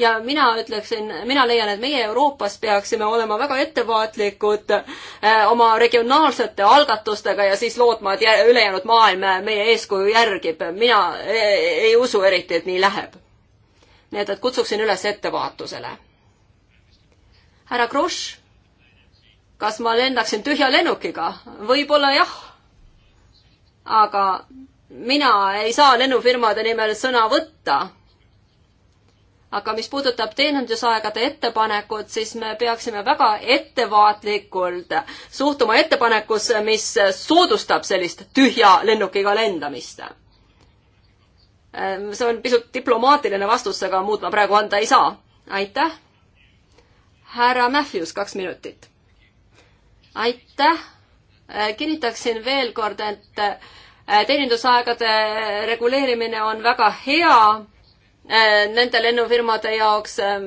ja mina ütleksin, mina leian, et meie Euroopas peaksime olema väga ettevaatlikud eh, oma regionaalsete algatustega ja siis lootma, et ülejäänud maailm meie eeskuju järgib. mina eh, ei usu eriti, et nii läheb. nii et, et kutsuksin üles ettevaatusele. härra Kross, kas ma lendaksin tühja lennukiga? võib-olla jah. aga mina ei saa lennufirmade nimel sõna võtta aga mis puudutab teenindusaegade ettepanekut, siis me peaksime väga ettevaatlikult suhtuma ettepanekusse, mis soodustab sellist tühja lennukiga lendamist. Ehm, see on pisut diplomaatiline vastus, aga muud ma praegu anda ei saa. aitäh. härra Matthews, kaks minutit. aitäh. Ehm, kinnitaksin veel kord, et ehm, teenindusaegade reguleerimine on väga hea Äh, nende lennufirmade jaoks, ähm,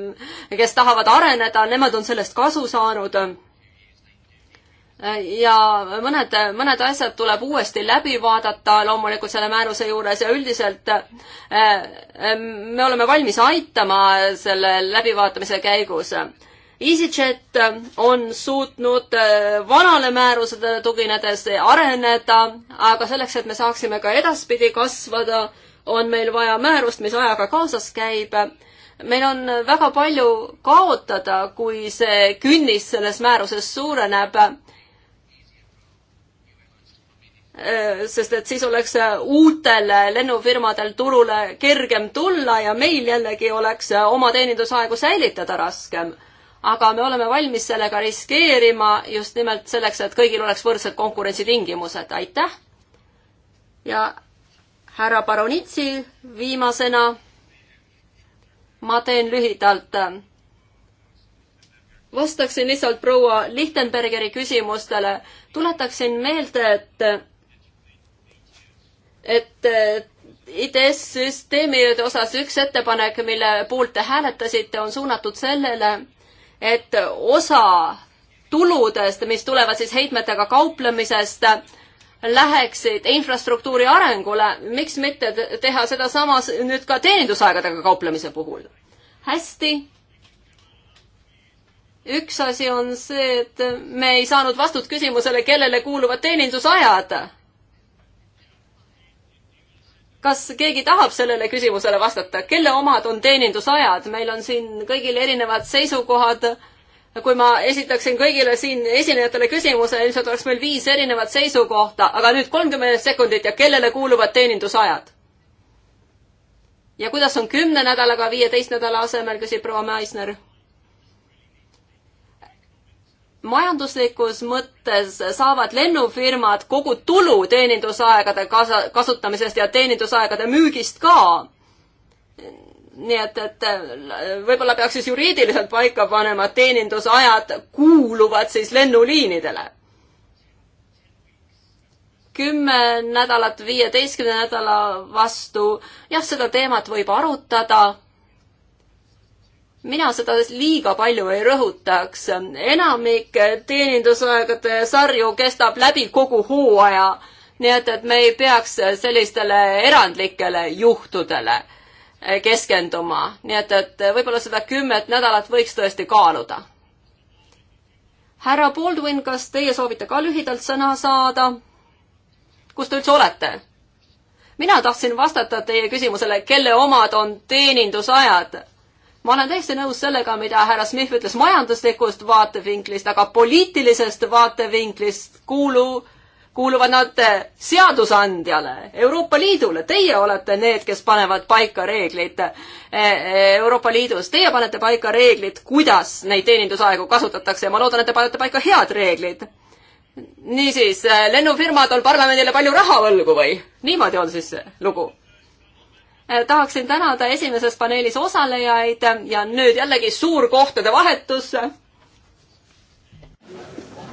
kes tahavad areneda, nemad on sellest kasu saanud. Äh, ja mõned, mõned asjad tuleb uuesti läbi vaadata loomulikult selle määruse juures ja üldiselt äh, me oleme valmis aitama selle läbivaatamise käigus. EasyJet on suutnud vanale määrusele tuginedes areneda, aga selleks, et me saaksime ka edaspidi kasvada, on meil vaja määrust, mis ajaga kaasas käib. meil on väga palju kaotada, kui see künnis selles määruses suureneb. sest et siis oleks uutel lennufirmadel turule kergem tulla ja meil jällegi oleks oma teenindusaegu säilitada raskem aga me oleme valmis sellega riskeerima just nimelt selleks, et kõigil oleks võrdsed konkurentsitingimused, aitäh. ja härra Baronitsi viimasena. ma teen lühidalt. vastaksin lihtsalt proua Lichtenbergeri küsimustele. tuletaksin meelde, et, et ITS-süsteemide osas üks ettepanek, mille poolt te hääletasite, on suunatud sellele, et osa tuludest, mis tulevad siis heitmetega kauplemisest, läheksid infrastruktuuri arengule, miks mitte teha sedasama nüüd ka teenindusaegadega kauplemise puhul? hästi. üks asi on see, et me ei saanud vastust küsimusele, kellele kuuluvad teenindusajad. kas keegi tahab sellele küsimusele vastata, kelle omad on teenindusajad? meil on siin kõigil erinevad seisukohad kui ma esitaksin kõigile siin esinejatele küsimuse, ilmselt oleks meil viis erinevat seisukohta, aga nüüd kolmkümmend sekundit ja kellele kuuluvad teenindusajad? ja kuidas on kümne nädalaga viieteist nädala asemel, küsib proua Meisner. majanduslikus mõttes saavad lennufirmad kogu tulu teenindusaegade kasa-, kasutamisest ja teenindusaegade müügist ka nii et, et äh, võib-olla peaks siis juriidiliselt paika panema, et teenindusajad kuuluvad siis lennuliinidele. kümme nädalat viieteistkümne nädala vastu, jah, seda teemat võib arutada mina seda liiga palju ei rõhutaks. enamik teenindusaegade sarju kestab läbi kogu hooaja, nii et, et me ei peaks sellistele erandlikele juhtudele Eh, keskenduma, nii et, et eh, võib-olla seda kümmet nädalat võiks tõesti kaaluda. härra Baldwin, kas teie soovite ka lühidalt sõna saada? kus te üldse olete? mina tahtsin vastata teie küsimusele, kelle omad on teenindusajad. ma olen täiesti nõus sellega, mida härra Smith ütles majanduslikust vaatevinklist, aga poliitilisest vaatevinklist kuulu, kuuluvad nad eh, seadusandjale, Euroopa Liidule, teie olete need, kes panevad paika reeglid eh, eh, Euroopa Liidus, teie panete paika reeglid, kuidas neid teenindusaegu kasutatakse ja ma loodan, et te panete paika head reeglid. niisiis, lennufirmad on parlamendile palju raha võlgu või? niimoodi on siis lugu? tahaksin tänada esimeses paneelis osalejaid ja nüüd jällegi suur kohtade vahetus.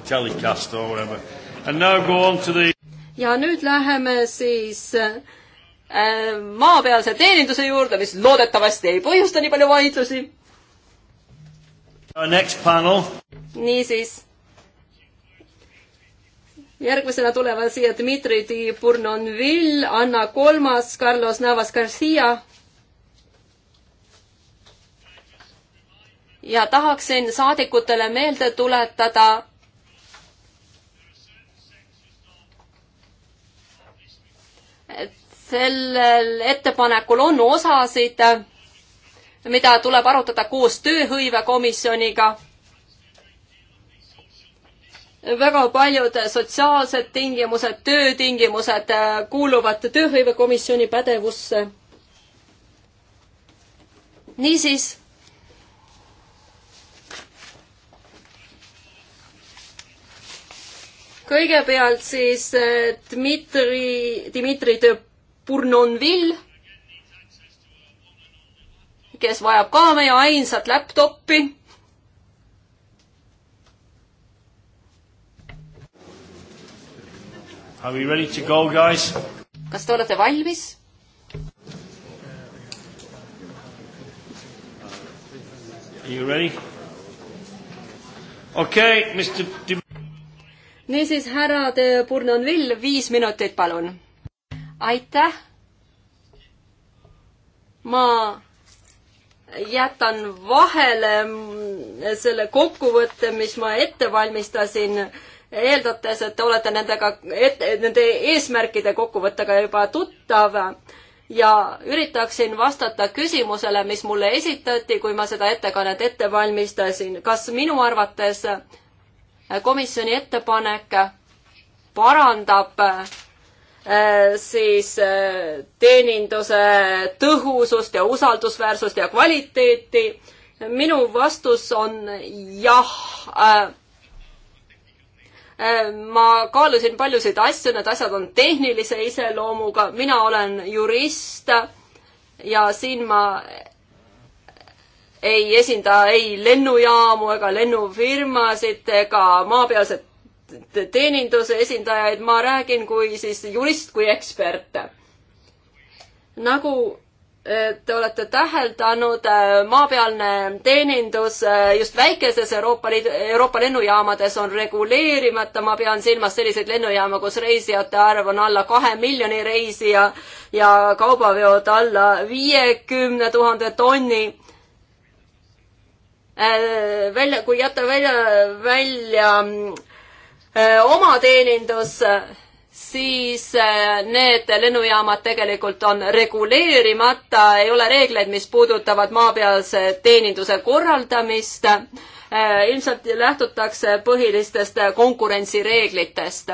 Telecast or whatever. The... ja nüüd läheme siis äh, maapealse teeninduse juurde, mis loodetavasti ei põhjusta nii palju vaidlusi. niisiis. järgmisena tulevad siia Dmitri Diburnonvill, Anna Kolmas, Carlos Navas Garcia. ja tahaksin saadikutele meelde tuletada sellel ettepanekul on osasid, mida tuleb arutada koos tööhõivekomisjoniga. väga paljud sotsiaalsed tingimused, töötingimused kuuluvad tööhõivekomisjoni pädevusse. niisiis kõigepealt siis eh, Dmitri, Dmitri Döp-, Bournonville, kes vajab ka meie ainsat laptopi. Are we ready to go, guys? kas te olete valmis? Are you ready? okei okay,, Mr. niisiis, härra de Bournonville, viis minutit, palun aitäh. ma jätan vahele selle kokkuvõtte, mis ma ette valmistasin, eeldates, et te olete nendega, nende eesmärkide kokkuvõttega juba tuttav ja üritaksin vastata küsimusele, mis mulle esitati, kui ma seda ettekannet ette valmistasin. kas minu arvates komisjoni ettepanek parandab Äh, siis äh, teeninduse tõhusust ja usaldusväärsust ja kvaliteeti. minu vastus on jah. Äh, ma kaalusin paljusid asju, need asjad on tehnilise iseloomuga, mina olen jurist ja siin ma ei esinda ei lennujaamu ega lennufirmasid ega maapealset teeninduse esindajaid, ma räägin kui siis jurist, kui ekspert. nagu eh, te olete täheldanud, eh, maapealne teenindus eh, just väikeses Euroopa Liidu, Euroopa lennujaamades on reguleerimata, ma pean silmas selliseid lennujaama, kus reisijate arv on alla kahe miljoni reisija ja kaubaveod alla viiekümne tuhande tonni välja, kui jätta välja, välja mm, omateenindus, siis need lennujaamad tegelikult on reguleerimata, ei ole reegleid, mis puudutavad maapealse teeninduse korraldamist. ilmselt lähtutakse põhilistest konkurentsireeglitest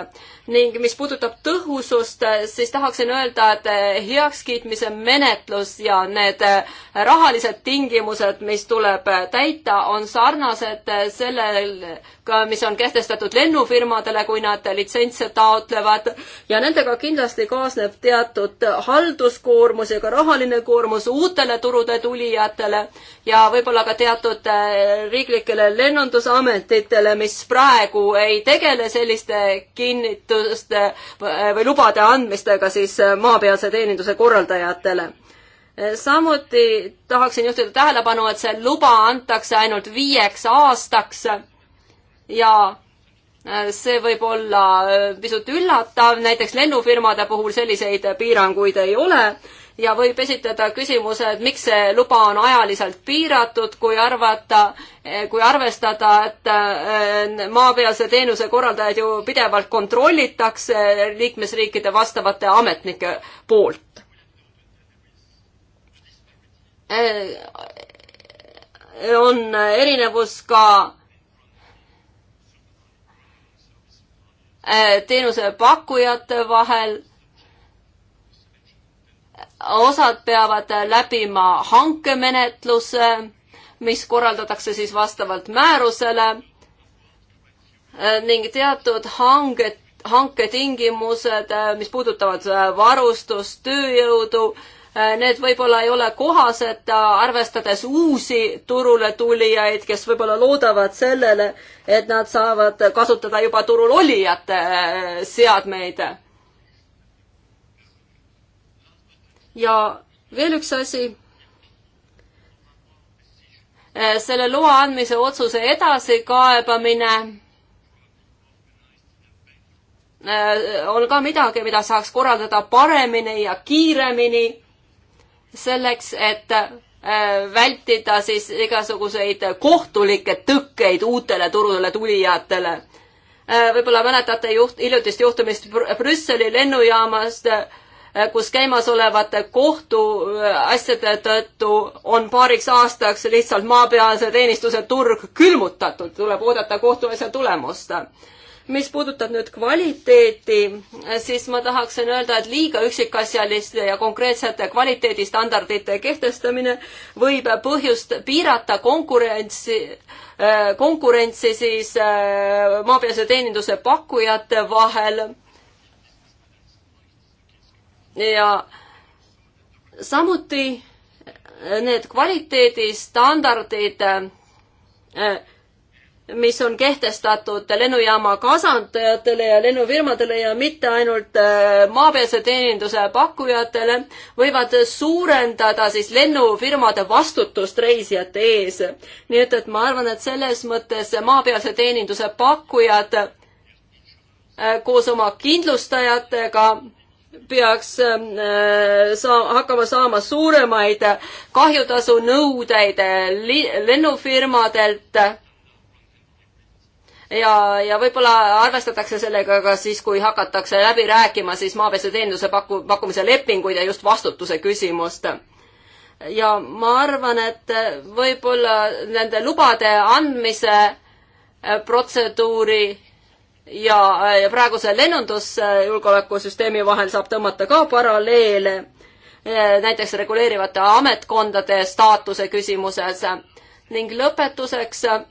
ning mis puudutab tõhusust, siis tahaksin öelda, et heakskiitmise menetlus ja need rahalised tingimused, mis tuleb täita, on sarnased sellega, mis on kehtestatud lennufirmadele, kui nad litsentse taotlevad ja nendega kindlasti kaasneb teatud halduskoormus ja ka rahaline koormus uutele turude tulijatele ja võib-olla ka teatud äh, riiklikele lennundusametitele, mis praegu ei tegele selliste kinnitu-, lubaduste või lubade andmistega siis äh, maapealse teeninduse korraldajatele. Äh, samuti tahaksin juhtida tähelepanu, et see luba antakse ainult viieks aastaks ja äh, see võib olla pisut üllatav, näiteks lennufirmade puhul selliseid piiranguid ei ole ja võib esitada küsimuse, et miks see luba on ajaliselt piiratud, kui arvata, kui arvestada, et äh, maapealse teenuse korraldajaid ju pidevalt kontrollitakse liikmesriikide vastavate ametnike poolt äh, on erinevus ka äh, teenusepakkujate vahel osad peavad läbima hankemenetluse, mis korraldatakse siis vastavalt määrusele eh, ning teatud hanged, hanketingimused, eh, mis puudutavad eh, varustust, tööjõudu, need võib-olla ei ole kohased, arvestades uusi turule tulijaid, kes võib-olla loodavad sellele, et nad saavad kasutada juba turul olijate seadmeid ja veel üks asi, äh, selle loa andmise otsuse edasikaebamine äh, on ka midagi, mida saaks korraldada paremini ja kiiremini, selleks et äh, vältida siis igasuguseid kohtulikke tõkkeid uutele turule tulijatele. võib-olla mäletate juht, hiljutist juhtumist Brüsseli lennujaamast, Äh, kus käimasolevate kohtuasjade äh, tõttu on paariks aastaks lihtsalt maapealse teenistuse turg külmutatud, tuleb oodata kohtuasja tulemust. mis puudutab nüüd kvaliteeti, äh, siis ma tahaksin öelda, et liiga üksikasjaliste ja konkreetsete kvaliteedistandardite kehtestamine võib põhjust piirata konkurentsi, konkurentsi siis maapealse teeninduse pakkujate vahel ja samuti äh, need kvaliteedistandardid, äh, äh, mis on kehtestatud lennujaama kasandajatele ja lennufirmadele ja mitte ainult maapealse teeninduse pakkujatele, võivad suurendada siis lennufirmade vastutust reisijate ees. nii et, et ma arvan, et selles mõttes maapealse teeninduse pakkujad koos oma kindlustajatega peaks ähm, äh, saa-, hakkama saama suuremaid kahjutasunõudeid äh, lennufirmadelt ja, ja võib-olla arvestatakse sellega ka siis, kui hakatakse läbi rääkima siis maapesuteenuse paku-, pakkumise lepinguid ja just vastutuse küsimust ja ma arvan, et võib-olla nende lubade andmise äh, protseduuri ja, ja praeguse lennundusjulgeolekusüsteemi vahel saab tõmmata ka paralleele, eh, näiteks reguleerivate ametkondade staatuse küsimuses. ning lõpetuseks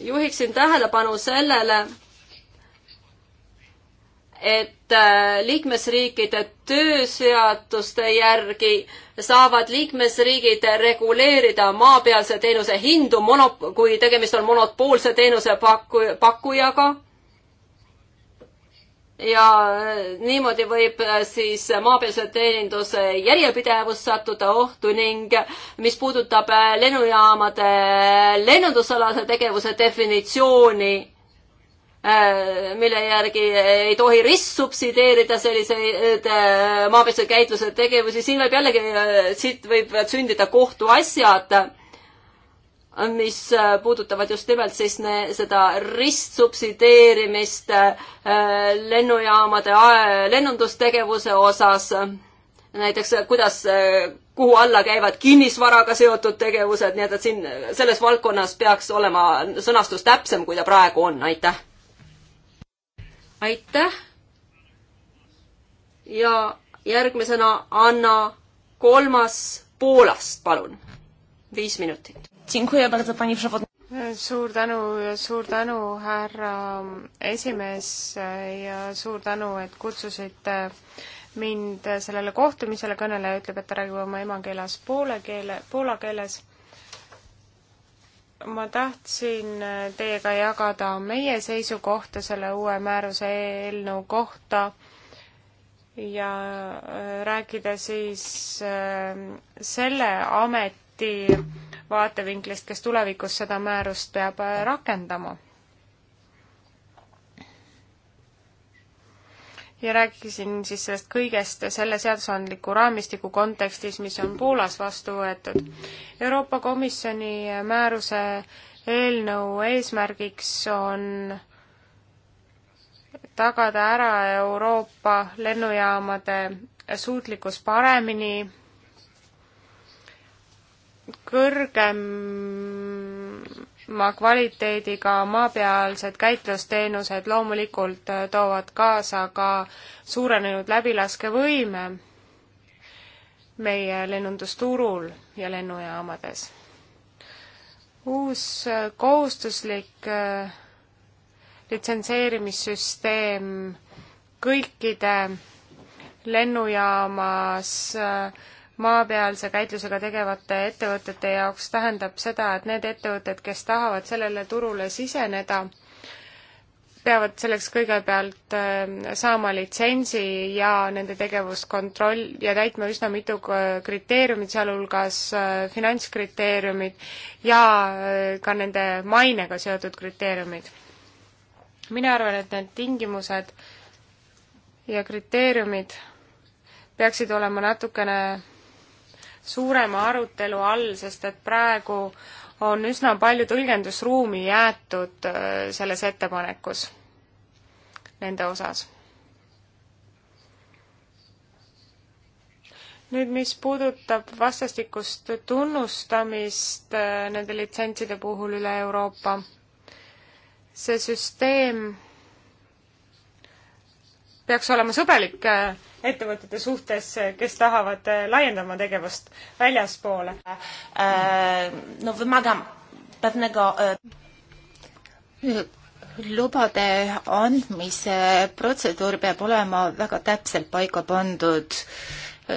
juhiksin tähelepanu sellele, et eh, liikmesriikide tööseaduste järgi saavad liikmesriigid reguleerida maapealse teenuse hindu monop-, kui tegemist on monopoolse teenuse paku-, pakkujaga ja äh, niimoodi võib äh, siis maapealse teeninduse järjepidevus sattuda ohtu ning mis puudutab äh, lennujaamade lennundusalase tegevuse definitsiooni, mille järgi ei tohi ristsubsideerida selliseid maapealse käitluse tegevusi, siin võib jällegi, siit võivad sündida kohtuasjad mis äh, puudutavad just nimelt siis ne, seda ristsubsideerimist äh, lennujaamade lennundustegevuse osas. näiteks äh, kuidas, kuhu alla käivad kinnisvaraga seotud tegevused, nii et, et siin selles valdkonnas peaks olema sõnastus täpsem, kui ta praegu on, aitäh. aitäh. ja järgmisena Anna Kolmas Poolast, palun. viis minutit suur tänu, suur tänu, härra esimees ja suur tänu, et kutsusite mind sellele kohtumisele, kõneleja ütleb, et ta räägib oma emakeeles poole keele, poola keeles. ma tahtsin teiega jagada meie seisukohta selle uue määruse eelnõu kohta ja rääkida siis äh, selle ameti vaatevinklist, kes tulevikus seda määrust peab äh, rakendama. ja rääkisin siis sellest kõigest selle seadusandliku raamistiku kontekstis, mis on Poolas vastu võetud. Euroopa Komisjoni määruse eelnõu eesmärgiks on tagada ära Euroopa lennujaamade suutlikkus paremini kõrgema kvaliteediga maapealsed käitlusteenused loomulikult äh, toovad kaasa ka suurenenud läbilaskevõime meie lennundusturul ja lennujaamades. uus äh, kohustuslik äh, litsenseerimissüsteem kõikide lennujaamas äh, maapealse käitlusega tegevate ettevõtete jaoks tähendab seda, et need ettevõtted, kes tahavad sellele turule siseneda, peavad selleks kõigepealt äh, saama litsentsi ja nende tegevust kontroll- ja täitma üsna mitu kriteeriumit, sealhulgas äh, finantskriteeriumid ja äh, ka nende mainega seotud kriteeriumid. mina arvan, et need tingimused ja kriteeriumid peaksid olema natukene suurema arutelu all, sest et praegu on üsna palju tõlgendusruumi jäetud äh, selles ettepanekus nende osas. nüüd, mis puudutab vastastikust tunnustamist äh, nende litsentside puhul üle Euroopa, see süsteem peaks olema sõbralik äh, ettevõtete suhtes, äh, kes tahavad äh, laiendama tegevust väljaspoole? no wymagam pewnego lubade andmise protseduur peab olema väga täpselt paika pandud,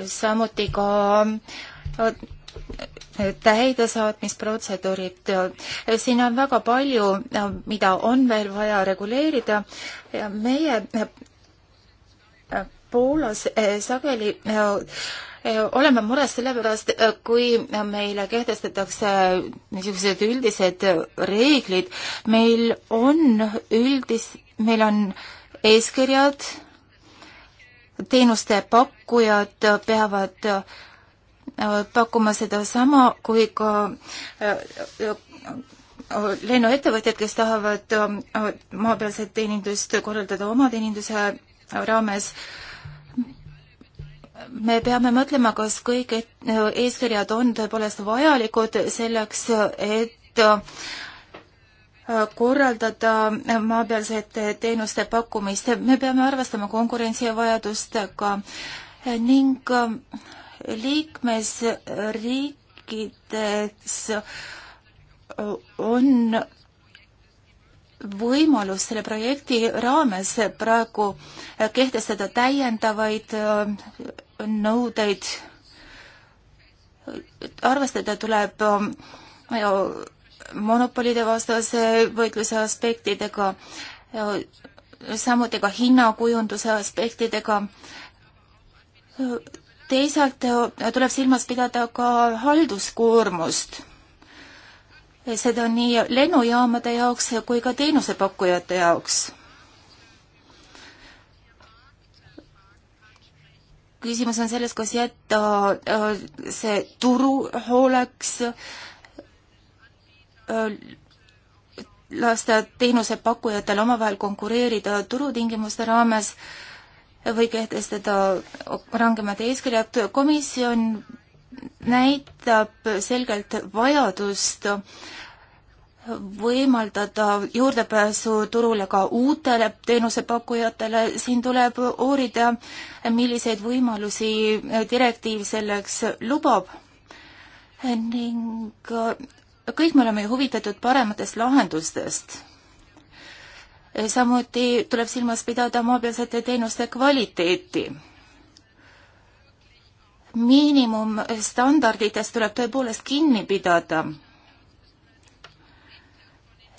samuti ka täidesaatmisprotseduurid, siin on väga palju, mida on veel vaja reguleerida ja meie Poolas eh, sageli eh, eh, oleme mures sellepärast, kui meile kehtestatakse niisugused üldised reeglid, meil on üldis, meil on eeskirjad, teenuste pakkujad peavad pakkuma sedasama kui ka lennuettevõtjad, kes tahavad maapealset teenindust korraldada oma teeninduse raames äh, me peame mõtlema, kas kõik eeskirjad on tõepoolest vajalikud selleks, et äh, korraldada maapealsete teenuste pakkumist. me peame arvestama konkurentsi ja vajadustega ning äh, liikmesriikides äh, on võimalus selle projekti raames praegu kehtestada täiendavaid nõudeid arvestada tuleb ähm, monopolide vastase võitluse aspektidega, samuti ka hinnakujunduse aspektidega. teisalt äh, tuleb silmas pidada ka halduskoormust. seda nii lennujaamade jaoks kui ka teenusepakkujate jaoks küsimus on selles, kas jätta äh, see turu hooleks, äh, lasta teenusepakkujatel omavahel konkureerida turutingimuste raames või kehtestada rangemad eeskirjad. komisjon näitab selgelt vajadust võimaldada juurdepääsu turule ka uutele teenusepakkujatele, siin tuleb uurida, milliseid võimalusi direktiiv selleks lubab ning äh, kõik me oleme ju huvitatud parematest lahendustest. samuti tuleb silmas pidada maapealsete teenuste kvaliteeti. miinimumstandarditest tuleb tõepoolest kinni pidada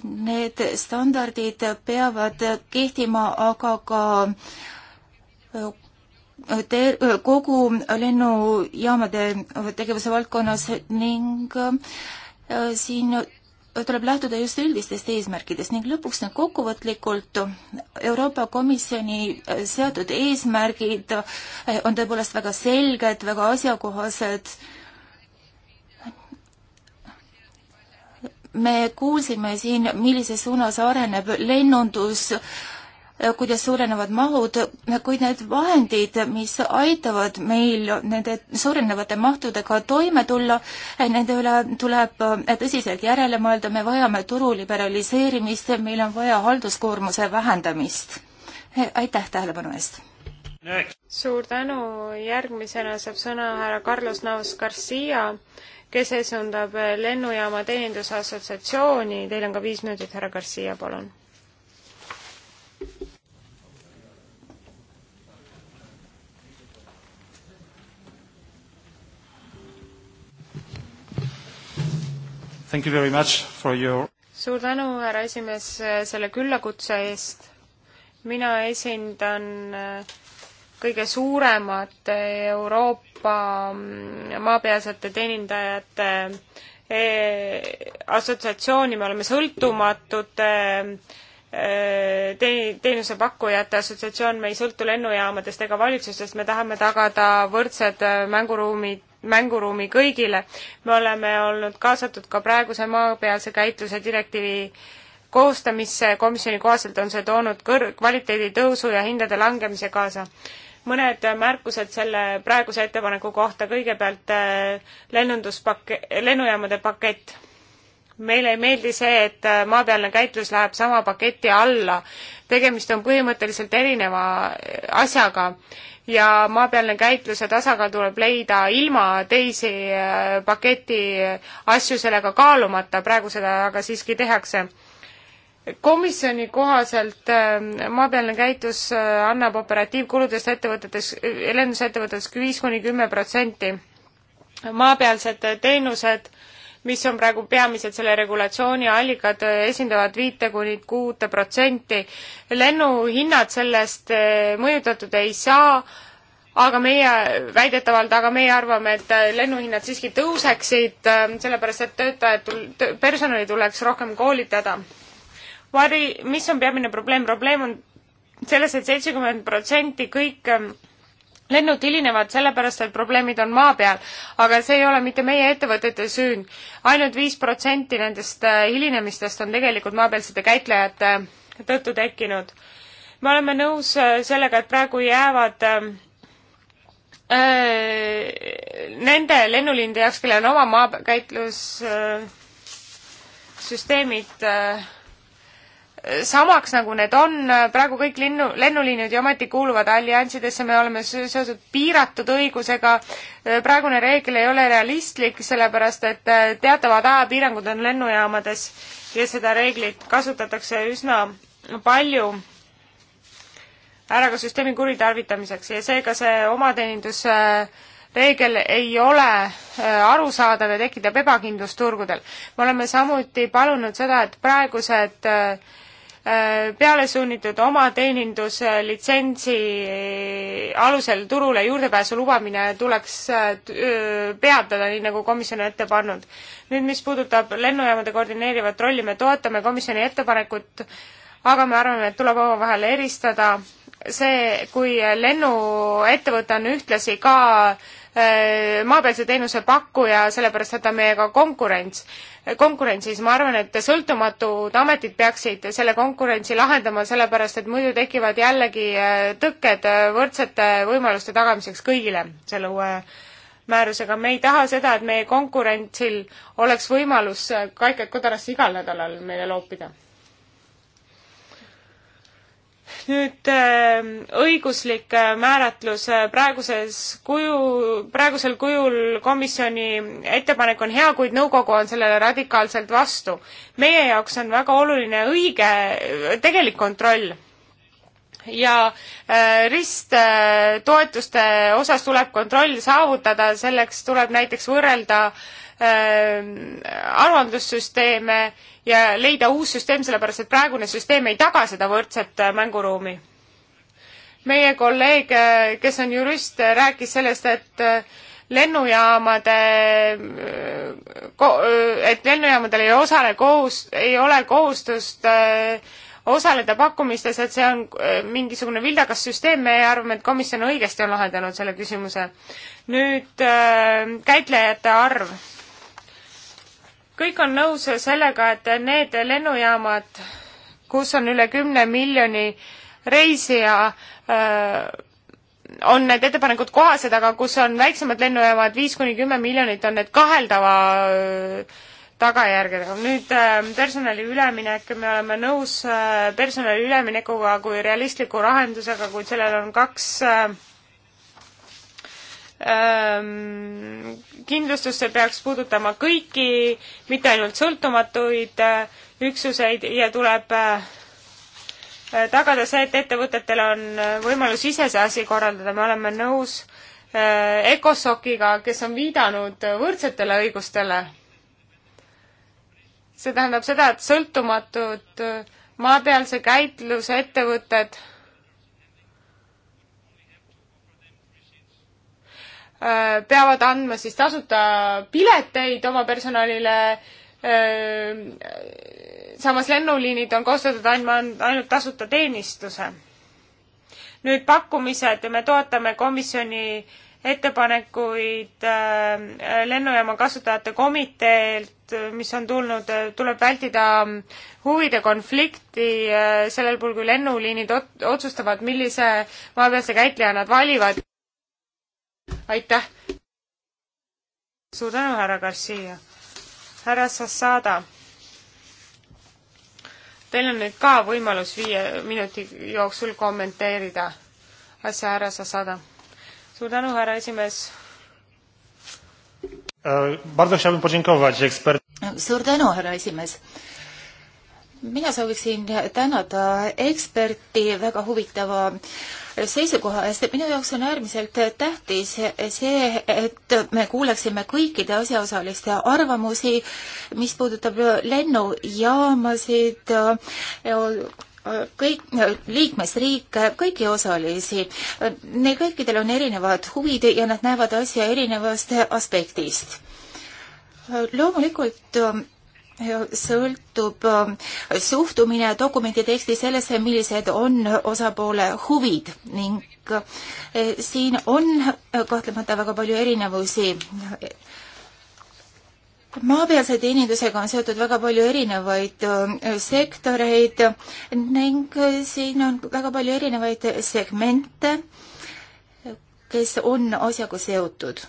Need standardid peavad kehtima aga ka äh, ter-, äh, kogu lennujaamade tegevuse valdkonnas ning äh, siin tuleb lähtuda just üldistest eesmärkidest ning lõpuks nüüd kokkuvõtlikult Euroopa Komisjoni seatud eesmärgid on tõepoolest väga selged, väga asjakohased me kuulsime siin, millises suunas areneb lennundus, kuidas suurenevad mahud, kuid need vahendid, mis aitavad meil nende suurenevate mahtudega toime tulla, nende üle tuleb tõsiselt järele mõelda, me vajame turu liberaliseerimist, meil on vaja halduskoormuse vähendamist. aitäh tähelepanu eest! suur tänu, järgmisena saab sõna härra Carlos Naus Garcia kes esindab Lennujaama Teeninduse Assotsiatsiooni, teil on ka viis minutit, härra Garcia, palun. Thank you very much for your suur tänu, härra esimees, selle küllakutse eest. mina esindan äh, kõige suuremate Euroopa maapealsete teenindajate eh, assotsiatsiooni, me oleme sõltumatute eh, eh, teenusepakkujate assotsiatsioon, me ei sõltu lennujaamadest ega valitsustest, me tahame tagada võrdsed mänguruumid, mänguruumi kõigile. me oleme olnud kaasatud ka praeguse maapealse käitluse direktiivi koostamisse, komisjoni kohaselt on see toonud kõr-, kvaliteedi tõusu ja hindade langemise kaasa mõned märkused selle praeguse ettepaneku kohta, kõigepealt äh, lennunduspakke, lennujaamade pakett. meile ei meeldi see, et äh, maapealne käitlus läheb sama paketi alla. tegemist on põhimõtteliselt erineva äh, asjaga ja maapealne käitlus ja tasakaal tuleb leida ilma teisi paketi asju sellega kaalumata, praegu seda aga siiski tehakse komisjoni kohaselt äh, maapealne käitus äh, annab operatiivkuludest ettevõtetes, äh, lendusettevõtetes viis kuni kümme protsenti. maapealsed teenused, mis on praegu peamiselt selle regulatsiooni allikad, esindavad viite kuni kuute protsenti. lennuhinnad sellest mõjutatud ei saa, aga meie, väidetavalt, aga meie arvame, et lennuhinnad siiski tõuseksid, sellepärast et töötajad, personali tuleks rohkem koolitada Vari, mis on peamine probleem? probleem on selles et, et seitsekümmend protsenti kõik ähm, lennud hilinevad sellepärast, et probleemid on maa peal, aga see ei ole mitte meie ettevõtete süün ainult. ainult viis protsenti nendest äh, hilinemistest on tegelikult maapealsete käitlejate äh, tõttu tekkinud. me oleme nõus äh, sellega, et praegu jäävad ähm, nende lennuliinide jaoks, kellel on oma maakäitlussüsteemid äh, samaks, nagu need on, praegu kõik linnu, lennuliinid ju ometi kuuluvad allianssidesse, me oleme seotud piiratud õigusega, praegune reegel ei ole realistlik, sellepärast et eh, teatavad ajapiirangud on lennujaamades ja seda reeglit kasutatakse üsna palju ära ka süsteemi kuritarvitamiseks ja seega see omateeninduse eh, reegel ei ole eh, arusaadav ja tekitab ebakindlust turgudel. me oleme samuti palunud seda, et praegused äh, Äh, peale sunnitud oma teeninduslitsentsi äh, alusel turule juurdepääsu lubamine tuleks äh, peatada, nii nagu komisjon on ette pannud. nüüd, mis puudutab lennujaamade koordineerivat rolli, me toetame komisjoni ettepanekut, aga me arvame, et tuleb omavahel eristada see, kui lennuettevõte on ühtlasi ka maapealse teenuse pakkuja, sellepärast et ta on meiega konkurents konkurentsis, ma arvan, et sõltumatud ametid peaksid selle konkurentsi lahendama, sellepärast et muidu tekivad jällegi äh, tõkked äh, võrdsete võimaluste tagamiseks kõigile selle uue äh, määrusega. me ei taha seda, et meie konkurentsil oleks võimalus kaikaid kodarast igal nädalal meile loopida nüüd äh, õiguslik äh, määratlus äh, praeguses kuju, praegusel kujul komisjoni ettepanek on hea, kuid nõukogu on sellele radikaalselt vastu. meie jaoks on väga oluline õige, tegelik kontroll ja risttoetuste osas tuleb kontroll saavutada, selleks tuleb näiteks võrrelda äh, Ähm, aruandlussüsteeme ja leida uus süsteem, sellepärast et praegune süsteem ei taga seda võrdset äh, mänguruumi. meie kolleeg, äh, kes on jurist, äh, rääkis sellest, et lennujaamade, et lennujaamadel ei osale kohus, ei ole kohustust osaleda pakkumistes, et see on mingisugune vildakas süsteem, me arvame, et komisjon õigesti on lahendanud selle küsimuse. nüüd äh, käitlejate arv kõik on nõus sellega, et need lennujaamad, kus on üle kümne miljoni reisija, äh, on need ettepanekud kohased, aga kus on väiksemad lennujaamad, viis kuni kümme miljonit, on need kaheldava äh, tagajärgedega. nüüd äh, personali üleminek, me oleme nõus personali üleminekuga kui realistliku lahendusega, kuid sellel on kaks Ehm, kindlustus, see peaks puudutama kõiki, mitte ainult sõltumatuid äh, üksuseid ja tuleb äh, äh, tagada see, et ettevõtetel on võimalus ise see asi korraldada, me oleme nõus Ecosokiga, kes on viidanud võrdsetele õigustele. see tähendab seda, et sõltumatud maapealse käitluse ettevõtted Äh, peavad andma siis tasuta pileteid oma personalile. Äh, samas lennuliinid on kohustatud andma ainult tasuta teenistuse. nüüd pakkumised, me toetame komisjoni ettepanekuid äh, lennujaama kasutajate komiteelt, mis on tulnud, tuleb vältida huvide konflikti sellel puhul, kui lennuliinid otsustavad, millise maapealse käitleja nad valivad aitäh! suur tänu, härra Garcia! härra Sassada, teil on nüüd ka võimalus viie minuti jooksul kommenteerida asja, härra Sassada. suur tänu, härra esimees! Eh, bardzo chciałbym podziękować ekspert... Suur tänu, härra esimees! mina sooviksin tänada eksperti väga huvitava äh, seisukoha eest. minu jaoks on äärmiselt tähtis see, et me kuuleksime kõikide asjaosaliste arvamusi, mis puudutab lennujaamasid, kõik liikmesriike, kõiki osalisi. Neil kõikidel on erinevad huvid ja nad näevad asja erinevast aspektist. loomulikult sõltub äh, suhtumine dokumendi teksti sellesse, millised on osapoole huvid ning äh, siin on äh, kahtlemata väga palju erinevusi. maapealse teenindusega on seotud väga palju erinevaid sektoreid ning siin on väga palju erinevaid segmente, kes on asjaga seotud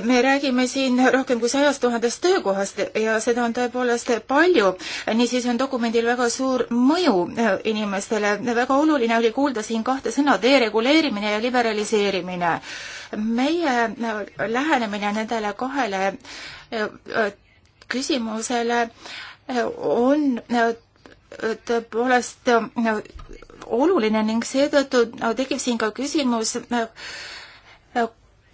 me räägime siin rohkem kui sajast tuhandest töökohast ja seda on tõepoolest palju. niisiis on dokumendil väga suur mõju eh, inimestele. väga oluline oli kuulda siin kahte sõna, dereguleerimine ja liberaliseerimine. meie eh, lähenemine nendele kahele eh, küsimusele on tõepoolest oluline ning seetõttu tekib siin ka küsimus,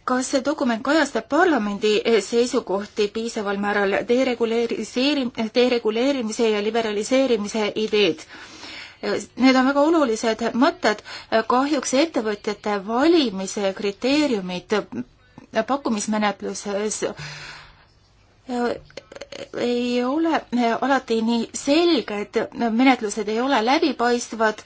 kas see dokument kajastab parlamendi eh, seisukohti piisaval määral dereguleeriseeri-, dereguleerimise ja liberaliseerimise ideed? Eh, need on väga olulised mõtted, eh, kahjuks ettevõtjate valimise kriteeriumid pakkumismenetluses ei ole alati nii selged, menetlused ei ole läbipaistvad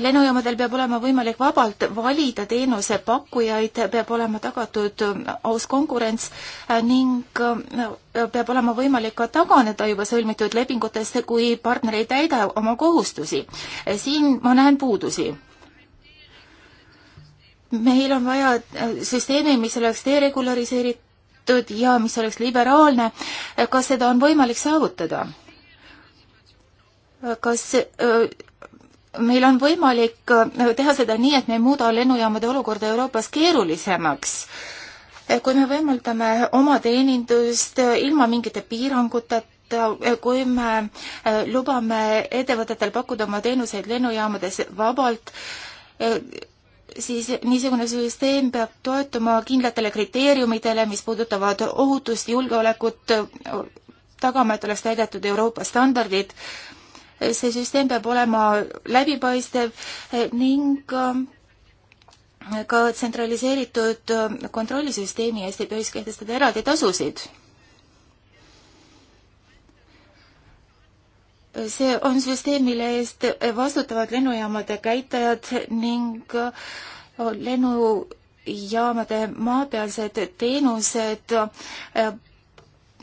lennujaamadel peab olema võimalik vabalt valida teenusepakkujaid, peab olema tagatud äh, aus konkurents äh, ning äh, peab olema võimalik ka taganeda juba sõlmitud lepingutest, kui partner ei täida oma kohustusi. siin ma näen puudusi meil on vaja süsteemi, mis oleks deregulariseeritud ja mis oleks liberaalne. kas seda on võimalik saavutada? kas meil on võimalik äh, teha seda nii, et me ei muuda lennujaamade olukorda Euroopas keerulisemaks. Äh, kui me võimaldame oma teenindust äh, ilma mingite piiranguteta, kui me lubame ettevõtetel pakkuda oma teenuseid lennujaamades vabalt, siis niisugune süsteem peab toetuma kindlatele kriteeriumidele, mis puudutavad ohutust, julgeolekut, tagama, et oleks täidetud Euroopa standardid see süsteem peab olema läbipaistev eh, ning eh, ka tsentraliseeritud eh, kontrollisüsteemi eest ei tohiks kehtestada eraldi tasusid. see on süsteem, mille eest vastutavad lennujaamade käitajad ning lennujaamade maapealsed teenused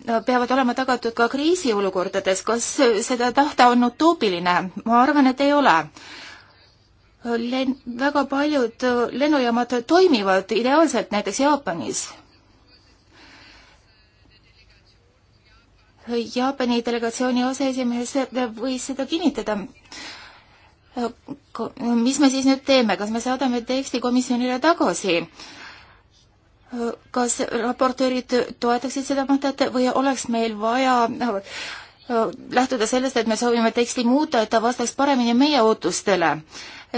peavad olema tagatud ka kriisiolukordades. kas seda tahta on utoopiline? ma arvan, et ei ole Len-, väga paljud lennujaamad toimivad ideaalselt, näiteks Jaapanis. Jaapani delegatsiooni aseesimees võis seda kinnitada. mis me siis nüüd teeme, kas me saadame teksti komisjonile tagasi? kas raportöörid toetaksid seda mõtet või oleks meil vaja äh, lähtuda sellest, et me soovime teksti muuta, et ta vastaks paremini meie ootustele.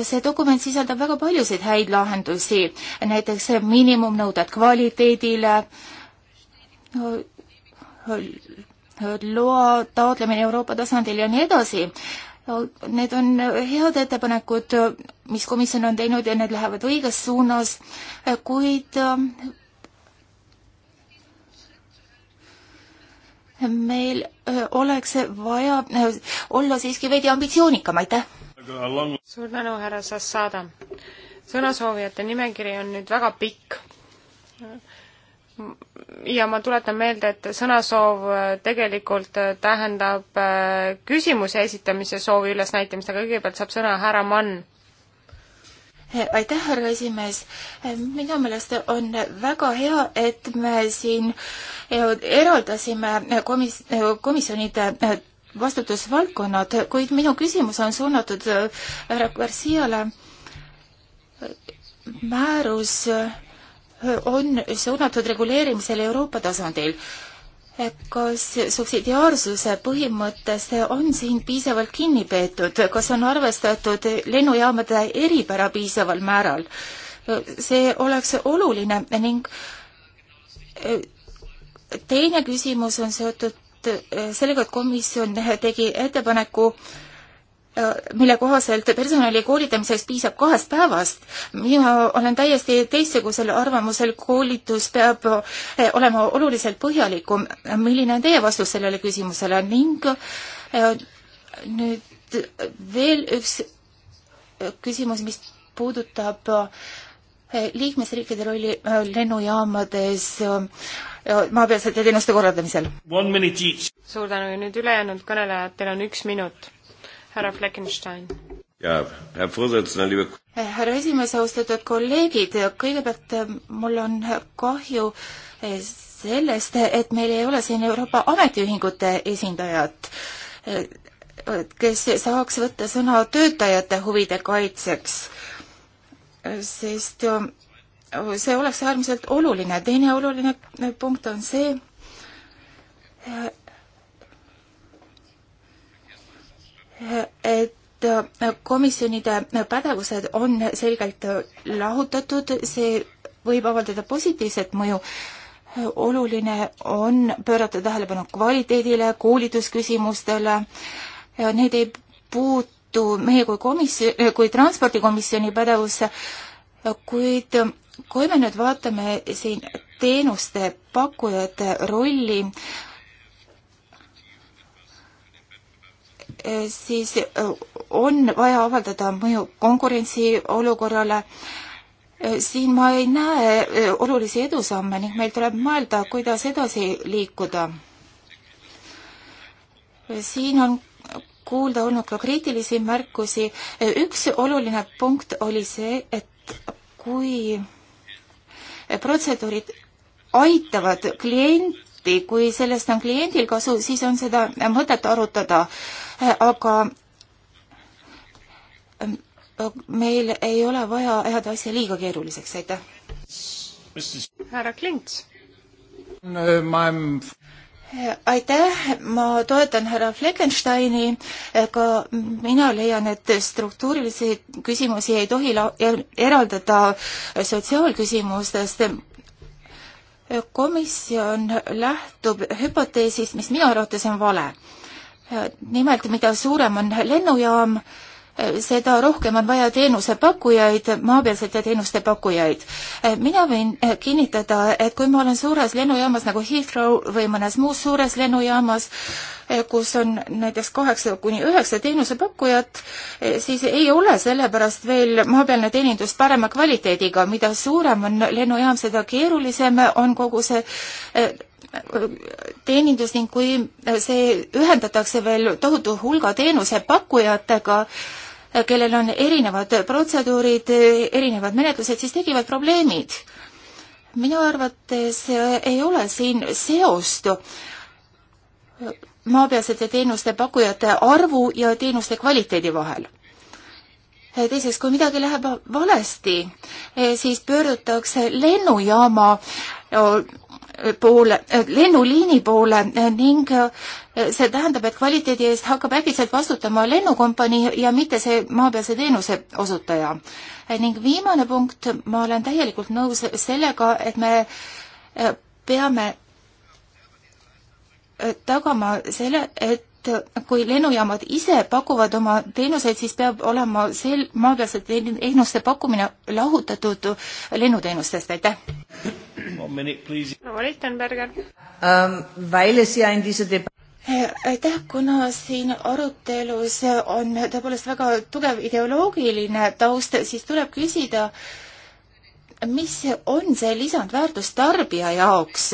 see dokument sisaldab väga paljusid häid lahendusi, näiteks miinimumnõuded kvaliteedile, loa taotlemine Euroopa tasandil ja nii edasi. Need on head ettepanekud, mis komisjon on teinud ja need lähevad õiges suunas, kuid meil oleks vaja olla siiski veidi ambitsioonikam, aitäh! suur tänu, härra Sassada! sõnasoovijate nimekiri on nüüd väga pikk. ja ma tuletan meelde, et sõnasoov tegelikult tähendab küsimuse esitamise soovi ülesnäitamist, aga kõigepealt saab sõna härra Mann aitäh, härra esimees. minu meelest on väga hea, et me siin eraldasime komis-, komisjonide vastutusvaldkonnad, kuid minu küsimus on suunatud härra Garciale. määrus on suunatud reguleerimisele Euroopa tasandil kas subsidiaarsuse põhimõttest on siin piisavalt kinni peetud, kas on arvestatud lennujaamade eripära piisaval määral? see oleks oluline ning eh, teine küsimus on seotud eh, sellega, et komisjon tegi ettepaneku äh, Äh, mille kohaselt personali koolitamiseks piisab kahest päevast. mina olen täiesti teistsugusel arvamusel, koolitus peab äh, olema oluliselt põhjalikum. milline on teie vastus sellele küsimusele ning äh, nüüd veel üks küsimus, mis puudutab liikmesriikide rolli lennujaamades maapealsete teenuste korraldamisel. suur tänu ja nüüd ülejäänud kõnelejatele on üks minut härra Fleckenstein. jaa, härra Fusetsna, liiga eh, härra esimees, austatud kolleegid, kõigepealt eh, mul on kahju eh, sellest, et meil ei ole siin Euroopa Ametiühingute esindajat, kes saaks võtta sõna töötajate huvide kaitseks, sest see oleks äärmiselt oluline. teine oluline punkt on see, et äh, komisjonide pädevused on selgelt äh, lahutatud, see võib avaldada positiivset mõju. oluline on pöörata tähelepanu kvaliteedile, koolitusküsimustele, need ei puutu meie kui komisjoni, äh, kui transpordikomisjoni pädevusse, kuid kui me nüüd vaatame siin teenuste pakkujate rolli, siis äh, on vaja avaldada mõju konkurentsiolukorrale. Äh, siin ma ei näe äh, olulisi edusamme ning meil tuleb mõelda, kuidas edasi liikuda. siin on kuulda olnud ka kriitilisi märkusi. üks oluline punkt oli see, et kui protseduurid aitavad klienti, kui sellest on kliendil kasu, siis on seda mõtet arutada aga ähm, meil ei ole vaja ajada asja liiga keeruliseks, aitäh. härra Klints. aitäh, ma toetan härra Fleckensteini, ka mina leian, et struktuurilisi küsimusi ei tohi er-, eraldada sotsiaalküsimustest komisjon lähtub hüpoteesist, mis minu arvates on vale nimelt, mida suurem on lennujaam, seda rohkem on vaja teenusepakkujaid, maapealsete teenuste pakkujaid. mina võin kinnitada, et kui ma olen suures lennujaamas nagu Heathrow või mõnes muus suures lennujaamas, kus on näiteks kaheksa kuni üheksa teenusepakkujat, siis ei ole sellepärast veel maapealne teenindus parema kvaliteediga, mida suurem on lennujaam, seda keerulisem on kogu see eh, teenindus ning kui see ühendatakse veel tohutu hulga teenusepakkujatega, kellel on erinevad protseduurid, erinevad menetlused, siis tekivad probleemid. minu arvates ei ole siin seost maapealsete teenuste pakkujate arvu ja teenuste kvaliteedi vahel teiseks, kui midagi läheb valesti, siis pöördutakse lennujaama poole, äh, lennuliini poole äh, ning äh, see tähendab, et kvaliteedi eest hakkab äkitselt vastutama lennukompanii ja mitte see maapealse teenuse osutaja. ning viimane punkt, ma olen täielikult nõus sellega, et me peame tagama selle, et et kui lennujaamad ise pakuvad oma teenuseid, siis peab olema sel-, maapealse teenuste pakkumine lahutatud lennuteenustest, aitäh! proua Lichtenberger um,. aitäh, kuna siin arutelus on tõepoolest väga tugev ideoloogiline taust, siis tuleb küsida, mis on see lisandväärtus tarbija jaoks?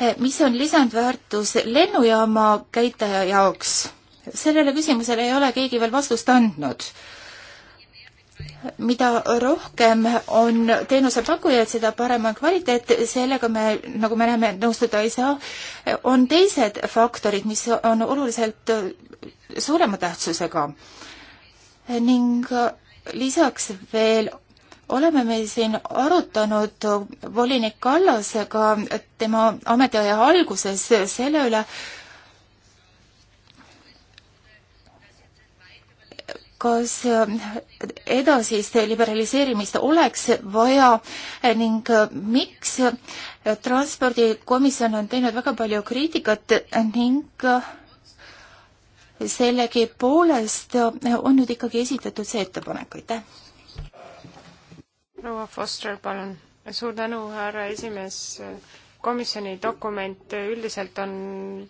Eh, mis on lisandväärtus lennujaama käitaja jaoks? sellele küsimusele ei ole keegi veel vastust andnud. mida rohkem on teenusepakkujaid, seda parem on kvaliteet, sellega me, nagu me näeme, nõustuda ei saa. on teised faktorid, mis on oluliselt eh, suurema tähtsusega ning eh, lisaks veel oleme me siin arutanud volinik Kallasega tema ametiaja alguses selle üle, kas edasist liberaliseerimist oleks vaja ning miks transpordikomisjon on teinud väga palju kriitikat ning sellegipoolest on nüüd ikkagi esitatud see ettepanek, aitäh! proua Foster, palun. suur tänu, härra esimees. komisjoni dokument üldiselt on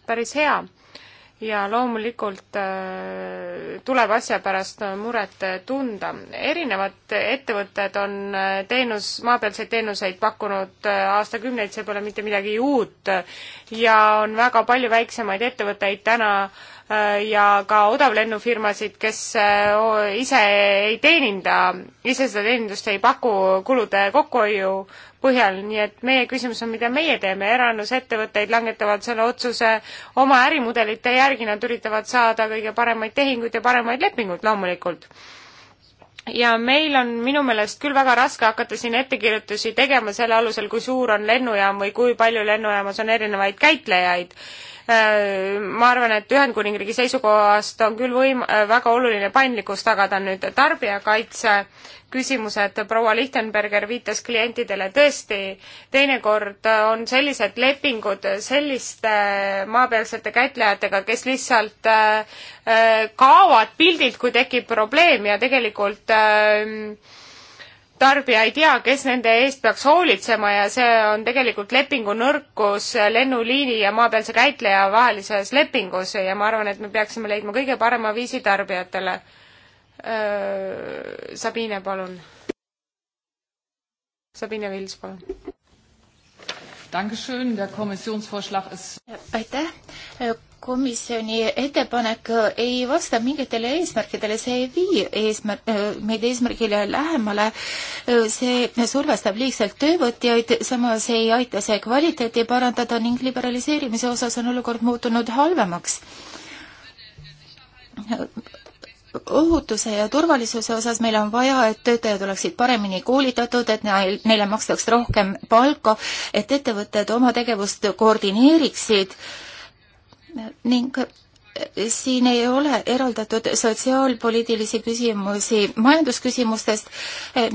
päris hea ja loomulikult äh, tuleb asja pärast muret tunda. erinevad ettevõtted on äh, teenus, maapealseid teenuseid pakkunud äh, aastakümneid, see pole mitte midagi uut ja on väga palju väiksemaid ettevõtteid täna äh, Äh, ja ka odavlennufirmasid, kes äh, ise ei teeninda, ise seda teenindust ei paku kulude kokkuhoiu põhjal, nii et meie küsimus on, mida meie teeme, eraannusettevõtteid langetavad selle otsuse oma ärimudelite järgi, nad üritavad saada kõige paremaid tehinguid ja paremaid lepinguid loomulikult ja meil on minu meelest küll väga raske hakata siin ettekirjutusi tegema selle alusel, kui suur on lennujaam või kui palju lennujaamas on erinevaid käitlejaid ma arvan, et Ühendkuningriigi seisukohast on küll võim-, väga oluline paindlikkus tagada nüüd tarbijakaitse küsimused, proua Lichtenberger viitas klientidele, tõesti, teinekord on sellised lepingud selliste maapealsete käitlejatega, kes lihtsalt äh, äh, kaovad pildilt, kui tekib probleem ja tegelikult äh, tarbija ei tea, kes nende eest peaks hoolitsema ja see on tegelikult lepingu nõrkus lennuliini ja maapealse käitleja vahelises lepingus ja ma arvan, et me peaksime leidma kõige parema viisi tarbijatele. Sabine, palun. Sabine Vils, palun. aitäh, komisjoni ettepanek äh, ei vasta mingitele eesmärkidele, see ei vii eesmärk, äh, meid eesmärgile lähemale, äh, see survestab liigselt töövõtjaid, samas ei aita see kvaliteeti parandada ning liberaliseerimise osas on olukord muutunud halvemaks ohutuse ja turvalisuse osas meil on vaja, et töötajad oleksid paremini koolitatud, et neil, neile makstaks rohkem palka, et ettevõtted oma tegevust koordineeriksid äh, ning siin ei ole eraldatud sotsiaalpoliitilisi küsimusi majandusküsimustest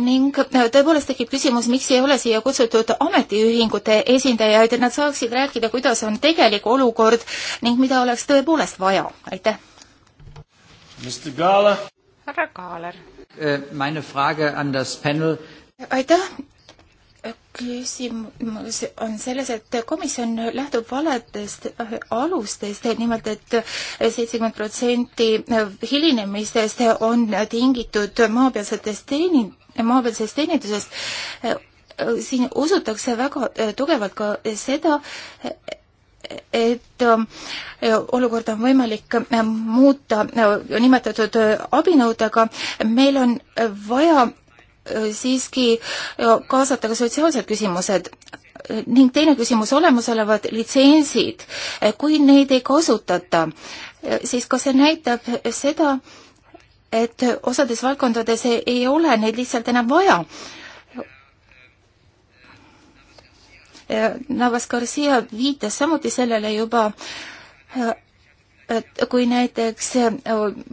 ning tõepoolest tekib küsimus, miks ei ole siia kutsutud ametiühingute esindajaid, et nad saaksid rääkida, kuidas on tegelik olukord ning mida oleks tõepoolest vaja, aitäh. härra Kaaler. Äh, aitäh, küsimus on selles, et komisjon lähtub valedest alustest, nimelt et seitsekümmend protsenti hilinemistest on tingitud maapealsetest teeni-, maapealsest teenindusest. siin usutakse väga tugevalt ka seda, et olukorda on võimalik muuta nimetatud abinõudega. meil on vaja Äh, siiski äh, kaasata ka sotsiaalsed küsimused ning teine küsimus, olemasolevad litsentsid, äh, kui neid ei kasutata, siis kas see näitab seda, et osades valdkondades ei ole neid lihtsalt enam vaja? Navas Garcia viitas samuti sellele juba kui näiteks eh,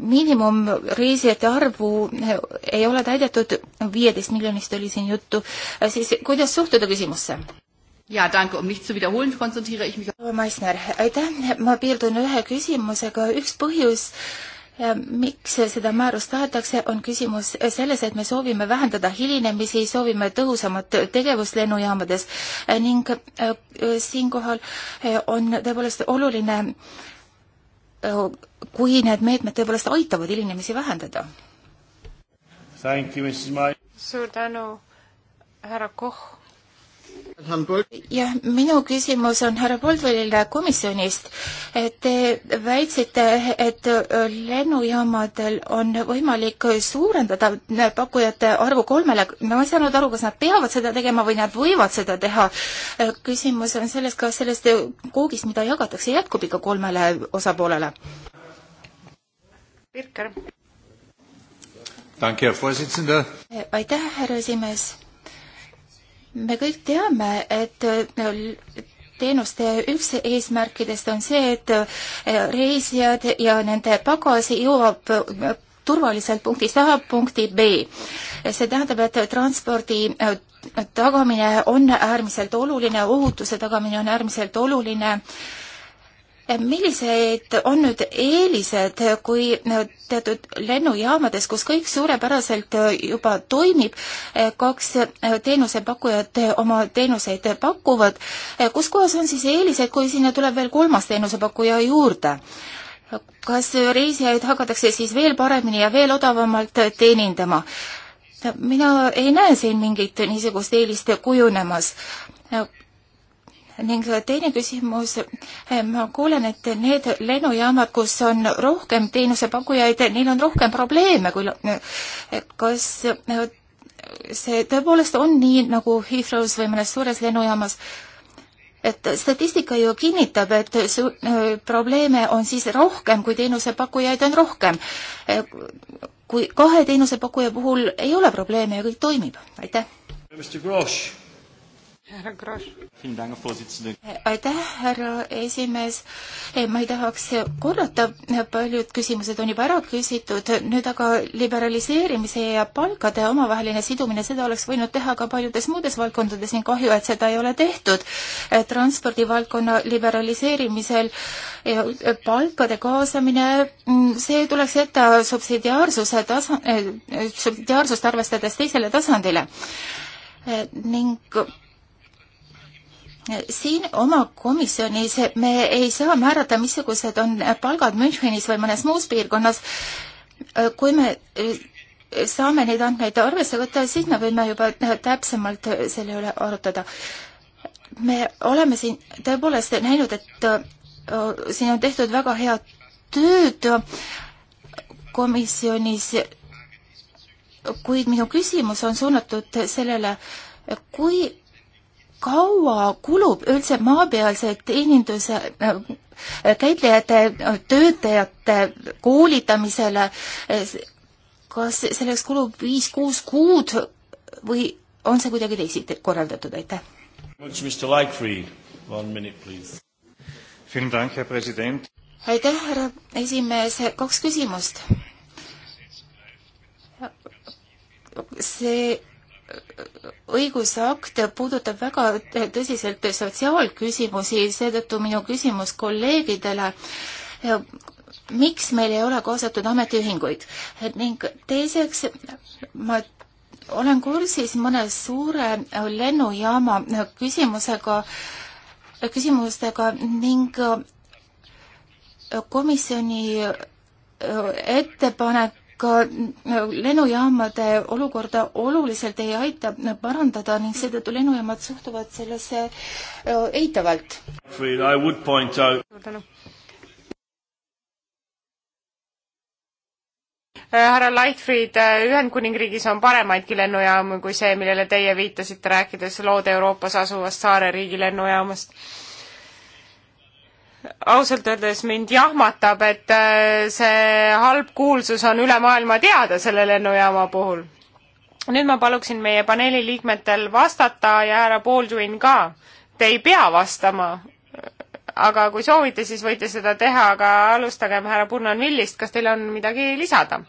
miinimumreisijate arvu eh, ei ole täidetud, viieteist miljonist oli siin juttu, eh, siis kuidas suhtuda küsimusse? Ja, danke. Um nicht zu wiederholen, konzentriere ich mich. Meissner, aitäh. Ma piirdun ühe küsimusega. Üks põhjus, Ja miks seda määrust tahetakse, on küsimus selles, et me soovime vähendada hilinemisi, soovime tõhusamat tegevust lennujaamades ning siinkohal on tõepoolest oluline kui need meetmed tõepoolest aitavad hilinemisi vähendada. suur tänu, härra Koch jah, minu küsimus on härra Poldvelile komisjonist. Te väitsite, et lennujaamadel on võimalik suurendada pakkujate arvu kolmele. ma ei saanud aru, kas nad peavad seda tegema või nad võivad seda teha. küsimus on selles, kas sellest koogist, mida jagatakse, jätkub ikka kolmele osapoolele? Pirker. aitäh, härra esimees me kõik teame, et äh, teenuste üks eesmärkidest on see, et äh, reisijad ja nende pagas jõuab äh, turvaliselt punktist A punkti B. see tähendab, et transpordi tagamine on äärmiselt oluline, ohutuse tagamine on äärmiselt oluline millised on nüüd eelised, kui teatud lennujaamades, kus kõik suurepäraselt juba toimib, kaks teenusepakkujat oma teenuseid pakuvad, kus kohas on siis eelised, kui sinna tuleb veel kolmas teenusepakkuja juurde? kas reisijaid hakatakse siis veel paremini ja veel odavamalt teenindama? mina ei näe siin mingit niisugust eelist kujunemas ning teine küsimus, ma kuulen, et need lennujaamad, kus on rohkem teenusepakkujaid, neil on rohkem probleeme, kui kas see tõepoolest on nii, nagu Heathrow's või mõnes suures lennujaamas, et statistika ju kinnitab, et su-, probleeme on siis rohkem, kui teenusepakkujaid on rohkem. kui kahe teenusepakkuja puhul ei ole probleeme ja kõik toimib, aitäh härra Grosch. aitäh, härra esimees. Eh, ma ei tahaks korrata, eh, paljud küsimused on juba ära küsitud, nüüd aga liberaliseerimise ja palkade omavaheline sidumine, seda oleks võinud teha ka paljudes muudes valdkondades ning kahju, et seda ei ole tehtud. Eh, transpordivaldkonna liberaliseerimisel palkade kaasamine, mm, see tuleks jätta subsidiaarsuse tasa-, subsidiaarsust arvestades teisele tasandile ning siin oma komisjonis me ei saa määrata, missugused on palgad Münchenis või mõnes muus piirkonnas. kui me eh, saame neid andmeid arvesse võtta, siis me võime juba täpsemalt selle üle arutada. me oleme siin tõepoolest näinud, et eh, siin on tehtud väga head tööd komisjonis, kuid minu küsimus on suunatud sellele, kui kaua kulub üldse maapealse teeninduse äh, käitlejate, töötajate koolitamisele, kas selleks kulub viis-kuus kuud või on see kuidagi teisiti korraldatud, aitäh! aitäh, härra esimees, kaks küsimust. see õigusakt puudutab väga tõsiselt sotsiaalküsimusi, seetõttu minu küsimus kolleegidele, miks meil ei ole kaasatud ametiühinguid ning teiseks ma olen kursis mõne suure lennujaama küsimusega, küsimustega ning komisjoni ettepanek ka äh, lennujaamade olukorda oluliselt ei aita parandada ning seetõttu lennujaamad suhtuvad sellesse äh, eitavalt. suur tänu. Äh, härra Lightfried, Ühendkuningriigis on paremaidki lennujaamu kui see, millele teie viitasite, rääkides lood Euroopas asuvast saareriigi lennujaamast ausalt öeldes mind jahmatab, et äh, see halb kuulsus on üle maailma teada selle lennujaama puhul. nüüd ma paluksin meie paneeli liikmetel vastata ja härra Baldwin ka. Te ei pea vastama, aga kui soovite, siis võite seda teha, aga alustagem härra Burnanvillist, kas teil on midagi lisada?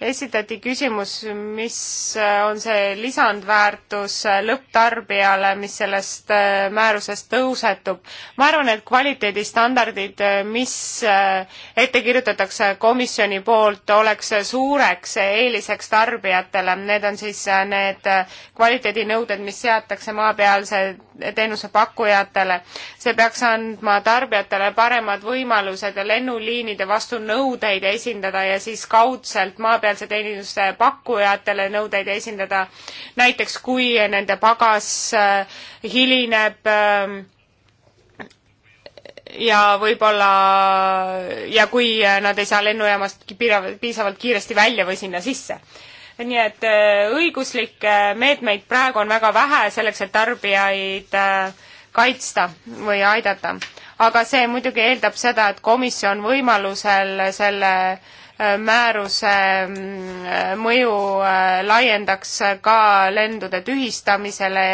esitati küsimus, mis äh, on see lisandväärtus äh, lõpptarbijale, mis sellest äh, määrusest tõusetub. ma arvan, et kvaliteedistandardid, mis ette kirjutatakse komisjoni poolt, oleks suureks eeliseks tarbijatele. Need on siis need kvaliteedinõuded, mis seatakse maapealse teenusepakkujatele. see peaks andma tarbijatele paremad võimalused lennuliinide vastu nõudeid esindada ja siis kaudselt maapealse teenuse pakkujatele nõudeid esindada. näiteks kui nende pagas äh, hilineb ähm, ja võib-olla ja kui äh, nad ei saa lennujaamast piisavalt kiiresti välja või sinna sisse nii et äh, õiguslikke meetmeid praegu on väga vähe selleks, et tarbijaid äh, kaitsta või aidata. aga see muidugi eeldab seda, et komisjon võimalusel selle äh, määruse mm, mõju laiendaks ka lendude tühistamisele,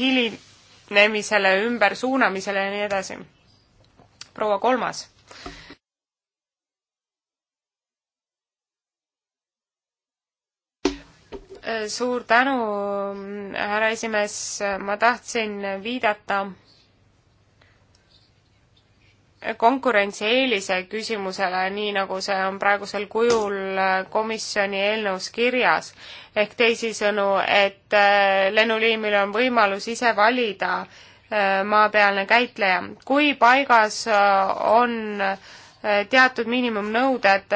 hilinemisele, ümbersuunamisele ja nii edasi. proua kolmas Äh, suur tänu, härra esimees, ma tahtsin viidata konkurentsieelise küsimusele, nii nagu see on praegusel kujul äh, komisjoni eelnõus kirjas. ehk teisisõnu, et äh, lennuliimil on võimalus ise valida maapealne käitleja. kui paigas on teatud miinimumnõuded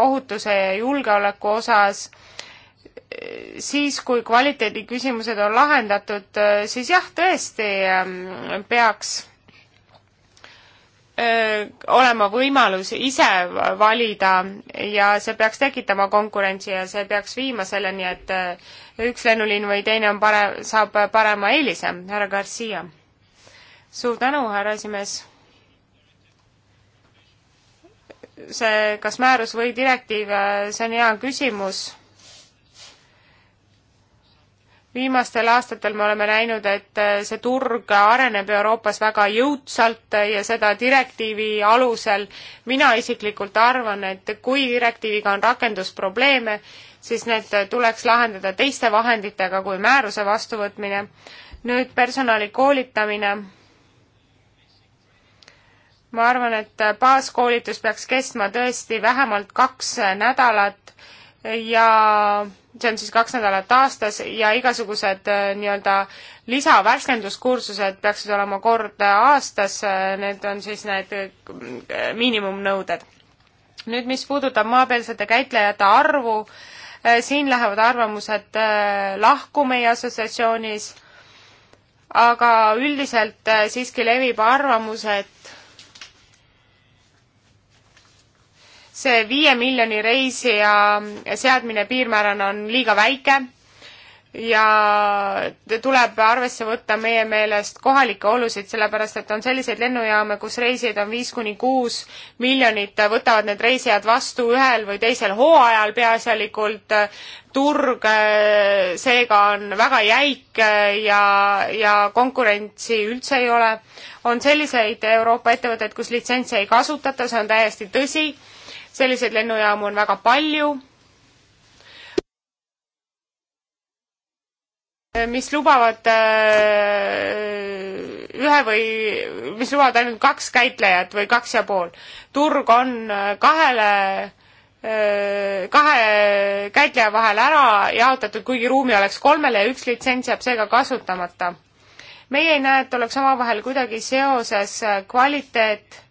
ohutuse ja julgeoleku osas, siis, kui kvaliteediküsimused on lahendatud, äh, siis jah, tõesti ähm, peaks äh, olema võimalus ise valida ja see peaks tekitama konkurentsi ja see peaks viima selleni, et äh, üks lennuliin või teine on pare-, saab parema eelise. härra Garcia. suur tänu, härra esimees. see, kas määrus või direktiiv, see on hea küsimus viimastel aastatel me oleme näinud, et äh, see turg areneb Euroopas väga jõudsalt ja seda direktiivi alusel. mina isiklikult arvan, et kui direktiiviga on rakendusprobleeme, siis need tuleks lahendada teiste vahenditega kui määruse vastuvõtmine. nüüd personali koolitamine. ma arvan, et baaskoolitus peaks kestma tõesti vähemalt kaks nädalat ja see on siis kaks nädalat aastas ja igasugused äh, nii-öelda lisavärskenduskursused peaksid olema kord aastas, äh, need on siis need äh, miinimumnõuded. nüüd, mis puudutab maapealsete käitlejate arvu, siin lähevad arvamused lahku meie assotsiatsioonis, aga üldiselt siiski levib arvamus, et see viie miljoni reisija seadmine piirmäärana on liiga väike ja tuleb arvesse võtta meie meelest kohalikke olusid, sellepärast et on selliseid lennujaame, kus reisijaid on viis kuni kuus miljonit, võtavad need reisijad vastu ühel või teisel hooajal peaasjalikult. turg eh, seega on väga jäik eh, ja, ja konkurentsi üldse ei ole. on selliseid Euroopa ettevõtteid, kus litsentse ei kasutata, see on täiesti tõsi selliseid lennujaamu on väga palju, mis lubavad äh, ühe või, mis lubavad ainult kaks käitlejat või kaks ja pool. turg on äh, kahele, äh, kahe käitleja vahel ära jaotatud, kuigi ruumi oleks kolmele ja üks litsents jääb seega kasutamata meie ei näe, et oleks omavahel kuidagi seoses kvaliteet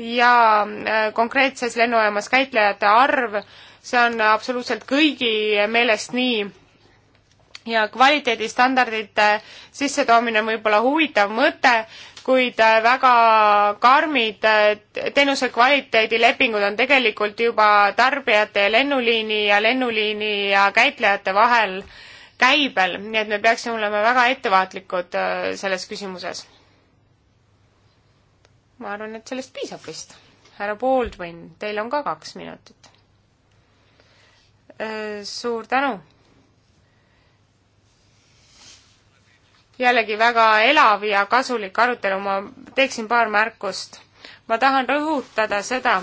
ja äh, konkreetses lennujaamas käitlejate arv, see on absoluutselt kõigi meelest nii ja kvaliteedistandardite sissetoomine on võib-olla huvitav mõte, kuid äh, väga karmid äh, teenuse kvaliteedilepingud on tegelikult juba tarbijate ja lennuliini ja lennuliini ja käitlejate vahel käibel, nii et me peaksime olema väga ettevaatlikud selles küsimuses ma arvan, et sellest piisab vist. härra Baldwin, teil on ka kaks minutit. Äh, suur tänu. jällegi väga elav ja kasulik arutelu, ma teeksin paar märkust. ma tahan rõhutada seda,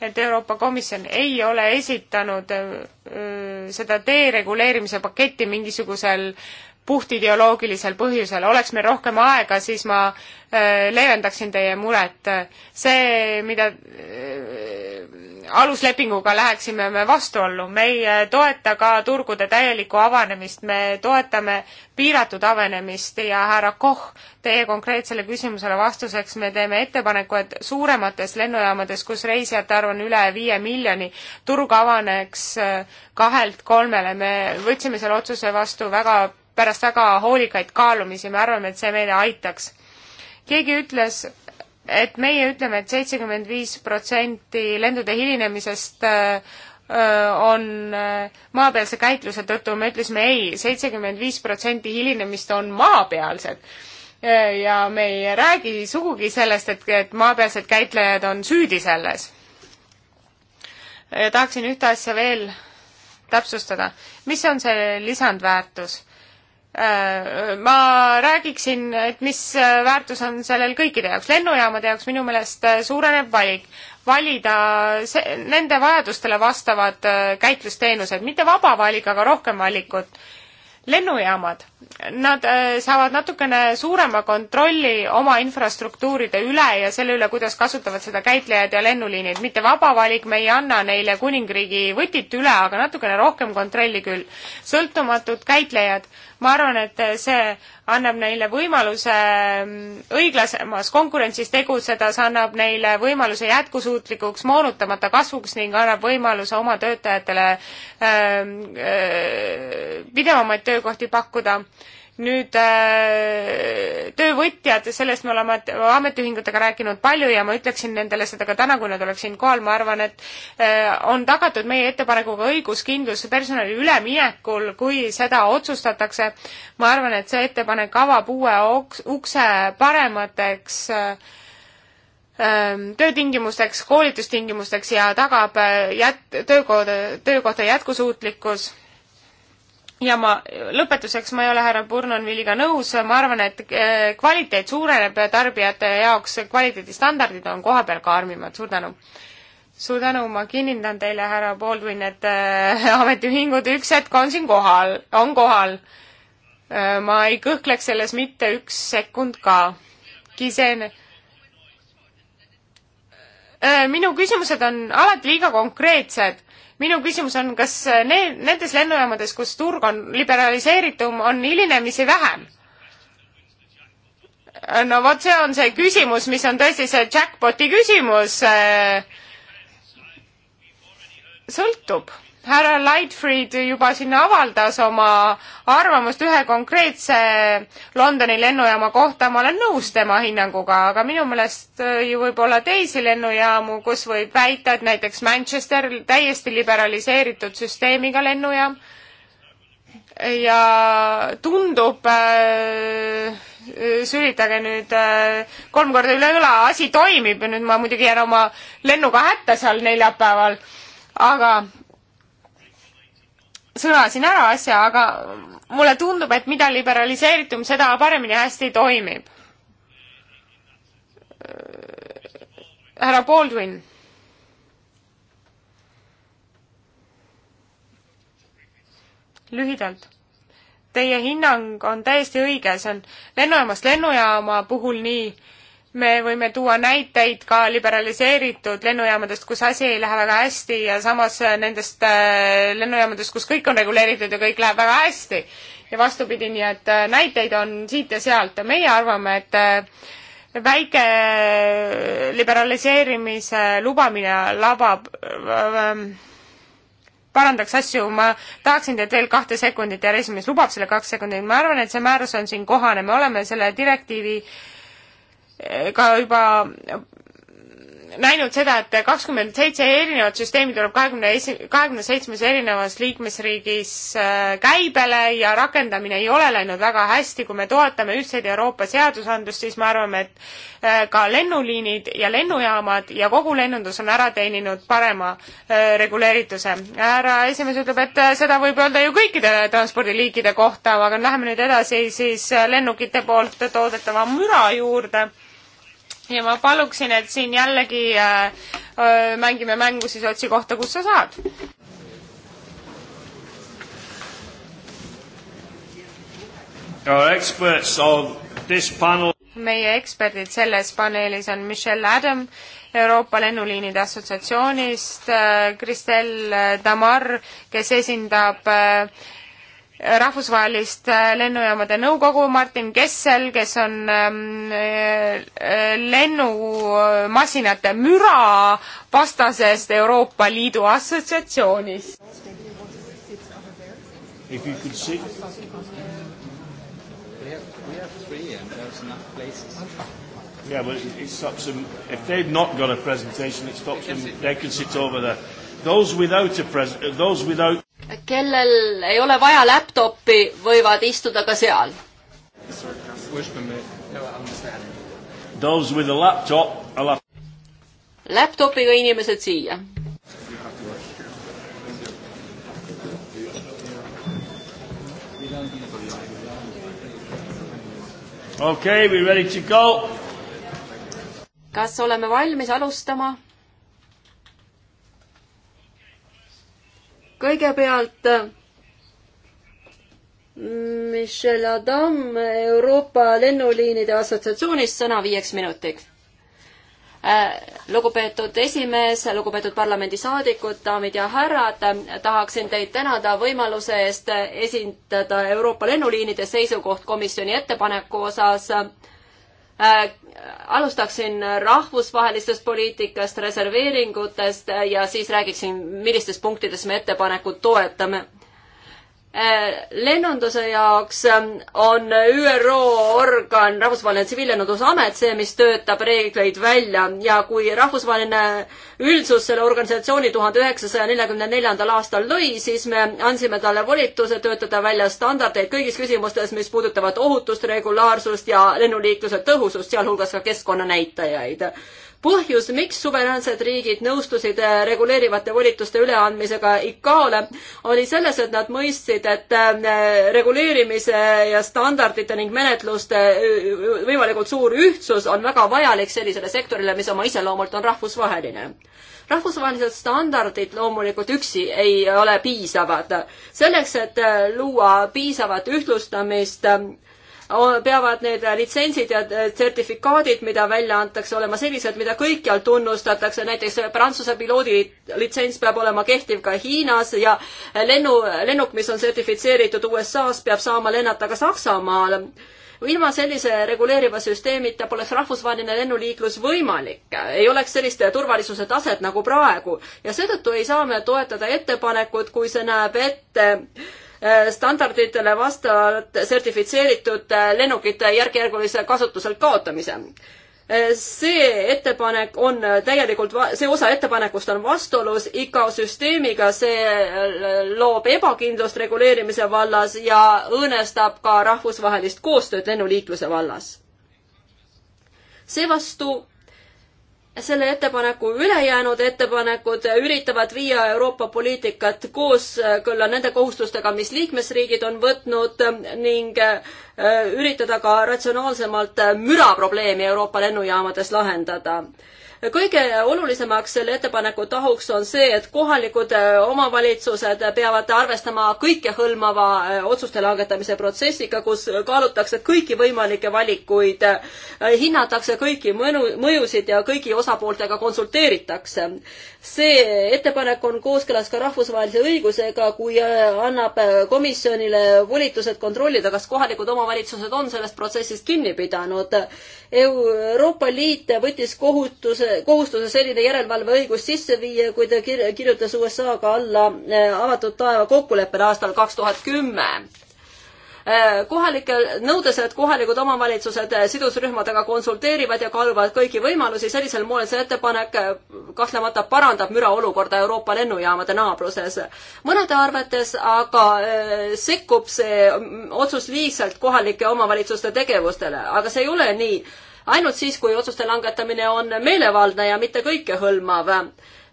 et Euroopa Komisjon ei ole esitanud öö, äh, seda dereguleerimise paketti mingisugusel puhtideoloogilisel põhjusel. oleks meil rohkem aega, siis ma äh, leevendaksin teie muret. see, mida äh, aluslepinguga läheksime me vastuollu, me ei äh, toeta ka turgude täielikku avanemist, me toetame piiratud avenemist ja härra Koch, teie konkreetsele küsimusele vastuseks me teeme ettepaneku, et suuremates lennujaamades, kus reisijate arv on üle viie miljoni, turg avaneks kahelt kolmele. me võtsime selle otsuse vastu väga pärast väga hoolikaid kaalumisi, me arvame, et see meile aitaks. keegi ütles, et meie ütleme et, et seitsekümmend viis protsenti lendude hilinemisest äh, äh, on äh, maapealse käitluse tõttu, me ütlesime ei, seitsekümmend viis protsenti hilinemist on maapealsed. ja me ei räägi sugugi sellest, et, et maapealsed käitlejad on süüdi selles. tahaksin ühte asja veel täpsustada. mis on see lisandväärtus? Äh, ma räägiksin, et mis äh, väärtus on sellel kõikide jaoks, lennujaamade jaoks minu meelest äh, suureneb valik, valida see, nende vajadustele vastavad käitlusteenused, mitte vaba valik, aga rohkem valikut. lennujaamad nad äh, saavad natukene suurema kontrolli oma infrastruktuuride üle ja selle üle, kuidas kasutavad seda käitlejad ja lennuliinid. mitte vaba valik, me ei anna neile kuningriigi võtit üle, aga natukene rohkem kontrolli küll. sõltumatud käitlejad, ma arvan, et see annab neile võimaluse mm, õiglasemas konkurentsis tegutseda, see annab neile võimaluse jätkusuutlikuks, moonutamata kasvuks ning annab võimaluse oma töötajatele öö, mm, öö, äh, pidevamaid töökohti pakkuda nüüd äh, töövõtjad, sellest me oleme ametiühingutega rääkinud palju ja ma ütleksin nendele seda ka täna, kui nad oleks siin kohal, ma arvan, et äh, on tagatud meie ettepanekuga õiguskindlus personali üleminekul, kui seda otsustatakse. ma arvan, et see ettepanek avab uue ukse paremateks äh, ähm, töötingimusteks, koolitustingimusteks ja tagab jät-, töökohta, töökohta jätkusuutlikkus ja ma, lõpetuseks, ma ei ole härra Burnonvilliga nõus, ma arvan, et äh, kvaliteet suureneb tarbijate jaoks, kvaliteedistandardid on kohapeal karmimad, suur tänu. suur tänu, ma kinnitan teile, härra Baldwin, et äh, ametiühingud üks hetk on siin kohal, on kohal äh,. ma ei kõhkleks selles mitte üks sekund ka. Kisen äh,. minu küsimused on alati liiga konkreetsed minu küsimus on, kas äh, need, nendes lennujaamades, kus turg on liberaliseeritum, on hilinemisi vähem? Äh, no vot, see on see küsimus, mis on tõesti see jackpoti küsimus. Äh, sõltub härra Lightfried juba sinna avaldas oma arvamust ühe konkreetse Londoni lennujaama kohta, ma olen nõus tema hinnanguga, aga minu meelest äh, ju võib olla teisi lennujaamu, kus võib väita, et näiteks Manchester, täiesti liberaliseeritud süsteemiga lennujaam, ja tundub äh, sülitage nüüd äh, kolm korda üle õla, asi toimib ja nüüd ma muidugi jään oma lennuga hätta seal neljapäeval, aga sõnasin ära asja, aga mulle tundub, et mida liberaliseeritum, seda paremini hästi toimib. härra Baldwin. lühidalt. Teie hinnang on täiesti õige, see on lennujaamast lennujaama puhul nii me võime tuua näiteid ka liberaliseeritud lennujaamadest, kus asi ei lähe väga hästi ja samas nendest äh, lennujaamadest, kus kõik on reguleeritud ja kõik läheb väga hästi. ja vastupidi, nii et äh, näiteid on siit ja sealt ja meie arvame, et äh, väike liberaliseerimise lubamine labab parandaks asju, ma tahaksin teilt veel kahte sekundit ja esimees lubab selle kaks sekundit, ma arvan, et see määrus on siin kohane, me oleme selle direktiivi äh, ka juba näinud seda, et kakskümmend seitse erinevat süsteemi tuleb kahekümne esi-, kahekümne seitsmes erinevas liikmesriigis äh, käibele ja rakendamine ei ole läinud väga hästi. kui me toetame ühtseid Euroopa seadusandlust, siis me arvame, et äh, ka lennuliinid ja lennujaamad ja kogu lennundus on ära teeninud parema äh, reguleerituse. härra esimees ütleb, et seda võib öelda ju kõikide transpordiliikide kohta, aga läheme nüüd edasi siis lennukite poolt toodetava müra juurde ja ma paluksin, et siin jällegi äh, äh, mängime mängu siis otsi kohta, kus sa saad. meie eksperdid selles paneelis on Michelle Adam Euroopa Lennuliinide Assotsiatsioonist, Kristel äh, Tamar, kes esindab äh, rahvusvahelist äh, lennujaamade nõukogu Martin Kessel, kes on ähm, äh, lennumasinate müra vastasest Euroopa Liidu assotsiatsioonist. If you could see. We have, we have three and there's enough places. Yeah, but it, it stops them. If they've not got a presentation, it stops them. They can sit over there. Those without a pres, those without kellel ei ole vaja laptopi, võivad istuda ka seal. Laptopiga inimesed siia. okei okay,, we ready to go. kas oleme valmis alustama? kõigepealt Michel Adam Euroopa Lennuliinide Assotsiatsioonist sõna viieks minutiks. Äh, lugupeetud esimees, lugupeetud parlamendisaadikud, daamid ja härrad, tahaksin teid tänada võimaluse eest esindada Euroopa Lennuliinide seisukoht komisjoni ettepaneku osas äh, alustaksin rahvusvahelistest poliitikast, reserveeringutest ja siis räägiksin, millistes punktides me ettepanekut toetame Äh, lennunduse jaoks ähm, on ÜRO organ Rahvusvaheline Tsiviillennundusamet see, mis töötab reegleid välja ja kui rahvusvaheline üldsus selle organisatsiooni tuhande üheksasaja neljakümne neljandal aastal lõi, siis me andsime talle volituse töötada välja standardeid kõigis küsimustes, mis puudutavad ohutust, regulaarsust ja lennuliikluse tõhusust, sealhulgas ka keskkonnanäitajaid põhjus, miks suveräänsed riigid nõustusid äh, reguleerivate volituste üleandmisega ICAO-le, oli selles, et nad mõistsid, et äh, reguleerimise ja standardite ning menetluste võimalikult suur ühtsus on väga vajalik sellisele sektorile, mis oma iseloomult on rahvusvaheline rahvusvahelised standardid loomulikult üksi ei ole piisavad. selleks, et äh, luua piisavat ühtlustamist peavad need litsentsid ja äh, sertifikaadid, mida välja antakse, olema sellised, mida kõikjal tunnustatakse, näiteks Prantsuse piloodi litsents peab olema kehtiv ka Hiinas ja lennu, lennuk, mis on sertifitseeritud USA-s, peab saama lennata ka Saksamaal. ilma sellise reguleeriva süsteemita poleks rahvusvaheline lennuliiklus võimalik, ei oleks sellist turvalisuse taset nagu praegu ja seetõttu ei saa me toetada ettepanekut, kui see näeb ette Eh, standarditele vastavalt sertifitseeritud eh, lennukite järk-järgulise kasutuselt kaotamise. Eh, see ettepanek on täielikult, see osa ettepanekust on vastuolus ICAO süsteemiga, see loob ebakindlust reguleerimise vallas ja õõnestab ka rahvusvahelist koostööd lennuliikluse vallas. seevastu selle ettepaneku ülejäänud ettepanekud üritavad viia Euroopa poliitikat kooskõlla nende kohustustega, mis liikmesriigid on võtnud ning äh, üritada ka ratsionaalsemalt müraprobleemi Euroopa lennujaamades lahendada kõige olulisemaks selle ettepaneku tahuks on see, et kohalikud äh, omavalitsused peavad arvestama kõikehõlmava äh, otsuste langetamise protsessiga, kus kaalutakse kõiki võimalikke valikuid, äh, hinnatakse kõiki mõnu, mõjusid ja kõigi osapooltega konsulteeritakse see ettepanek on kooskõlas ka rahvusvahelise õigusega, kui äh, annab äh, komisjonile volitused kontrollida, kas kohalikud omavalitsused on sellest protsessist kinni pidanud. Euroopa Liit võttis kohutuse, kohustuse selline järelevalveõigus sisse viia, kui ta kirjutas USA-ga alla äh, avatud taeva kokkuleppele aastal kaks tuhat kümme Äh, kohalikel, nõudes, et kohalikud omavalitsused äh, sidusrühmadega konsulteerivad ja kaaluvad kõiki võimalusi, sellisel moel see ettepanek äh, kahtlemata parandab müraolukorda Euroopa lennujaamade naabruses. mõnede arvates aga sekkub see mm, otsus liigselt kohalike omavalitsuste tegevustele, aga see ei ole nii ainult siis, kui otsuste langetamine on meelevaldne ja mitte kõikehõlmav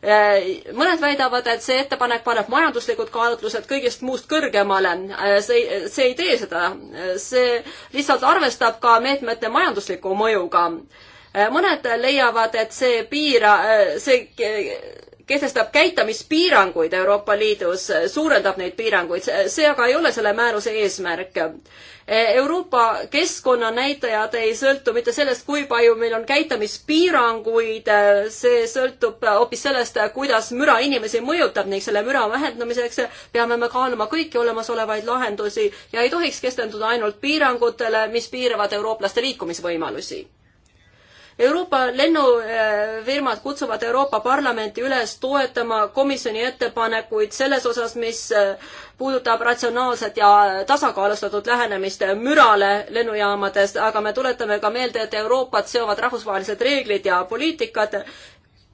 Äh, mõned väidavad, et see ettepanek paneb majanduslikud kaalutlused kõigest muust kõrgemale. Äh, see, see ei tee seda, äh, see lihtsalt arvestab ka meetmete majandusliku mõjuga mõned leiavad, et see piira, see kehtestab käitamispiiranguid Euroopa Liidus, suurendab neid piiranguid, see aga ei ole selle määruse eesmärk. E, Euroopa keskkonnanäitajad ei sõltu mitte sellest, kui palju meil on käitamispiiranguid, see sõltub hoopis sellest, kuidas müra inimesi mõjutab ning selle müra vähendamiseks peame me kaaluma kõiki olemasolevaid lahendusi ja ei tohiks keskenduda ainult piirangutele, mis piiravad eurooplaste liikumisvõimalusi Euroopa lennufirmad kutsuvad Euroopa Parlamenti üles toetama komisjoni ettepanekuid selles osas, mis äh, puudutab ratsionaalset ja tasakaalustatud lähenemist mürale lennujaamades, aga me tuletame ka meelde, et Euroopat seovad rahvusvahelised reeglid ja poliitikad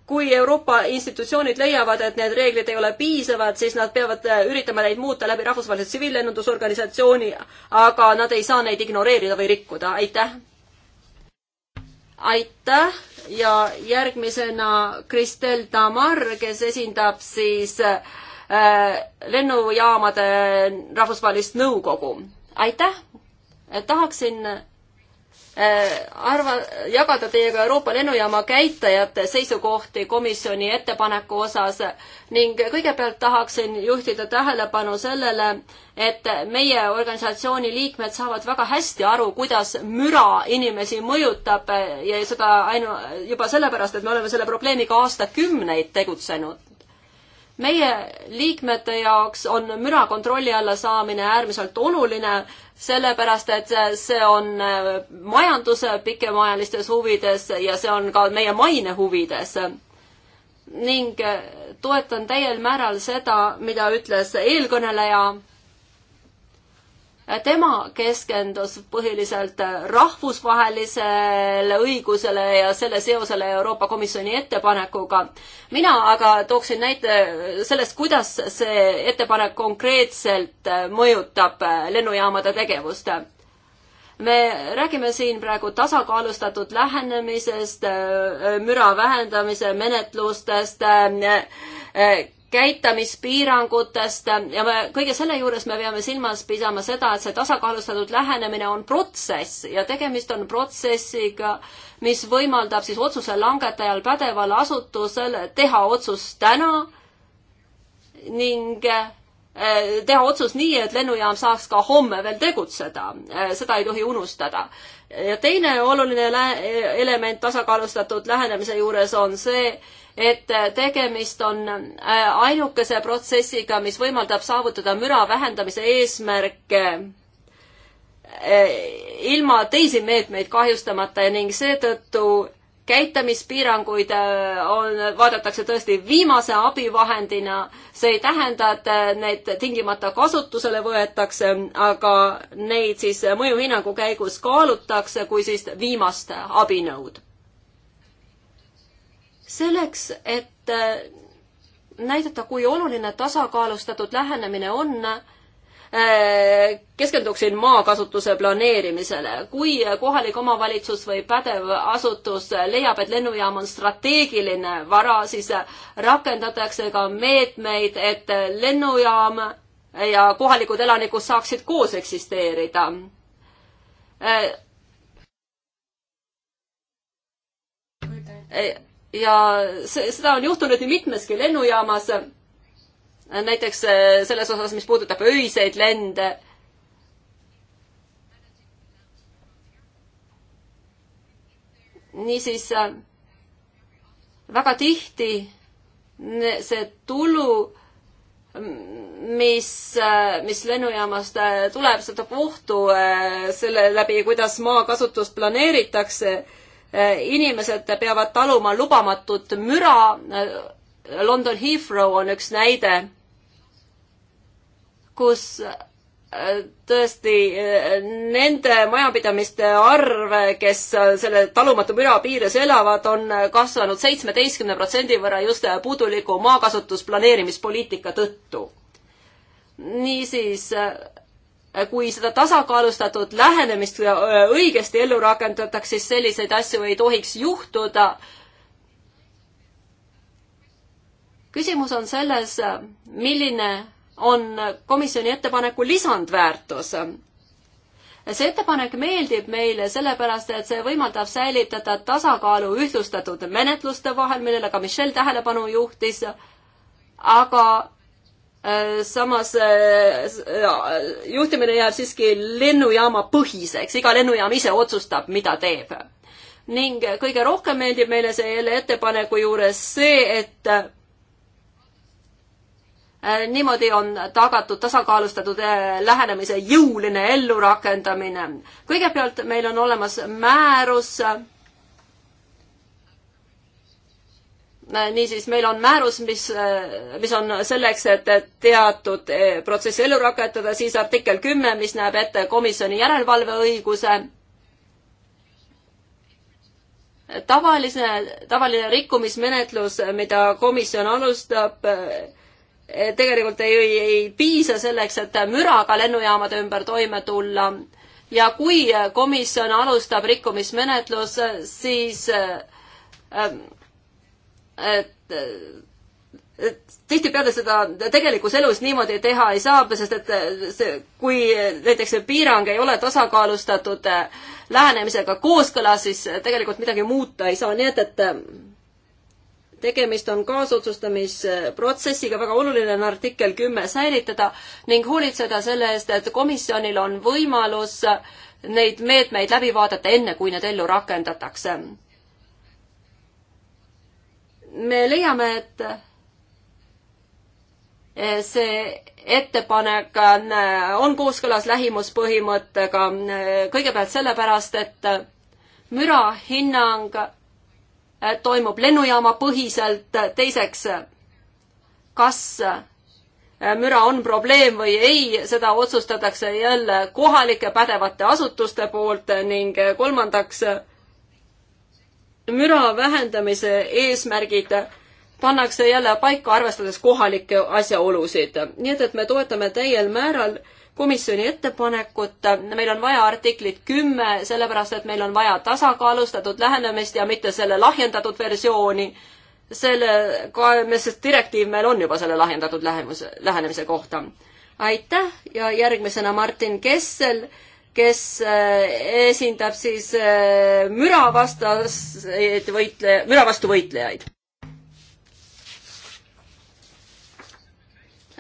kui Euroopa institutsioonid leiavad, et need reeglid ei ole piisavad, siis nad peavad äh, üritama neid muuta läbi rahvusvahelise tsiviillennundusorganisatsiooni, aga nad ei saa neid ignoreerida või rikkuda, aitäh aitäh ja järgmisena Kristel Tamar, kes esindab siis äh, lennujaamade rahvusvahelist nõukogu. aitäh, tahaksin Äh, arva, jagada teiega Euroopa lennujaama käitajate seisukohti komisjoni ettepaneku osas ning kõigepealt tahaksin juhtida tähelepanu sellele, et meie organisatsiooni liikmed saavad väga hästi aru, kuidas müra inimesi mõjutab ja seda ainu-, juba sellepärast, et me oleme selle probleemiga aastakümneid tegutsenud meie liikmete jaoks on müra kontrolli alla saamine äärmiselt oluline sellepärast et see on äh, majanduse pikemaajalistes huvides ja see on ka meie maine huvides. ning äh, toetan täiel määral seda, mida ütles eelkõneleja tema keskendus põhiliselt rahvusvahelisele õigusele ja selle seosele Euroopa Komisjoni ettepanekuga. mina aga tooksin näite sellest, kuidas see ettepanek konkreetselt mõjutab lennujaamade tegevust me räägime siin praegu tasakaalustatud lähenemisest, müra vähendamise menetlustest, käitamispiirangutest ja me kõige selle juures me peame silmas pidama seda, et see tasakaalustatud lähenemine on protsess ja tegemist on protsessiga, mis võimaldab siis otsuse langetajal pädeval asutusel teha otsus täna ning eh, teha otsus nii, et lennujaam saaks ka homme veel tegutseda. Eh, seda ei tohi unustada. ja teine oluline element tasakaalustatud lähenemise juures on see, et äh, tegemist on äh, ainukese protsessiga, mis võimaldab saavutada müra vähendamise eesmärke äh, ilma teisi meetmeid kahjustamata ning seetõttu käitamispiiranguid on, vaadatakse tõesti viimase abivahendina. see ei tähenda, et need tingimata kasutusele võetakse, aga neid siis mõjuhinnangu käigus kaalutakse kui siis viimast abinõud selleks, et äh, näidata, kui oluline tasakaalustatud lähenemine on, äh, keskenduksin maakasutuse planeerimisele. kui kohalik omavalitsus või pädev asutus leiab, et lennujaam on strateegiline vara, siis rakendatakse ka meetmeid, et lennujaam ja kohalikud elanikud saaksid koos eksisteerida äh, ja see, seda on juhtunud nii mitmeski lennujaamas. näiteks äh, selles osas, mis puudutab öiseid lende niisiis äh, väga tihti see tulu, mis, äh, mis lennujaamast tuleb, sõltub ohtu selle läbi, kuidas maakasutust planeeritakse Eh, inimesed peavad taluma lubamatut müra. Eh, London Heathrow on üks näide, kus eh, tõesti nende majapidamiste arv, kes selle talumatu müra piires elavad, on kasvanud seitsmeteistkümne protsendi võrra just puuduliku maakasutusplaneerimispoliitika tõttu. niisiis kui seda tasakaalustatud lähenemist äh, õigesti ellu rakendatakse, siis selliseid asju ei tohiks juhtuda. küsimus on selles, milline on komisjoni ettepaneku lisandväärtus. see ettepanek meeldib meile sellepärast, et see võimaldab säilitada tasakaalu ühtlustatud menetluste vahel, millele ka Michelle tähelepanu juhtis, aga Äh, samas äh, juhtimine jääb siiski lennujaama põhiseks, iga lennujaam ise otsustab, mida teeb. ning kõige rohkem meeldib meile selle ettepaneku juures see, et äh, niimoodi on tagatud tasakaalustatud lähenemise jõuline ellurakendamine. kõigepealt meil on olemas määrus Äh, niisiis, meil on määrus, mis, äh, mis on selleks, et teatud äh, protsessi ellu rakendada, siis artikkel kümme, mis näeb ette komisjoni järelevalveõiguse. tavalise, tavaline rikkumismenetlus, mida komisjon alustab, tegelikult ei, ei, ei piisa selleks, et müraga lennujaamade ümber toime tulla. ja kui komisjon alustab rikkumismenetlus, siis äh, et, et tihtipeale seda tegelikus elus niimoodi teha ei saa, sest et see, kui näiteks see piirang ei ole tasakaalustatud lähenemisega kooskõlas, siis tegelikult midagi muuta ei saa, nii et, et tegemist on kaasotsustamisprotsessiga, väga oluline on artikkel kümme säilitada ning hoolitseda selle eest, et komisjonil on võimalus neid meetmeid läbi vaadata, enne kui need ellu rakendatakse me leiame, et eh, see ettepanek on, eh, on kooskõlas lähimuspõhimõttega eh, kõigepealt sellepärast, et mürahinnang toimub lennujaama põhiselt, teiseks, kas müra on probleem või ei, seda otsustatakse jälle kohalike pädevate asutuste poolt ning kolmandaks, müra vähendamise eesmärgid pannakse jälle paika, arvestades kohalikke asjaolusid. nii et, et me toetame täiel määral komisjoni ettepanekut, meil on vaja artiklit kümme, sellepärast et meil on vaja tasakaalustatud lähenemist ja mitte selle lahjendatud versiooni, selle, sest direktiiv meil on juba selle lahjendatud lähemuse, lähenemise kohta. aitäh ja järgmisena Martin Kessel kes äh, esindab siis äh, müra vastaseid võitleja, müra vastu võitlejaid.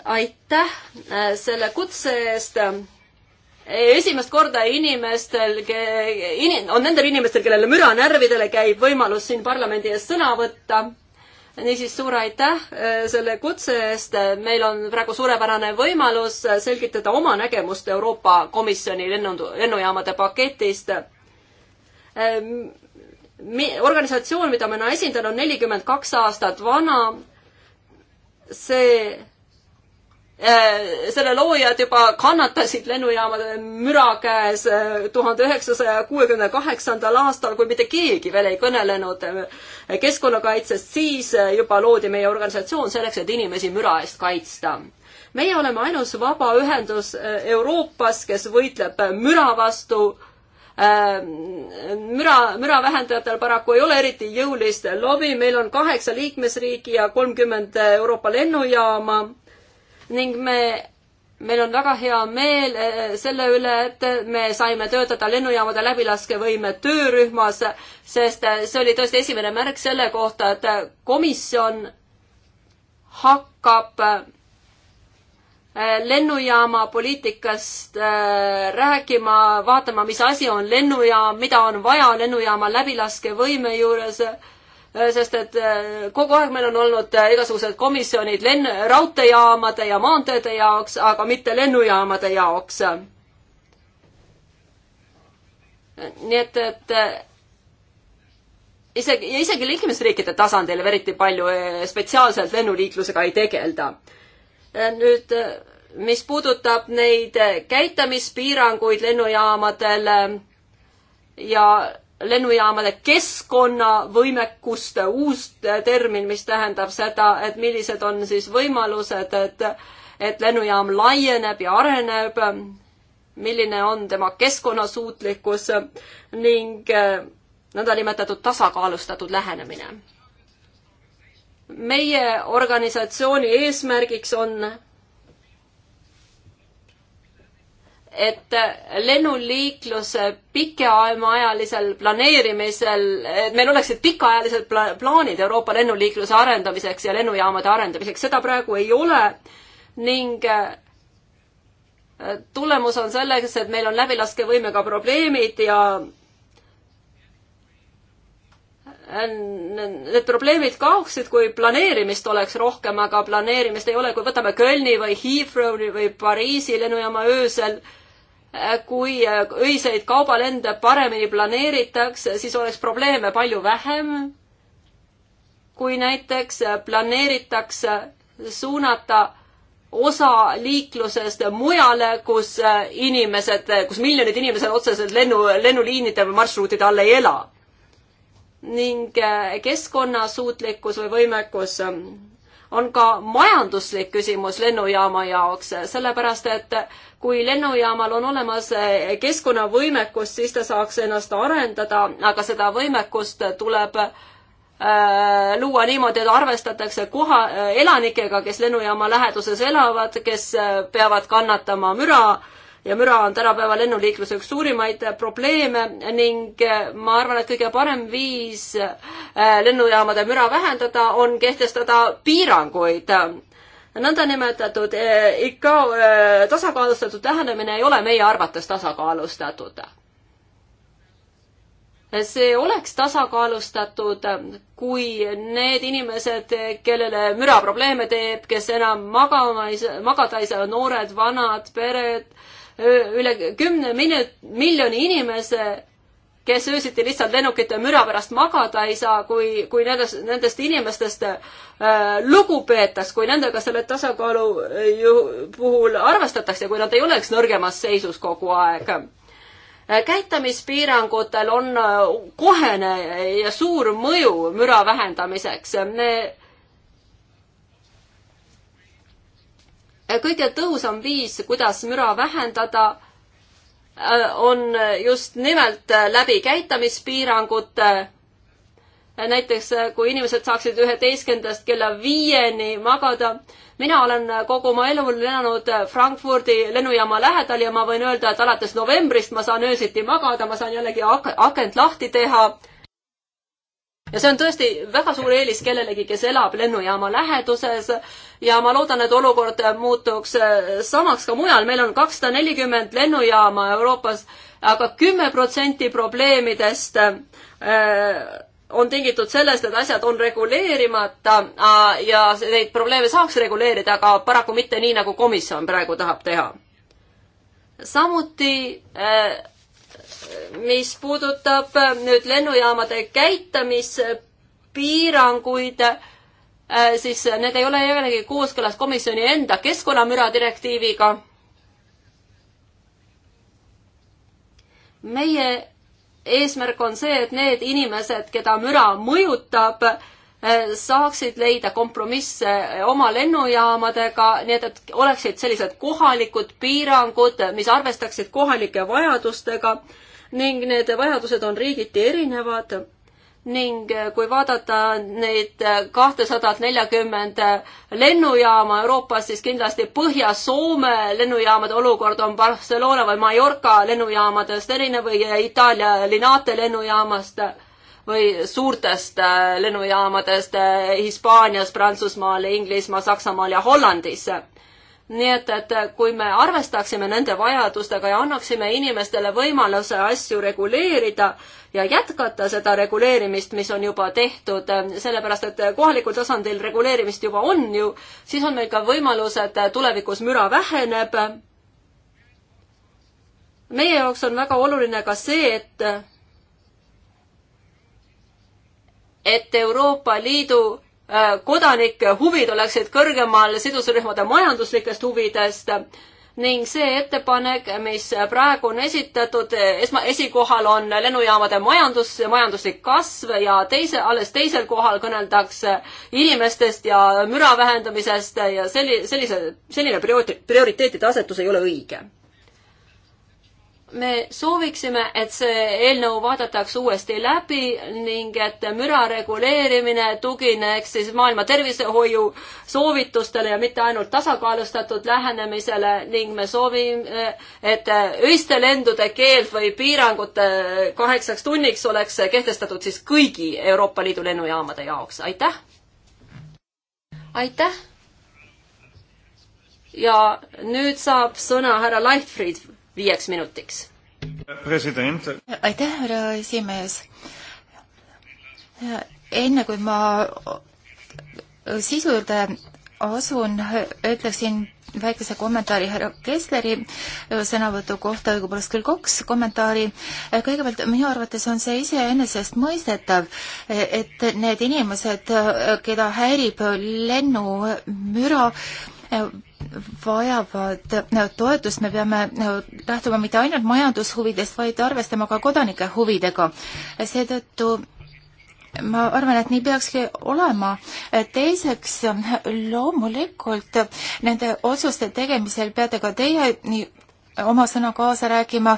aitäh äh, selle kutse eest esimest korda inimestel in,, on nendel inimestel, kellele müra närvidele käib, võimalus siin parlamendi ees sõna võtta niisiis suur aitäh äh, selle kutse eest. meil on praegu suurepärane võimalus äh, selgitada oma nägemust Euroopa Komisjoni lennu, lennujaamade paketist äh, Mi, organisatsioon, mida mina esindan, on nelikümmend kaks aastat vana. see Äh, selle loojad juba kannatasid lennujaamade müra käes äh, tuhande üheksasaja kuuekümne kaheksandal aastal, kui mitte keegi veel ei kõnelenud äh, keskkonnakaitsest, siis juba loodi meie organisatsioon selleks, et inimesi müra eest kaitsta. meie oleme ainus vabaühendus Euroopas, kes võitleb müra vastu müra, müra vähendajatel paraku ei ole eriti jõulist lobi, meil on kaheksa liikmesriiki ja kolmkümmend Euroopa lennujaama ning me meil on väga hea meel eh, selle üle, et me saime töötada lennujaamade läbilaskevõime töörühmas, sest eh, see oli tõesti esimene märk selle kohta, et komisjon hakkab eh, lennujaama poliitikast rääkima, vaatama, mis asi on lennujaam, mida on vaja lennujaama läbilaskevõime juures Äh, sest et äh, kogu aeg meil on olnud äh, igasugused komisjonid lenn-, raudteejaamade ja maanteede jaoks, aga mitte lennujaamade jaoks. nii et, et isegi, isegi liikmesriikide tasandil eriti palju spetsiaalselt lennuliiklusega ei tegelda. nüüd, mis puudutab neid käitamispiiranguid lennujaamadel ja lennujaamade keskkonnavõimekust, uus termin, mis tähendab seda, et millised on siis võimalused, et, et lennujaam laieneb ja areneb, milline on tema keskkonnasuutlikkus ning eh, nõndanimetatud tasakaalustatud lähenemine. meie organisatsiooni eesmärgiks on et lennuliiklus pikemaajalisel planeerimisel, et meil oleksid pikaajalised pla-, plaanid Euroopa lennuliikluse arendamiseks ja lennujaamade arendamiseks, seda praegu ei ole ning äh, tulemus on selleks, et meil on läbilaskevõimega probleemid ja äh, need probleemid kaoksid, kui planeerimist oleks rohkem, aga planeerimist ei ole, kui võtame Kölni või Heathrow'i või Pariisi lennujaama öösel, kui äh, öiseid kaubalende paremini planeeritakse, siis oleks probleeme palju vähem. kui näiteks äh, planeeritakse äh, suunata osa liiklusest mujale, kus inimesed, kus miljonid inimesed otseselt lennu, lennuliinide või marsruutide all ei ela. ning keskkonnasuutlikkus või võimekus ähm, on ka majanduslik küsimus lennujaama jaoks, sellepärast et äh, kui lennujaamal on olemas eh, keskkonnavõimekus, siis ta saaks ennast arendada, aga seda võimekust tuleb eh, luua niimoodi, et arvestatakse koha, eh, elanikega, kes lennujaama läheduses elavad, kes peavad kannatama müra ja müra on tänapäeva lennuliikluse üks suurimaid probleeme ning ma arvan, et kõige parem viis lennujaamade müra vähendada on kehtestada piiranguid nõndanimetatud eh, ikka eh, tasakaalustatud lähenemine ei ole meie arvates tasakaalustatud. see oleks tasakaalustatud, kui need inimesed, kellele müra probleeme teeb, kes enam magama ei saa, magada ei saa, noored, vanad, pered, eh, üle kümne miljoni inimese kes öösiti lihtsalt lennukite müra pärast magada ei saa, kui, kui nendest, nendest inimestest äh, lugu peetaks, kui nendega selle tasakaalu äh, ju, puhul arvestatakse, kui nad ei oleks nõrgemas seisus kogu aeg äh, käitumispiirangutel on äh, kohene ja suur mõju müra vähendamiseks. me kõige tõhusam viis, kuidas müra vähendada Äh, on just nimelt äh, läbi käitamispiirangute. Äh, näiteks kui inimesed saaksid üheteistkümnendast kella viieni magada. mina olen kogu oma elu lennanud Frankfurdi lennujaama lähedal ja ma võin öelda, et alates novembrist ma saan öösiti magada, ma saan jällegi ak akent lahti teha. ja see on tõesti väga suur eelis kellelegi, kes elab lennujaama läheduses ja ma loodan, et olukord muutuks äh, samaks ka mujal, meil on kakssada nelikümmend lennujaama Euroopas aga, aga kümme protsenti probleemidest äh, on tingitud sellest, et asjad on reguleerimata äh, ja neid probleeme saaks reguleerida, aga paraku mitte nii, nagu komisjon praegu tahab teha. samuti mis puudutab nüüd lennujaamade käitamispiiranguid, Äh, siis need ei ole jällegi kooskõlas komisjoni enda keskkonnamüra direktiiviga. meie eesmärk on see, et need inimesed, keda müra mõjutab, äh, saaksid leida kompromisse oma lennujaamadega, nii et, et oleksid sellised kohalikud piirangud, mis arvestaksid kohalike vajadustega ning need vajadused on riigiti erinevad ning eh, kui vaadata neid eh, kahtesadat neljakümmend eh, lennujaama Euroopas, siis kindlasti Põhja-Soome lennujaamade olukord on Barcelona või Mallorca lennujaamadest erinev või Itaalia Linate lennujaamast või suurtest lennujaamadest Hispaanias, Prantsusmaal, Inglismaal, Saksamaal ja Hollandis nii et, et kui me arvestaksime nende vajadustega ja annaksime inimestele võimaluse asju reguleerida ja jätkata seda reguleerimist, mis on juba tehtud, sellepärast et kohalikul tasandil reguleerimist juba on ju, siis on meil ka võimalus, et tulevikus müra väheneb. meie jaoks on väga oluline ka see, et et Euroopa Liidu Äh, kodanike huvid oleksid kõrgemal sidusrühmade majanduslikest huvidest ning see ettepanek, mis praegu on esitatud, esma, esikohal on lennujaamade majandus, majanduslik kasv ja teise, alles teisel kohal kõneldakse inimestest ja müra vähendamisest ja selli-, sellise, selline priori-, prioriteetide asetus ei ole õige me sooviksime, et see eelnõu vaadatakse uuesti läbi ning et müra reguleerimine tugineks siis maailma tervishoiu soovitustele ja mitte ainult tasakaalustatud lähenemisele ning me soovime, et öiste lendude keeld või piirangud kaheksaks tunniks oleks kehtestatud siis kõigi Euroopa Liidu lennujaamade jaoks, aitäh! aitäh! ja nüüd saab sõna härra Leichtfried viieks minutiks. president. aitäh, härra esimees. enne kui ma sisu juurde asun, ütleksin väikese kommentaari härra Kessleri sõnavõtu kohta, õigupoolest küll kaks kommentaari. kõigepealt minu arvates on see iseenesestmõistetav, et need inimesed, keda häirib lennumüra, vajavad toetust, me peame lähtuma mitte ainult majandushuvidest, vaid arvestama ka kodanike huvidega. seetõttu ma arvan, et nii peakski olema. teiseks, loomulikult nende otsuste tegemisel peate ka teie nii oma sõna kaasa rääkima,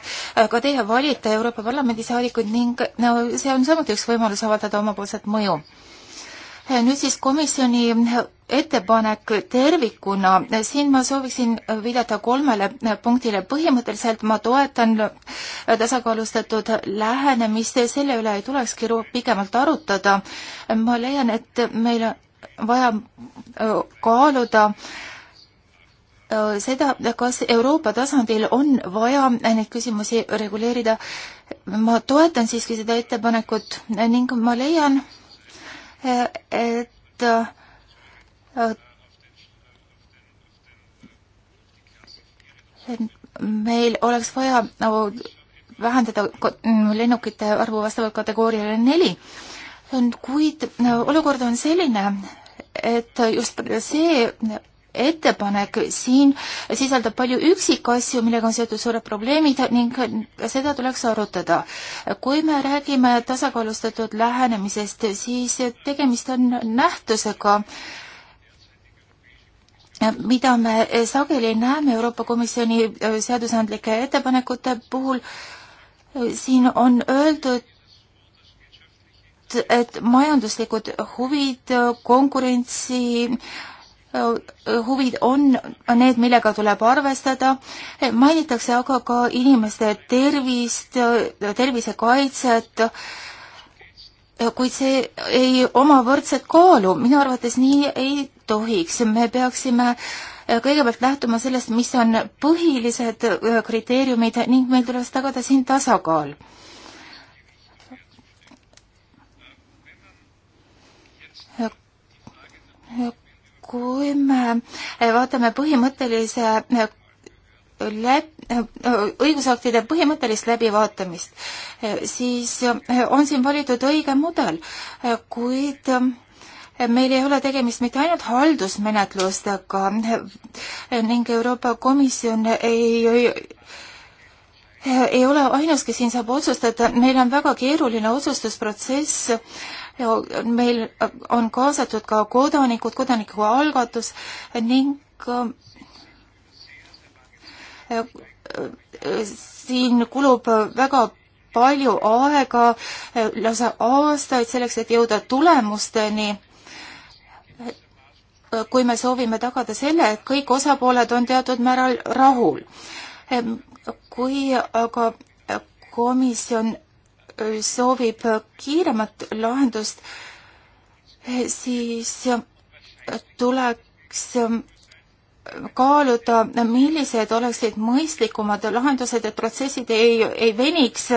ka teie valite Euroopa Parlamendi saadikud ning no see on samuti üks võimalus avaldada omapoolset mõju. nüüd siis komisjoni ettepanek tervikuna, siin ma sooviksin viidata kolmele punktile. põhimõtteliselt ma toetan tasakaalustatud lähenemist, selle üle ei tulekski pikemalt arutada. ma leian, et meil on vaja kaaluda seda, kas Euroopa tasandil on vaja neid küsimusi reguleerida. ma toetan siiski seda ettepanekut ning ma leian, e, et Äh, meil oleks vaja nagu vähendada mm, lennukite arvu vastavalt kategooriale neli, kuid olukord on selline, et just see ettepanek siin sisaldab palju üksikasju, millega on seotud suured probleemid ning seda tuleks arutada. kui me räägime tasakaalustatud lähenemisest, siis tegemist on nähtusega, mida me eh, sageli näeme Euroopa Komisjoni eh, seadusandlike ettepanekute puhul, eh, siin on öeldud, et majanduslikud huvid, konkurentsi huvid on need, millega tuleb arvestada, mainitakse aga ka inimeste tervist, tervisekaitset, kuid see ei oma võrdset kaalu, minu arvates nii ei tohiks, me peaksime äh, kõigepealt lähtuma sellest, mis on põhilised äh, kriteeriumid ning meil tuleks tagada siin tasakaal. kui me äh, vaatame põhimõttelise läb-, õigusaktide põhimõttelist läbivaatamist, siis on siin valitud õige mudel, kuid meil ei ole tegemist mitte ainult haldusmenetlustega ning Euroopa Komisjon ei, ei ei ole ainus, kes siin saab otsustada, meil on väga keeruline otsustusprotsess, meil on kaasatud ka kodanikud, kodanikualgatus ning siin kulub väga palju aega, lausa aastaid selleks, et jõuda tulemusteni kui me soovime tagada selle, et kõik osapooled on teatud määral rahul. kui aga komisjon soovib kiiremat lahendust, siis tuleks kaaluda, millised oleksid mõistlikumad lahendused, et protsessid ei, ei veniks.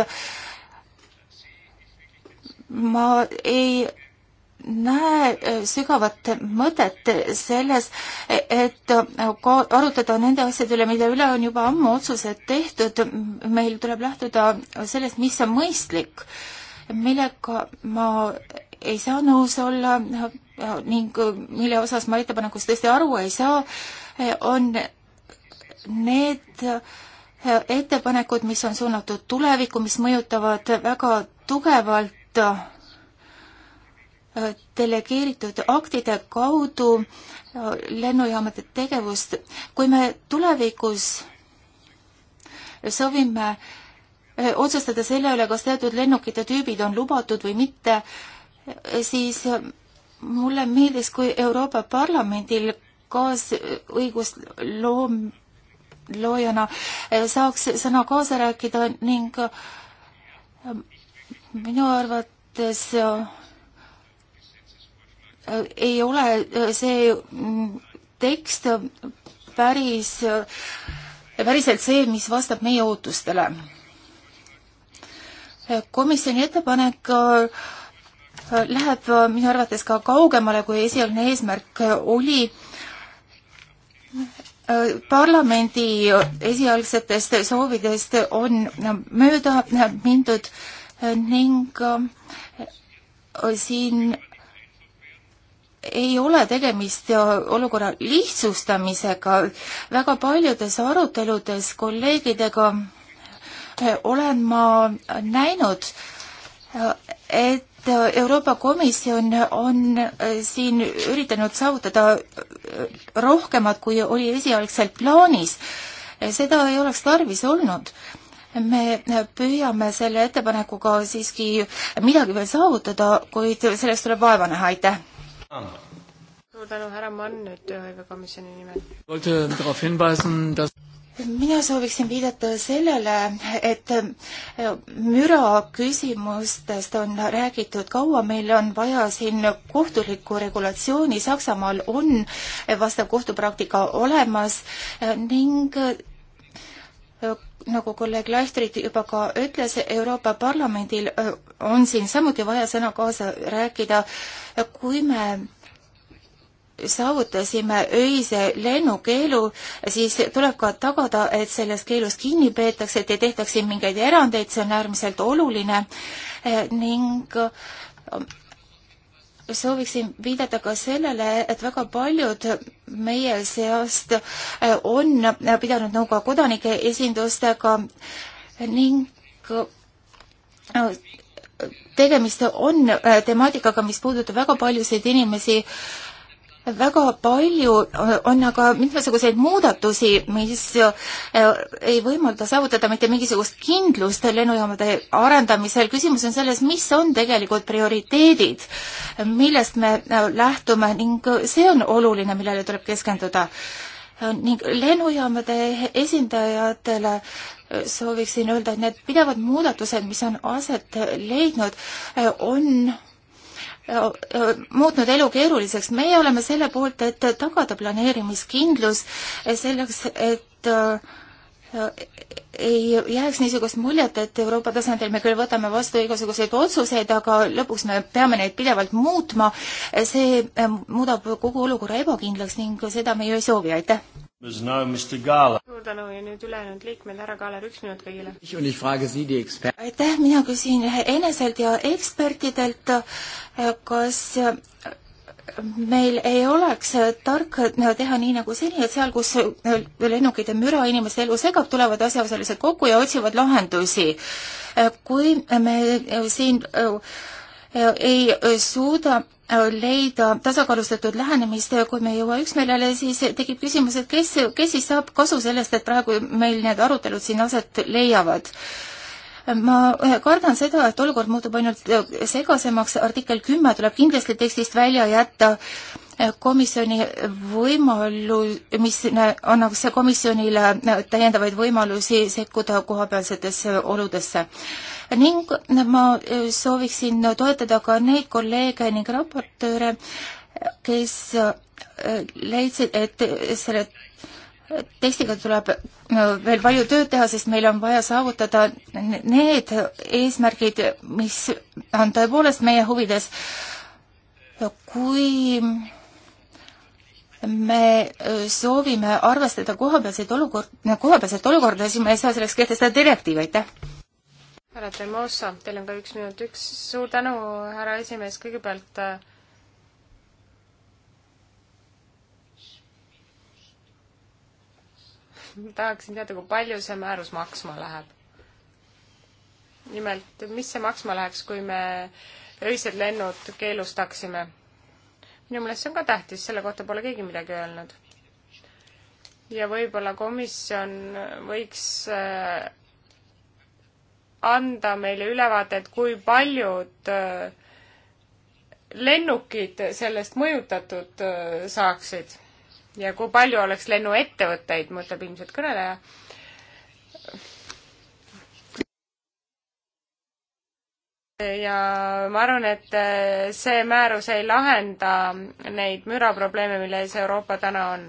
ma ei näe äh, sügavat mõtet selles, et äh, arutada nende asjade üle, mille üle on juba ammu otsused tehtud, meil tuleb lähtuda sellest, mis on mõistlik, millega ma ei saa nõus olla ning mille osas ma ettepanekust tõesti aru ei saa, on need ettepanekud, mis on suunatud tulevikku, mis mõjutavad väga tugevalt delegeeritud aktide kaudu äh, lennujaamade tegevust. kui me tulevikus soovime äh, otsustada selle üle, kas teatud lennukite tüübid on lubatud või mitte, äh, siis mulle meeldis, kui Euroopa Parlamendil kaasõigusloom, loojana saaks sõna kaasa rääkida ning minu arvates ei ole äh, see mm, tekst päris, äh, päriselt see, mis vastab meie ootustele. komisjoni ettepanek äh, läheb minu arvates ka kaugemale, kui esialgne eesmärk oli. parlamendi esialgsetest soovidest on mööda mindud ning siin ei ole tegemist olukorra lihtsustamisega. väga paljudes aruteludes kolleegidega eh, olen ma näinud, eh, et Euroopa Komisjon on eh, siin üritanud saavutada rohkemat, kui oli esialgselt plaanis. seda ei oleks tarvis olnud me püüame selle ettepanekuga siiski midagi veel saavutada, kuid selleks tuleb vaeva näha, aitäh! suur tänu, härra Mann nüüd tööhõivekomisjoni nimel. mina sooviksin viidata sellele, et äh, müra küsimustest on räägitud kaua, meil on vaja siin kohtulikku regulatsiooni, Saksamaal on vastav kohtupraktika olemas äh, ning äh, nagu kolleeg Lahtrit juba ka ütles, Euroopa Parlamendil äh, on siin samuti vaja sõna kaasa rääkida, kui me saavutasime öise lennukeelu, siis tuleb ka tagada, et sellest keelust kinni peetakse, et ei tehtaks siin mingeid erandeid, see on äärmiselt oluline äh, ning äh, sooviksin viidata ka sellele, et väga paljud meie seast äh, on pidanud nõu ka kodanike esindustega ning äh, tegemist on äh, temaatikaga, mis puudutab väga paljusid inimesi väga palju äh, on aga mitmesuguseid muudatusi, mis äh, ei võimalda saavutada mitte mingisugust kindlust lennujaamade arendamisel. küsimus on selles, mis on tegelikult prioriteedid, millest me äh, lähtume ning see on oluline, millele tuleb keskenduda. ning lennujaamade esindajatele sooviksin öelda, et need pidevad muudatused, mis on aset leidnud, on Äh, äh, muutnud elu keeruliseks. meie oleme selle poolt, et tagada planeerimiskindlus äh, selleks, et ei jääks niisugust muljet, et Euroopa tasandil me küll võtame vastu igasuguseid otsuseid, aga lõpuks me peame neid pidevalt muutma. see muudab kogu olukorra ebakindlaks ning seda me ju ei soovi, aitäh! suur tänu ja nüüd ülejäänud liikmed, härra Kaaler, üks minut kõigile. aitäh, mina küsin eneselt ja ekspertidelt, kas meil ei oleks tark teha nii nagu seni, et seal, kus lennukid ja müra inimeste elu segab, tulevad asjaosalised kokku ja otsivad lahendusi. kui me siin ei suuda leida tasakaalustatud lähenemist, kui me ei jõua üksmeelele, siis tekib küsimus, et kes, kes siis saab kasu sellest, et praegu meil need arutelud siin aset leiavad. ma kardan seda, et olukord muutub ainult segasemaks, artikkel kümme tuleb kindlasti tekstist välja jätta, komisjoni võimalus, mis annaks komisjonile täiendavaid võimalusi sekkuda kohapealsetesse oludesse ning ma äh, sooviksin toetada ka neid kolleege ning raportööre, kes äh, leidsid, et selle tekstiga tuleb äh, veel palju tööd teha, sest meil on vaja saavutada need eesmärgid, mis on tõepoolest meie huvides. kui me soovime arvestada kohapealseid olukord, kohapealset olukorda, siis me ei saa selleks kehtestada direktiivi, aitäh! härra Tremosa, teil on ka üks minut, üks suur tänu, härra esimees, kõigepealt äh, tahaksin teada, kui palju see määrus maksma läheb. nimelt, mis see maksma läheks, kui me öised lennud keelustaksime? minu meelest see on ka tähtis, selle kohta pole keegi midagi öelnud. ja võib-olla komisjon võiks äh, anda meile ülevaate, et kui paljud äh, lennukid sellest mõjutatud äh, saaksid ja kui palju oleks lennuettevõtteid, mõtleb ilmselt kõneleja. ja ma arvan, et äh, see määrus ei lahenda neid müraprobleeme, milles Euroopa täna on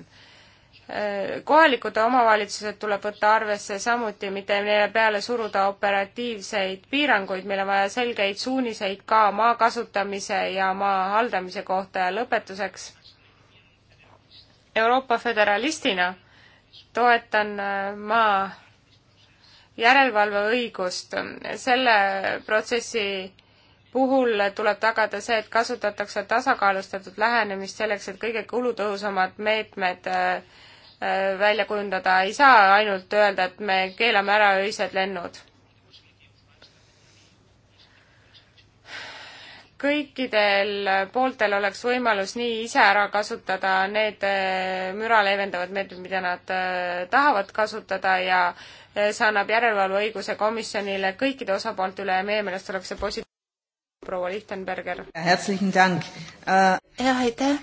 Äh, kohalikud omavalitsused tuleb võtta arvesse samuti, mitte neile peale suruda operatiivseid piiranguid, meil on vaja selgeid suuniseid ka maa kasutamise ja maa haldamise kohta ja lõpetuseks. Euroopa föderalistina toetan äh, ma järelevalveõigust. selle protsessi puhul tuleb tagada see, et kasutatakse tasakaalustatud lähenemist selleks, et kõige kulutõhusamad meetmed äh, Äh, välja kujundada, ei saa ainult öelda, et me keelame ära öised lennud. kõikidel pooltel oleks võimalus nii ise ära kasutada need äh, müra leevendavad meetmed, mida nad äh, tahavad kasutada ja see annab järelevalveõiguse komisjonile kõikide osapoolte üle ja meie meelest oleks see positiivne. proua Lichtenberger. jah, aitäh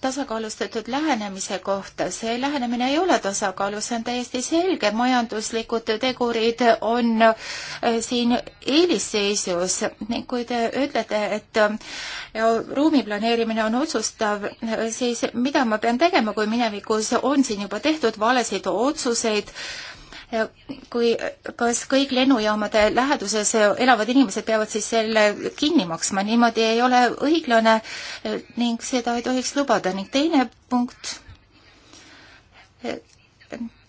tasakaalustatud lähenemise kohta. see lähenemine ei ole tasakaalus, see on täiesti selge, majanduslikud tegurid on äh, siin eelisseisus ning kui te ütlete, et äh, ruumi planeerimine on otsustav, äh, siis mida ma pean tegema, kui minevikus on siin juba tehtud valesid otsuseid, kui, kas kõik lennujaamade läheduses elavad inimesed peavad siis selle kinni maksma, niimoodi ei ole õiglane eh, ning seda ei tohiks lubada ning teine punkt, eh,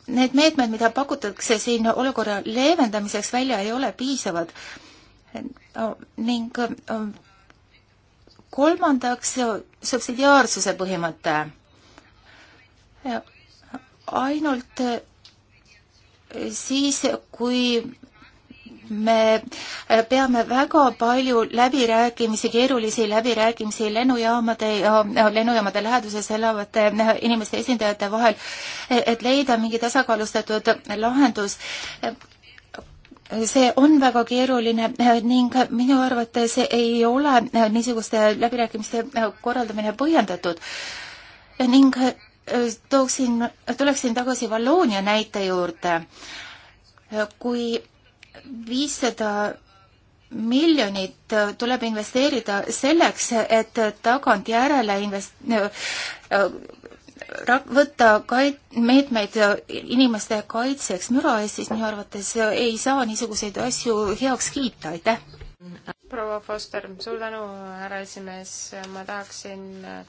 need meetmed, mida pakutakse siin olukorra leevendamiseks välja, ei ole piisavad eh, ning kolmandaks subsidiaarsuse põhimõte. ainult siis, kui me peame väga palju läbirääkimisi, keerulisi läbirääkimisi lennujaamade ja lennujaamade läheduses elavate inimeste esindajate vahel, et leida mingi tasakaalustatud lahendus. see on väga keeruline ning minu arvates ei ole niisuguste läbirääkimiste korraldamine põhjendatud ning tooksin, tuleksin tagasi Valloonia näite juurde. kui viissada miljonit tuleb investeerida selleks, et tagantjärele invest-, võtta kait-, meetmeid inimeste kaitseks müra eest, siis minu arvates ei saa niisuguseid asju heaks kiita, aitäh! proua Foster, suur tänu, härra esimees, ma tahaksin äh,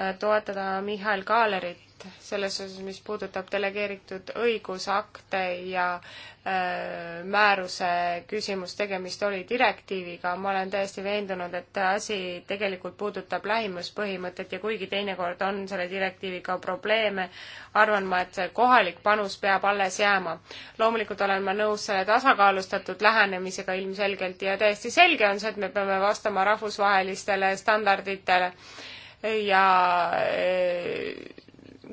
Äh, toetada Mihhail Kaalerit selles osas, mis puudutab delegeeritud õigusakte ja öö, äh, määruse küsimus, tegemist oli direktiiviga, ma olen täiesti veendunud, et asi tegelikult puudutab lähimuspõhimõtet ja kuigi teinekord on selle direktiiviga probleeme, arvan ma, et see kohalik panus peab alles jääma. loomulikult olen ma nõus selle tasakaalustatud lähenemisega ilmselgelt ja täiesti selge on see, et me peame vastama rahvusvahelistele standarditele ja eh,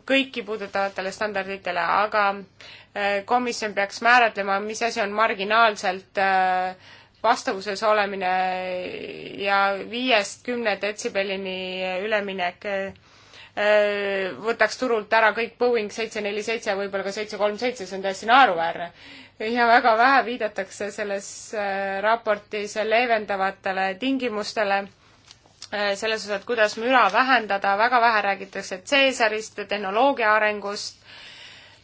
kõiki puudutavatele standarditele, aga eh, komisjon peaks määratlema, mis asi on marginaalselt eh, vastavuses olemine ja viiest kümne detsibellini üleminek võtaks turult ära kõik Boeing seitse neli seitse, võib-olla ka seitse kolm seitse, see on täiesti naeruväärne. ja väga vähe viidatakse selles raportis leevendavatele tingimustele Äh, selles osas, et kuidas müra vähendada, väga vähe räägitakse Caesarist, tehnoloogia arengust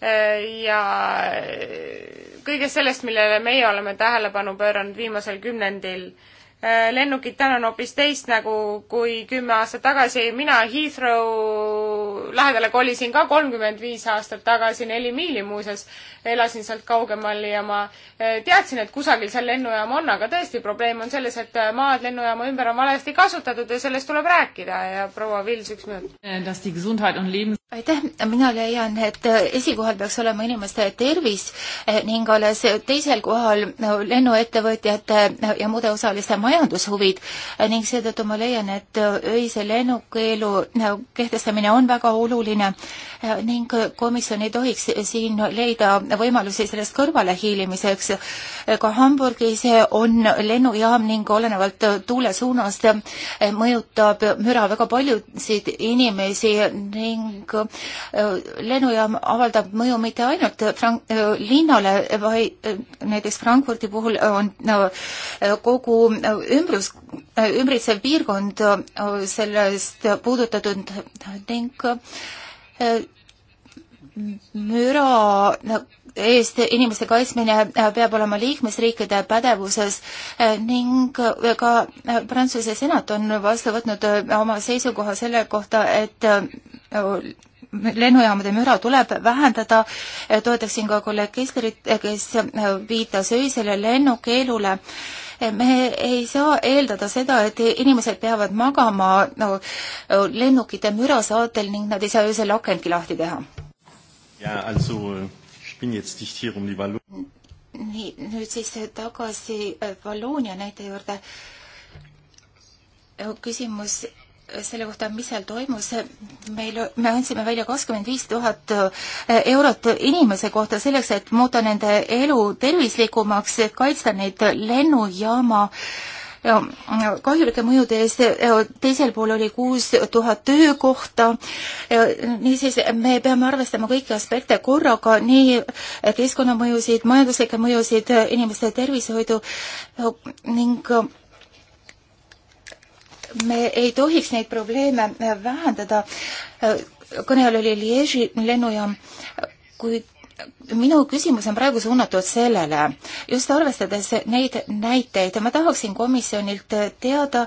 äh, ja äh, kõigest sellest, millele meie oleme tähelepanu pööranud viimasel kümnendil. Äh, lennukid täna on hoopis teist nägu kui kümme aastat tagasi. mina Heathrow lähedale kolisin ka kolmkümmend viis aastat tagasi, neli miili muuseas. elasin sealt kaugemal ja ma äh, teadsin, et kusagil seal lennujaam on, aga tõesti, probleem on selles, et äh, maad lennujaama ümber on valesti kasutatud ja sellest tuleb rääkida ja proua Vils, üks minut aitäh, mina leian, et esikohal peaks olema inimeste tervis ning alles teisel kohal lennuettevõtjate ja muude osaliste majandus majandushuvid ning seetõttu ma leian, et äh, öise lennukeelu äh, kehtestamine on väga oluline äh, ning komisjon ei tohiks siin leida võimalusi sellest kõrvalehiilimiseks. ka Hamburgis on lennujaam ning olenevalt tuule suunast mõjutab müra väga paljusid inimesi ning lennujaam avaldab mõju mitte ainult Frank-, linnale, vaid näiteks Frankfurdi puhul on kogu ümbrus, äh, ümbritsev piirkond äh, sellest puudutatud ning äh, müra eest inimeste kaitsmine peab olema liikmesriikide pädevuses ning ka Prantsuse senat on vastu võtnud oma seisukoha selle kohta, et lennujaamade müra tuleb vähendada, toetaksin ka kolleeg Kesterit, kes viitas öisele lennukeelule me ei saa eeldada seda, et inimesed peavad magama no, lennukite mürasaatel ning nad ei saa öösel akendki lahti teha. jaa, also bin jetzt nicht hier um die Wallon- nii, nüüd siis tagasi äh, Valloonia näite juurde. küsimus selle kohta, mis seal toimus, meil, me andsime välja kakskümmend viis tuhat eh, eurot inimese kohta selleks, et muuta nende elu tervislikumaks, et kaitsta neid lennujaama ja kahjulike mõjude eest, teisel pool oli kuus tuhat töökohta, niisiis me peame arvestama kõiki aspekte korraga, nii keskkonnamõjusid, majanduslikke mõjusid, inimeste tervishoidu ning me ei tohiks neid probleeme äh, vähendada. Äh, kõneajal oli Liege'i lennujaam, kuid minu küsimus on praegu suunatud sellele, just arvestades neid näiteid, ma tahaksin komisjonilt teada,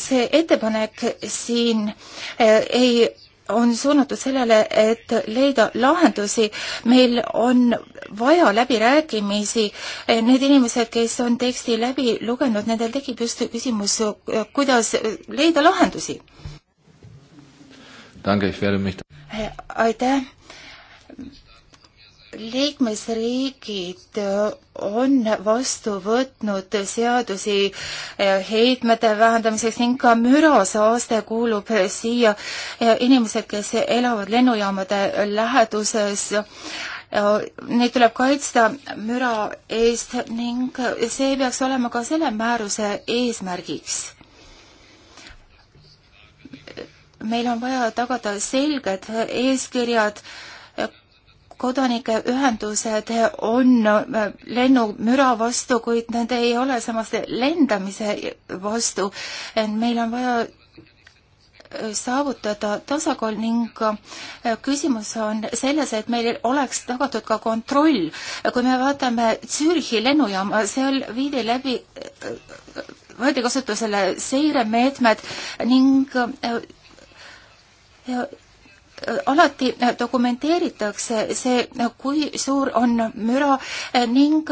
see ettepanek siin äh, ei on suunatud sellele, et leida lahendusi. meil on vaja läbirääkimisi. Eh, need inimesed, kes on teksti läbi lugenud, nendel tekib just küsimus, eh, kuidas eh, leida lahendusi. aitäh liikmesriigid äh, on vastu võtnud seadusi äh, heitmete vähendamiseks ning ka mürasaaste kuulub äh, siia. inimesed, kes elavad lennujaamade läheduses, neid tuleb kaitsta müra eest ning see peaks olema ka selle määruse eesmärgiks meil on vaja tagada selged eeskirjad äh, kodanike ühendused on äh, lennumüra vastu, kuid nad ei ole samas lendamise vastu. meil on vaja äh, saavutada tasakaal ning äh, küsimus on selles, et meil oleks tagatud ka kontroll. kui me vaatame Zürichi lennujaama, seal viidi läbi, võeti kasutusele seiremeetmed ning ja, alati dokumenteeritakse see, kui suur on müra ning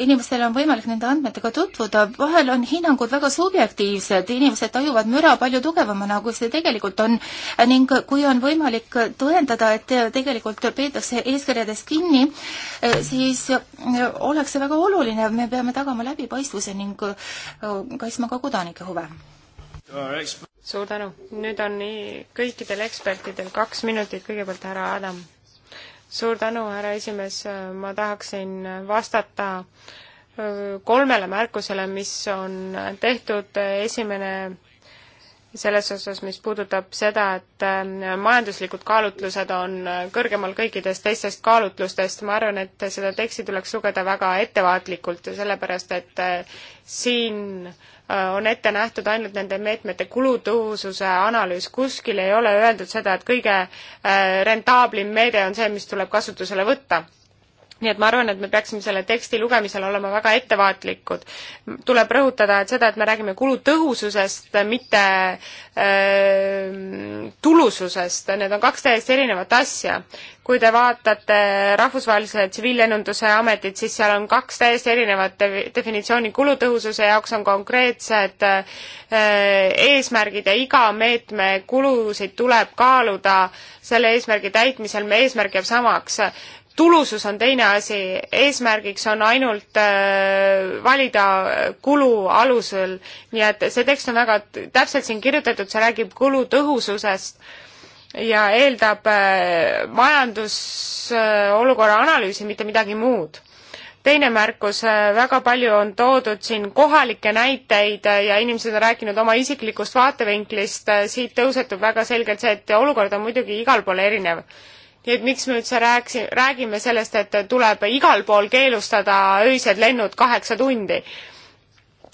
inimestel on võimalik nende andmetega tutvuda, vahel on hinnangud väga subjektiivsed, inimesed tajuvad müra palju tugevamana, kui see tegelikult on ning kui on võimalik tõendada, et tegelikult peetakse eeskirjadest kinni, siis oleks see väga oluline, me peame tagama läbipaistvuse ning kaitsma ka kodanike huve suur tänu. nüüd on nii kõikidel ekspertidel kaks minutit, kõigepealt härra Adam. suur tänu, härra esimees, ma tahaksin vastata kolmele märkusele, mis on tehtud, esimene selles osas, mis puudutab seda, et majanduslikud kaalutlused on kõrgemal kõikidest teistest kaalutlustest, ma arvan, et seda teksti tuleks lugeda väga ettevaatlikult ja sellepärast, et siin äh, Äh, on ette nähtud ainult nende meetmete kulutõhususe analüüs, kuskil ei ole öeldud seda, et kõige äh, rentaablim meede on see, mis tuleb kasutusele võtta nii et ma arvan, et me peaksime selle teksti lugemisel olema väga ettevaatlikud. tuleb rõhutada, et seda, et me räägime kulutõhususest, mitte öö, tulususest, need on kaks täiesti erinevat asja. kui te vaatate Rahvusvahelise Tsiviillennunduse Ametit, siis seal on kaks täiesti erinevat definitsiooni, kulutõhususe jaoks on konkreetsed öö, eesmärgid ja iga meetme kulusid tuleb kaaluda selle eesmärgi täitmisel, meie eesmärk jääb samaks tulusus on teine asi, eesmärgiks on ainult äh, valida kulu alusel, nii et see tekst on väga täpselt siin kirjutatud, see räägib kulutõhususest ja eeldab äh, majandusolukorra analüüsi, mitte midagi muud. teine märkus, äh, väga palju on toodud siin kohalikke näiteid ja inimesed on rääkinud oma isiklikust vaatevinklist, siit tõusetub väga selgelt see, et olukord on muidugi igal pool erinev nii et miks me üldse rääkisi-, räägime sellest, et tuleb igal pool keelustada öised lennud kaheksa tundi?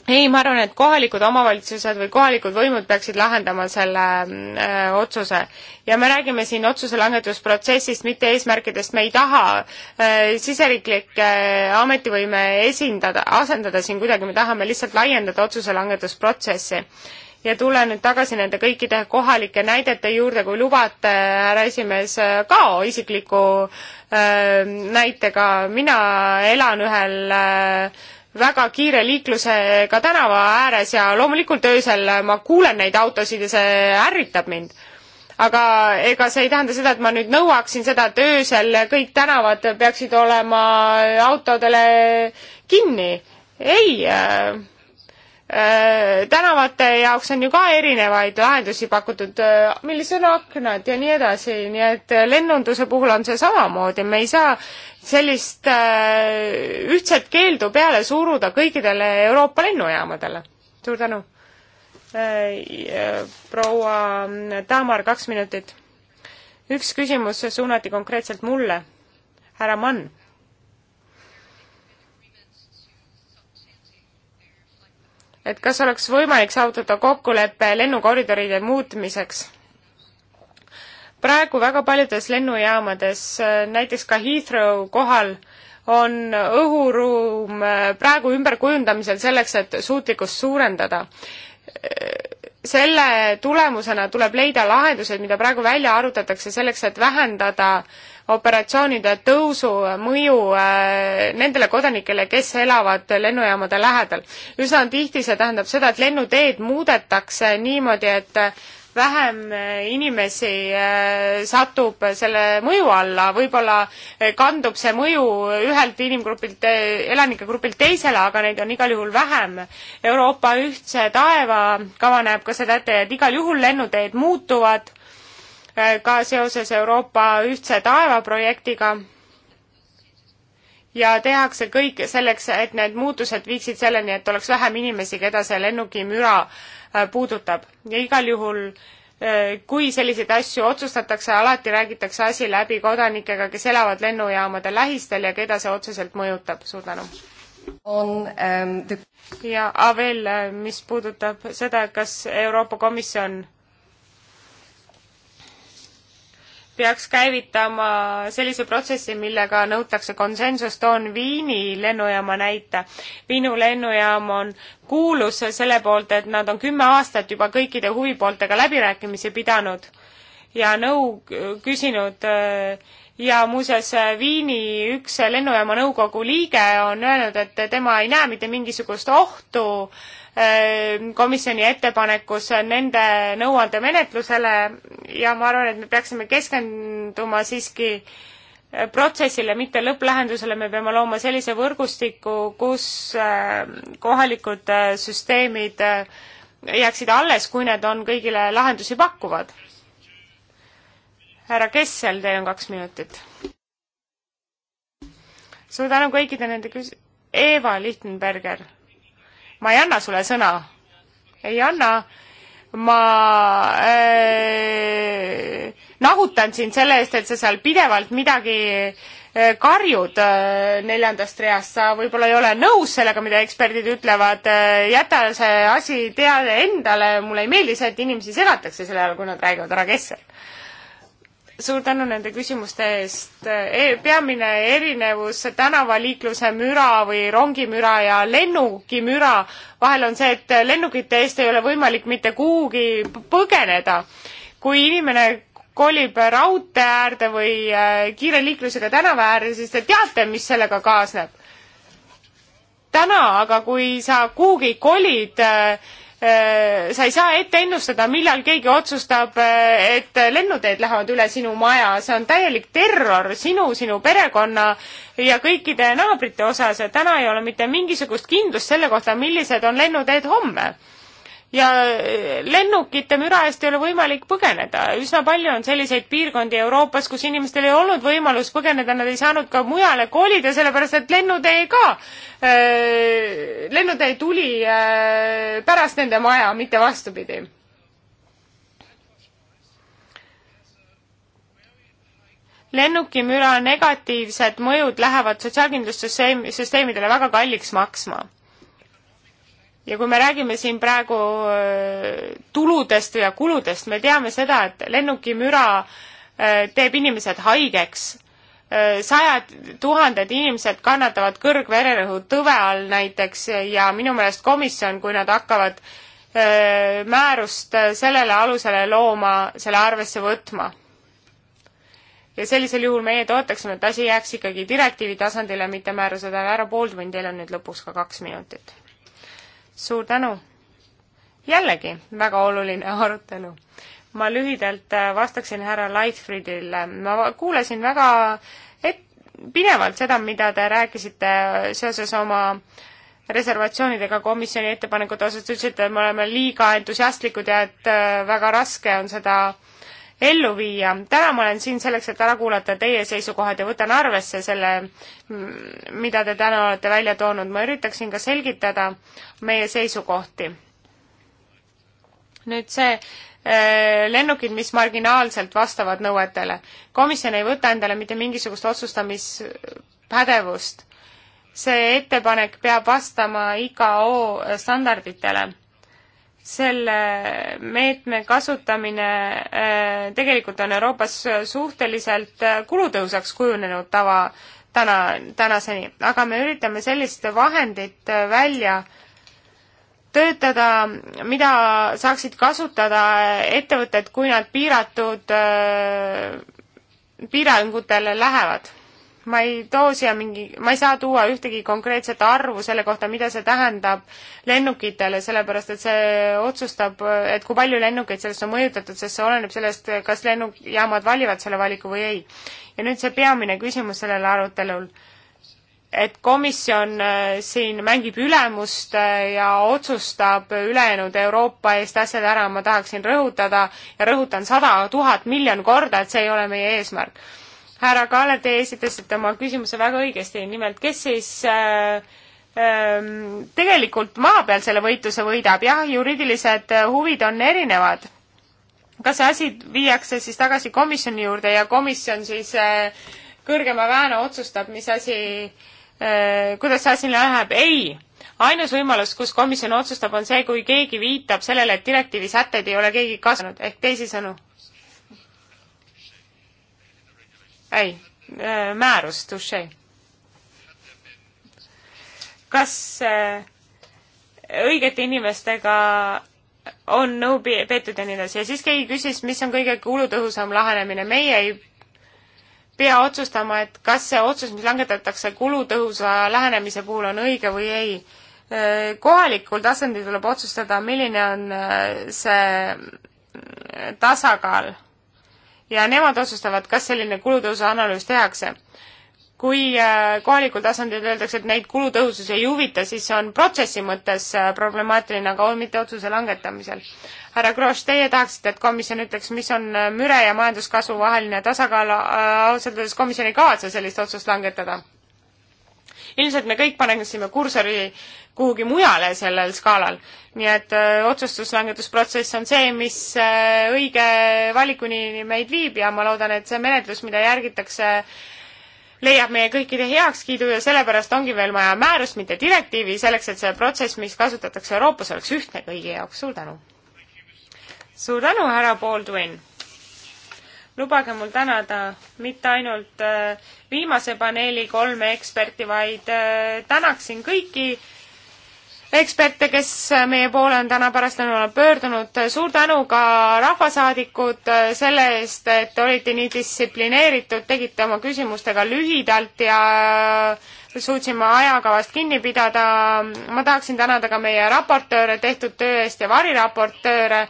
ei, ma arvan, et kohalikud omavalitsused või kohalikud võimud peaksid lahendama selle öö, äh, otsuse. ja me räägime siin otsuse langetusprotsessist, mitte eesmärkidest, me ei taha öö, äh, siseriiklikke äh, ametivõime esindada, asendada siin kuidagi, me tahame lihtsalt laiendada otsuse langetusprotsessi ja tulen nüüd tagasi nende kõikide kohalike näidete juurde, kui lubate, härra esimees, ka isikliku äh, näitega. mina elan ühel äh, väga kiire liiklusega tänava ääres ja loomulikult öösel ma kuulen neid autosid ja see ärritab mind. aga ega see ei tähenda seda, et ma nüüd nõuaksin seda, et öösel kõik tänavad peaksid olema autodele kinni. ei äh, Äh, tänavate jaoks on ju ka erinevaid lahendusi pakutud, äh, millised on aknad ja nii edasi, nii et lennunduse puhul on see samamoodi, me ei saa sellist äh, ühtset keeldu peale suruda kõikidele Euroopa lennujaamadele. suur tänu. proua Tamar, kaks minutit. üks küsimus suunati konkreetselt mulle, härra Mann et kas oleks võimalik saavutada kokkulepe lennukoridoride muutmiseks? praegu väga paljudes lennujaamades, näiteks ka Heathrow kohal, on õhuruum äh, praegu ümberkujundamisel selleks, et suutlikkust suurendada selle tulemusena tuleb leida lahendused, mida praegu välja arutatakse selleks, et vähendada operatsioonide tõusu mõju äh, nendele kodanikele, kes elavad lennujaamade lähedal. üsna tihti see tähendab seda, et lennuteed muudetakse niimoodi, et vähem inimesi äh, satub selle mõju alla, võib-olla äh, kandub see mõju ühelt inimgrupilt, äh, elanike grupilt teisele, aga neid on igal juhul vähem. Euroopa ühtse taeva kava näeb ka seda ette, et igal juhul lennuteed muutuvad ka seoses Euroopa ühtse taeva projektiga ja tehakse kõik selleks, et need muutused viiksid selleni, et oleks vähem inimesi, keda see lennukimüra äh, puudutab ja igal juhul äh, kui selliseid asju otsustatakse, alati räägitakse asi läbi kodanikega, kes elavad lennujaamade lähistel ja keda see otseselt mõjutab. suur tänu! on ähm, the... ja ah, veel, äh, mis puudutab seda, kas Euroopa Komisjon peaks käivitama sellise protsessi, millega nõutakse konsensust, toon Viini lennujaama näite. Viinu lennujaam on kuulus selle poolt, et nad on kümme aastat juba kõikide huvipooltega läbirääkimisi pidanud ja nõu küsinud äh, ja muuseas, Viini üks lennujaama nõukogu liige on öelnud, et tema ei näe mitte mingisugust ohtu äh, Äh, komisjoni ettepanekus nende nõuandemenetlusele ja ma arvan, et me peaksime keskenduma siiski äh, protsessile, mitte lõpplahendusele, me peame looma sellise võrgustiku, kus äh, kohalikud süsteemid jääksid alles, kui need on kõigile lahendusi pakkuvad. härra Kessel, teil on kaks minutit. suur tänu kõikide nende küs-, Eva Lichtenberger ma ei anna sulle sõna. ei anna. ma äh, nahutan sind selle eest, et sa seal pidevalt midagi äh, karjud äh, neljandast reast, sa võib-olla ei ole nõus sellega, mida eksperdid ütlevad äh,, jäta see asi teada endale, mulle ei meeldi see, et inimesi segatakse sel ajal, kui nad räägivad, ära kes see suur tänu nende küsimuste eest. E, peamine erinevus tänavaliikluse müra või rongimüra ja lennukimüra vahel on see, et lennukite eest ei ole võimalik mitte kuhugi põgeneda. kui inimene kolib raudtee äärde või äh, kiire liiklusega tänava äärde, siis te teate, mis sellega kaasneb. täna aga, kui sa kuhugi kolid äh, Äh, sa ei saa ette ennustada, millal keegi otsustab, äh, et lennuteed lähevad üle sinu maja, see on täielik terror sinu, sinu perekonna ja kõikide naabrite osas, et täna ei ole mitte mingisugust kindlust selle kohta, millised on lennuteed homme ja eh, lennukite müra eest ei ole võimalik põgeneda. üsna palju on selliseid piirkondi Euroopas, kus inimestel ei olnud võimalus põgeneda, nad ei saanud ka mujale kolida, sellepärast et lennutee ka, eh, lennutee tuli eh, pärast nende maja, mitte vastupidi lennukimüra negatiivsed mõjud lähevad sotsiaalkindlustussüsteemidele väga kalliks maksma ja kui me räägime siin praegu äh, tuludest ja kuludest, me teame seda, et lennukimüra äh, teeb inimesed haigeks. Äh, sajad tuhanded inimesed kannatavad kõrgvererõhu tõve all näiteks ja minu meelest komisjon, kui nad hakkavad määrust sellele alusele looma, selle arvesse võtma. ja sellisel juhul meie toetaksime, et asi jääks ikkagi direktiivi tasandile, mitte määruse taha. härra Baldwin, teil on nüüd lõpuks ka kaks minutit suur tänu! jällegi väga oluline arutelu. ma lühidalt äh, vastaksin härra Lightfriedile, ma kuulasin väga et-, pidevalt seda, mida te rääkisite äh, seoses oma reservatsioonidega komisjoni ettepanekute osas, te ütlesite, et me oleme liiga entusiastlikud ja et äh, väga raske on seda äh, ellu viia. täna ma olen siin selleks, et ära kuulata teie seisukohad ja võtan arvesse selle, mm, mida te täna olete välja toonud. ma üritaksin ka selgitada meie seisukohti. nüüd see äh, lennukid, mis marginaalselt vastavad nõuetele. komisjon ei võta endale mitte mingisugust otsustamispädevust. see ettepanek peab vastama IKO standarditele selle meetme kasutamine äh, tegelikult on Euroopas suhteliselt äh, kulutõhusaks kujunenud tava täna, tänaseni, aga me üritame sellist vahendit äh, välja töötada, mida saaksid kasutada ettevõtted, kui nad piiratud, piirangutele lähevad ma ei too siia mingi, ma ei saa tuua ühtegi konkreetset arvu selle kohta, mida see tähendab lennukitele, sellepärast et see otsustab, et kui palju lennukeid sellest on mõjutatud, sest see oleneb sellest, kas lennujaamad valivad selle valiku või ei. ja nüüd see peamine küsimus sellel arutelul, et komisjon äh, siin mängib ülemust äh, ja otsustab ülejäänud Euroopa eest asjad ära, ma tahaksin rõhutada ja rõhutan sada tuhat miljon korda, et see ei ole meie eesmärk härra Kaale, te esitasite oma küsimuse väga õigesti, nimelt kes siis äh, äh, tegelikult maa peal selle võitluse võidab, jah, juriidilised äh, huvid on erinevad. kas see asi viiakse siis tagasi komisjoni juurde ja komisjon siis äh, kõrgema väena otsustab, mis asi, äh, kuidas see asi läheb, ei ainus võimalus, kus komisjon otsustab, on see, kui keegi viitab sellele, et direktiivi sätteid ei ole keegi kasutanud, ehk teisisõnu ei, äh, määrus, Duché. kas äh, õigete inimestega on nõu peetud ja nii edasi ja siis keegi küsis, mis on kõige kulutõhusam lahenemine, meie ei pea otsustama, et kas see otsus, mis langetatakse kulutõhusa lähenemise puhul, on õige või ei. Äh, kohalikul tasandil tuleb otsustada, milline on see mm, tasakaal ja nemad otsustavad, kas selline kulutõusu analüüs tehakse. kui äh, kohalikul tasandil öeldakse, et neid kulutõhusus ei huvita, siis see on protsessi mõttes äh, problemaatiline, aga mitte otsuse langetamisel. härra Grosch, teie tahaksite, et komisjon ütleks, mis on äh, müre ja majanduskasvu vaheline tasakaal, ausalt öeldes komisjon ei kavatse sellist otsust langetada ilmselt me kõik paneksime kursori kuhugi mujale sellel skaalal. nii et öö, äh, otsustuslangetusprotsess on see, mis öö, äh, õige valikuni meid viib ja ma loodan, et see menetlus, mida järgitakse, leiab meie kõikide heakskiidu ja sellepärast ongi veel vaja määrust, mitte direktiivi, selleks et see protsess, mis kasutatakse Euroopas, oleks ühtne kõigi jaoks. suur tänu! suur tänu, härra Baldwin! lubage mul tänada mitte ainult äh, viimase paneeli kolme eksperti, vaid äh, tänaksin kõiki eksperte, kes meie poole on täna pärastlõunal pöördunud. suur tänu ka rahvasaadikud äh, selle eest, et olite nii distsiplineeritud, tegite oma küsimustega lühidalt ja suutsime ajakavast kinni pidada. ma tahaksin tänada ka meie raportööre tehtud töö eest ja variraportööre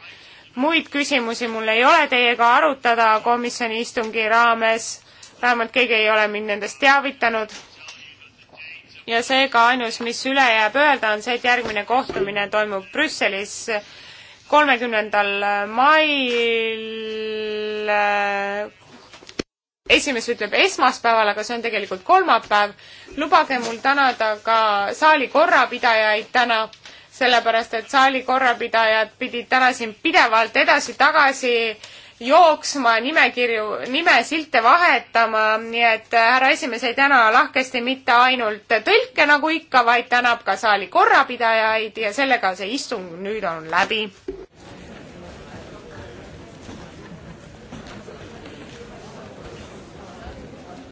muid küsimusi mul ei ole teiega arutada komisjoni istungi raames, vähemalt keegi ei ole mind nendest teavitanud. ja seega ainus, mis üle jääb öelda, on see, et järgmine kohtumine toimub Brüsselis kolmekümnendal mail esimees ütleb esmaspäeval, aga see on tegelikult kolmapäev. lubage mul tänada ka saali korrapidajaid täna sellepärast et saali korrapidajad pidid täna siin pidevalt edasi-tagasi jooksma, nimekirju, nimesilte vahetama, nii et äh, härra esimees ei täna lahkesti mitte ainult tõlke nagu ikka, vaid tänab ka saali korrapidajaid ja sellega see istung nüüd on läbi.